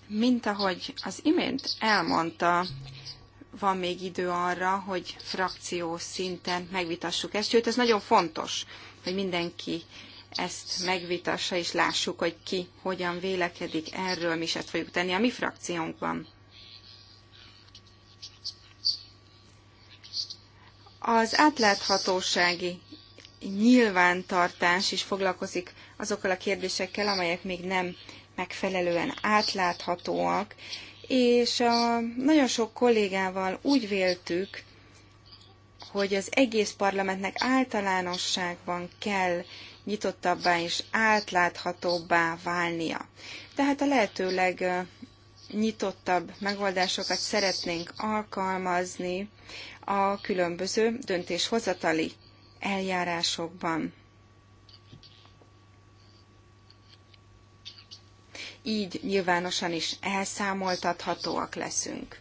Mint ahogy az imént elmondta, van még idő arra, hogy frakció szinten megvitassuk ezt, sőt ez nagyon fontos, hogy mindenki ezt megvitassa, és lássuk, hogy ki hogyan vélekedik erről, mi se fogjuk tenni a mi frakciónkban. Az átláthatósági nyilvántartás is foglalkozik azokkal a kérdésekkel, amelyek még nem megfelelően átláthatóak, és a, nagyon sok kollégával úgy véltük, hogy az egész parlamentnek általánosságban kell nyitottabbá és átláthatóbbá válnia. Tehát a lehetőleg nyitottabb megoldásokat szeretnénk alkalmazni a különböző döntéshozatali eljárásokban. Így nyilvánosan is elszámoltathatóak leszünk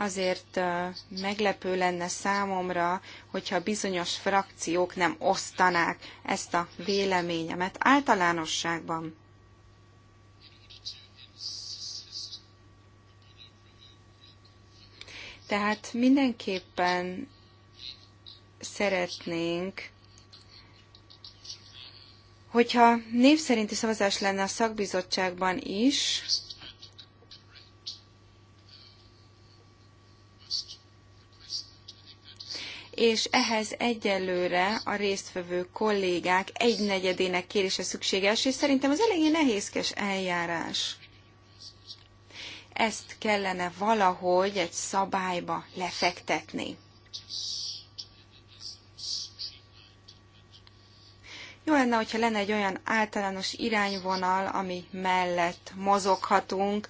azért meglepő lenne számomra, hogyha bizonyos frakciók nem osztanák ezt a véleményemet általánosságban. Tehát mindenképpen szeretnénk, hogyha név szerinti szavazás lenne a szakbizottságban is, és ehhez egyelőre a résztvevő kollégák egynegyedének kérése szükséges, és szerintem az eléggé nehézkes eljárás. Ezt kellene valahogy egy szabályba lefektetni. Jó lenne, hogyha lenne egy olyan általános irányvonal, ami mellett mozoghatunk.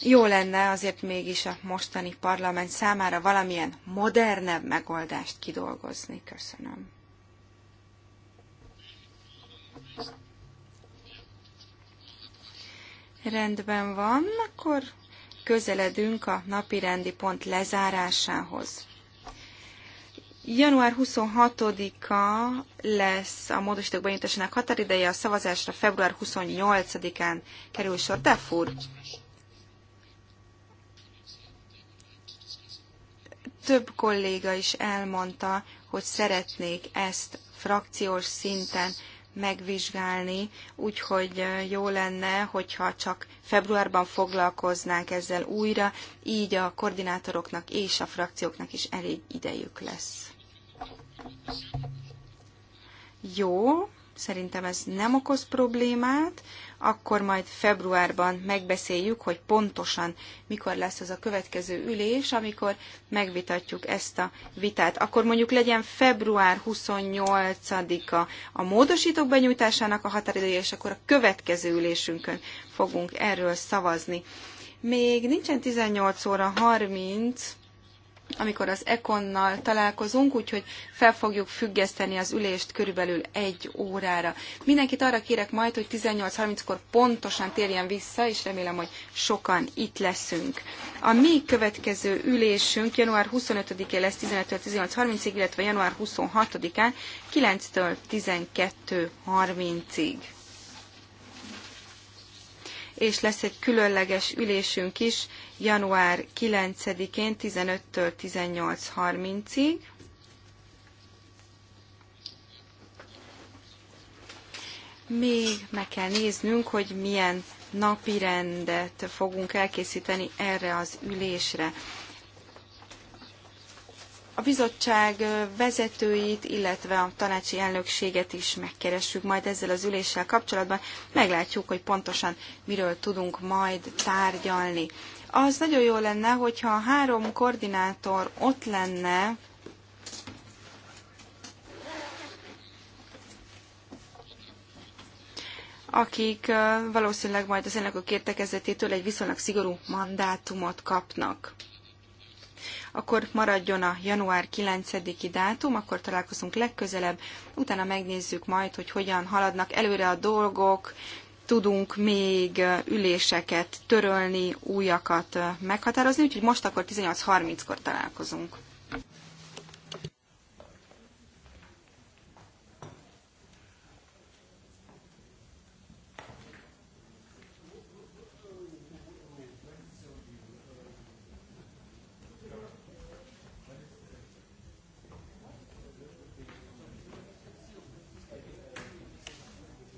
Jó lenne azért mégis a mostani parlament számára valamilyen modernebb megoldást kidolgozni. Köszönöm. Rendben van, akkor közeledünk a napirendi pont lezárásához. Január 26-a lesz a módosítók benyújtásának határideje, a szavazásra február 28-án kerül sor. Tefur! Több kolléga is elmondta, hogy szeretnék ezt frakciós szinten megvizsgálni, úgyhogy jó lenne, hogyha csak februárban foglalkoznánk ezzel újra, így a koordinátoroknak és a frakcióknak is elég idejük lesz. Jó, szerintem ez nem okoz problémát, akkor majd februárban megbeszéljük, hogy pontosan mikor lesz az a következő ülés, amikor megvitatjuk ezt a vitát. Akkor mondjuk legyen február 28-a a módosítók benyújtásának a határideje, és akkor a következő ülésünkön fogunk erről szavazni. Még nincsen 18 óra 30, amikor az Ekonnal találkozunk, úgyhogy fel fogjuk függeszteni az ülést körülbelül egy órára. Mindenkit arra kérek majd, hogy 18.30-kor pontosan térjen vissza, és remélem, hogy sokan itt leszünk. A mi következő ülésünk január 25-én lesz 15-től 18.30-ig, illetve január 26-án 9-től 12.30-ig és lesz egy különleges ülésünk is január 9-én 15-től 18.30-ig. Még meg kell néznünk, hogy milyen napi rendet fogunk elkészíteni erre az ülésre a bizottság vezetőit, illetve a tanácsi elnökséget is megkeressük majd ezzel az üléssel kapcsolatban. Meglátjuk, hogy pontosan miről tudunk majd tárgyalni. Az nagyon jó lenne, hogyha a három koordinátor ott lenne, akik valószínűleg majd az elnökök értekezetétől egy viszonylag szigorú mandátumot kapnak akkor maradjon a január 9-i dátum, akkor találkozunk legközelebb, utána megnézzük majd, hogy hogyan haladnak előre a dolgok, tudunk még üléseket törölni, újakat meghatározni, úgyhogy most akkor 18.30-kor találkozunk.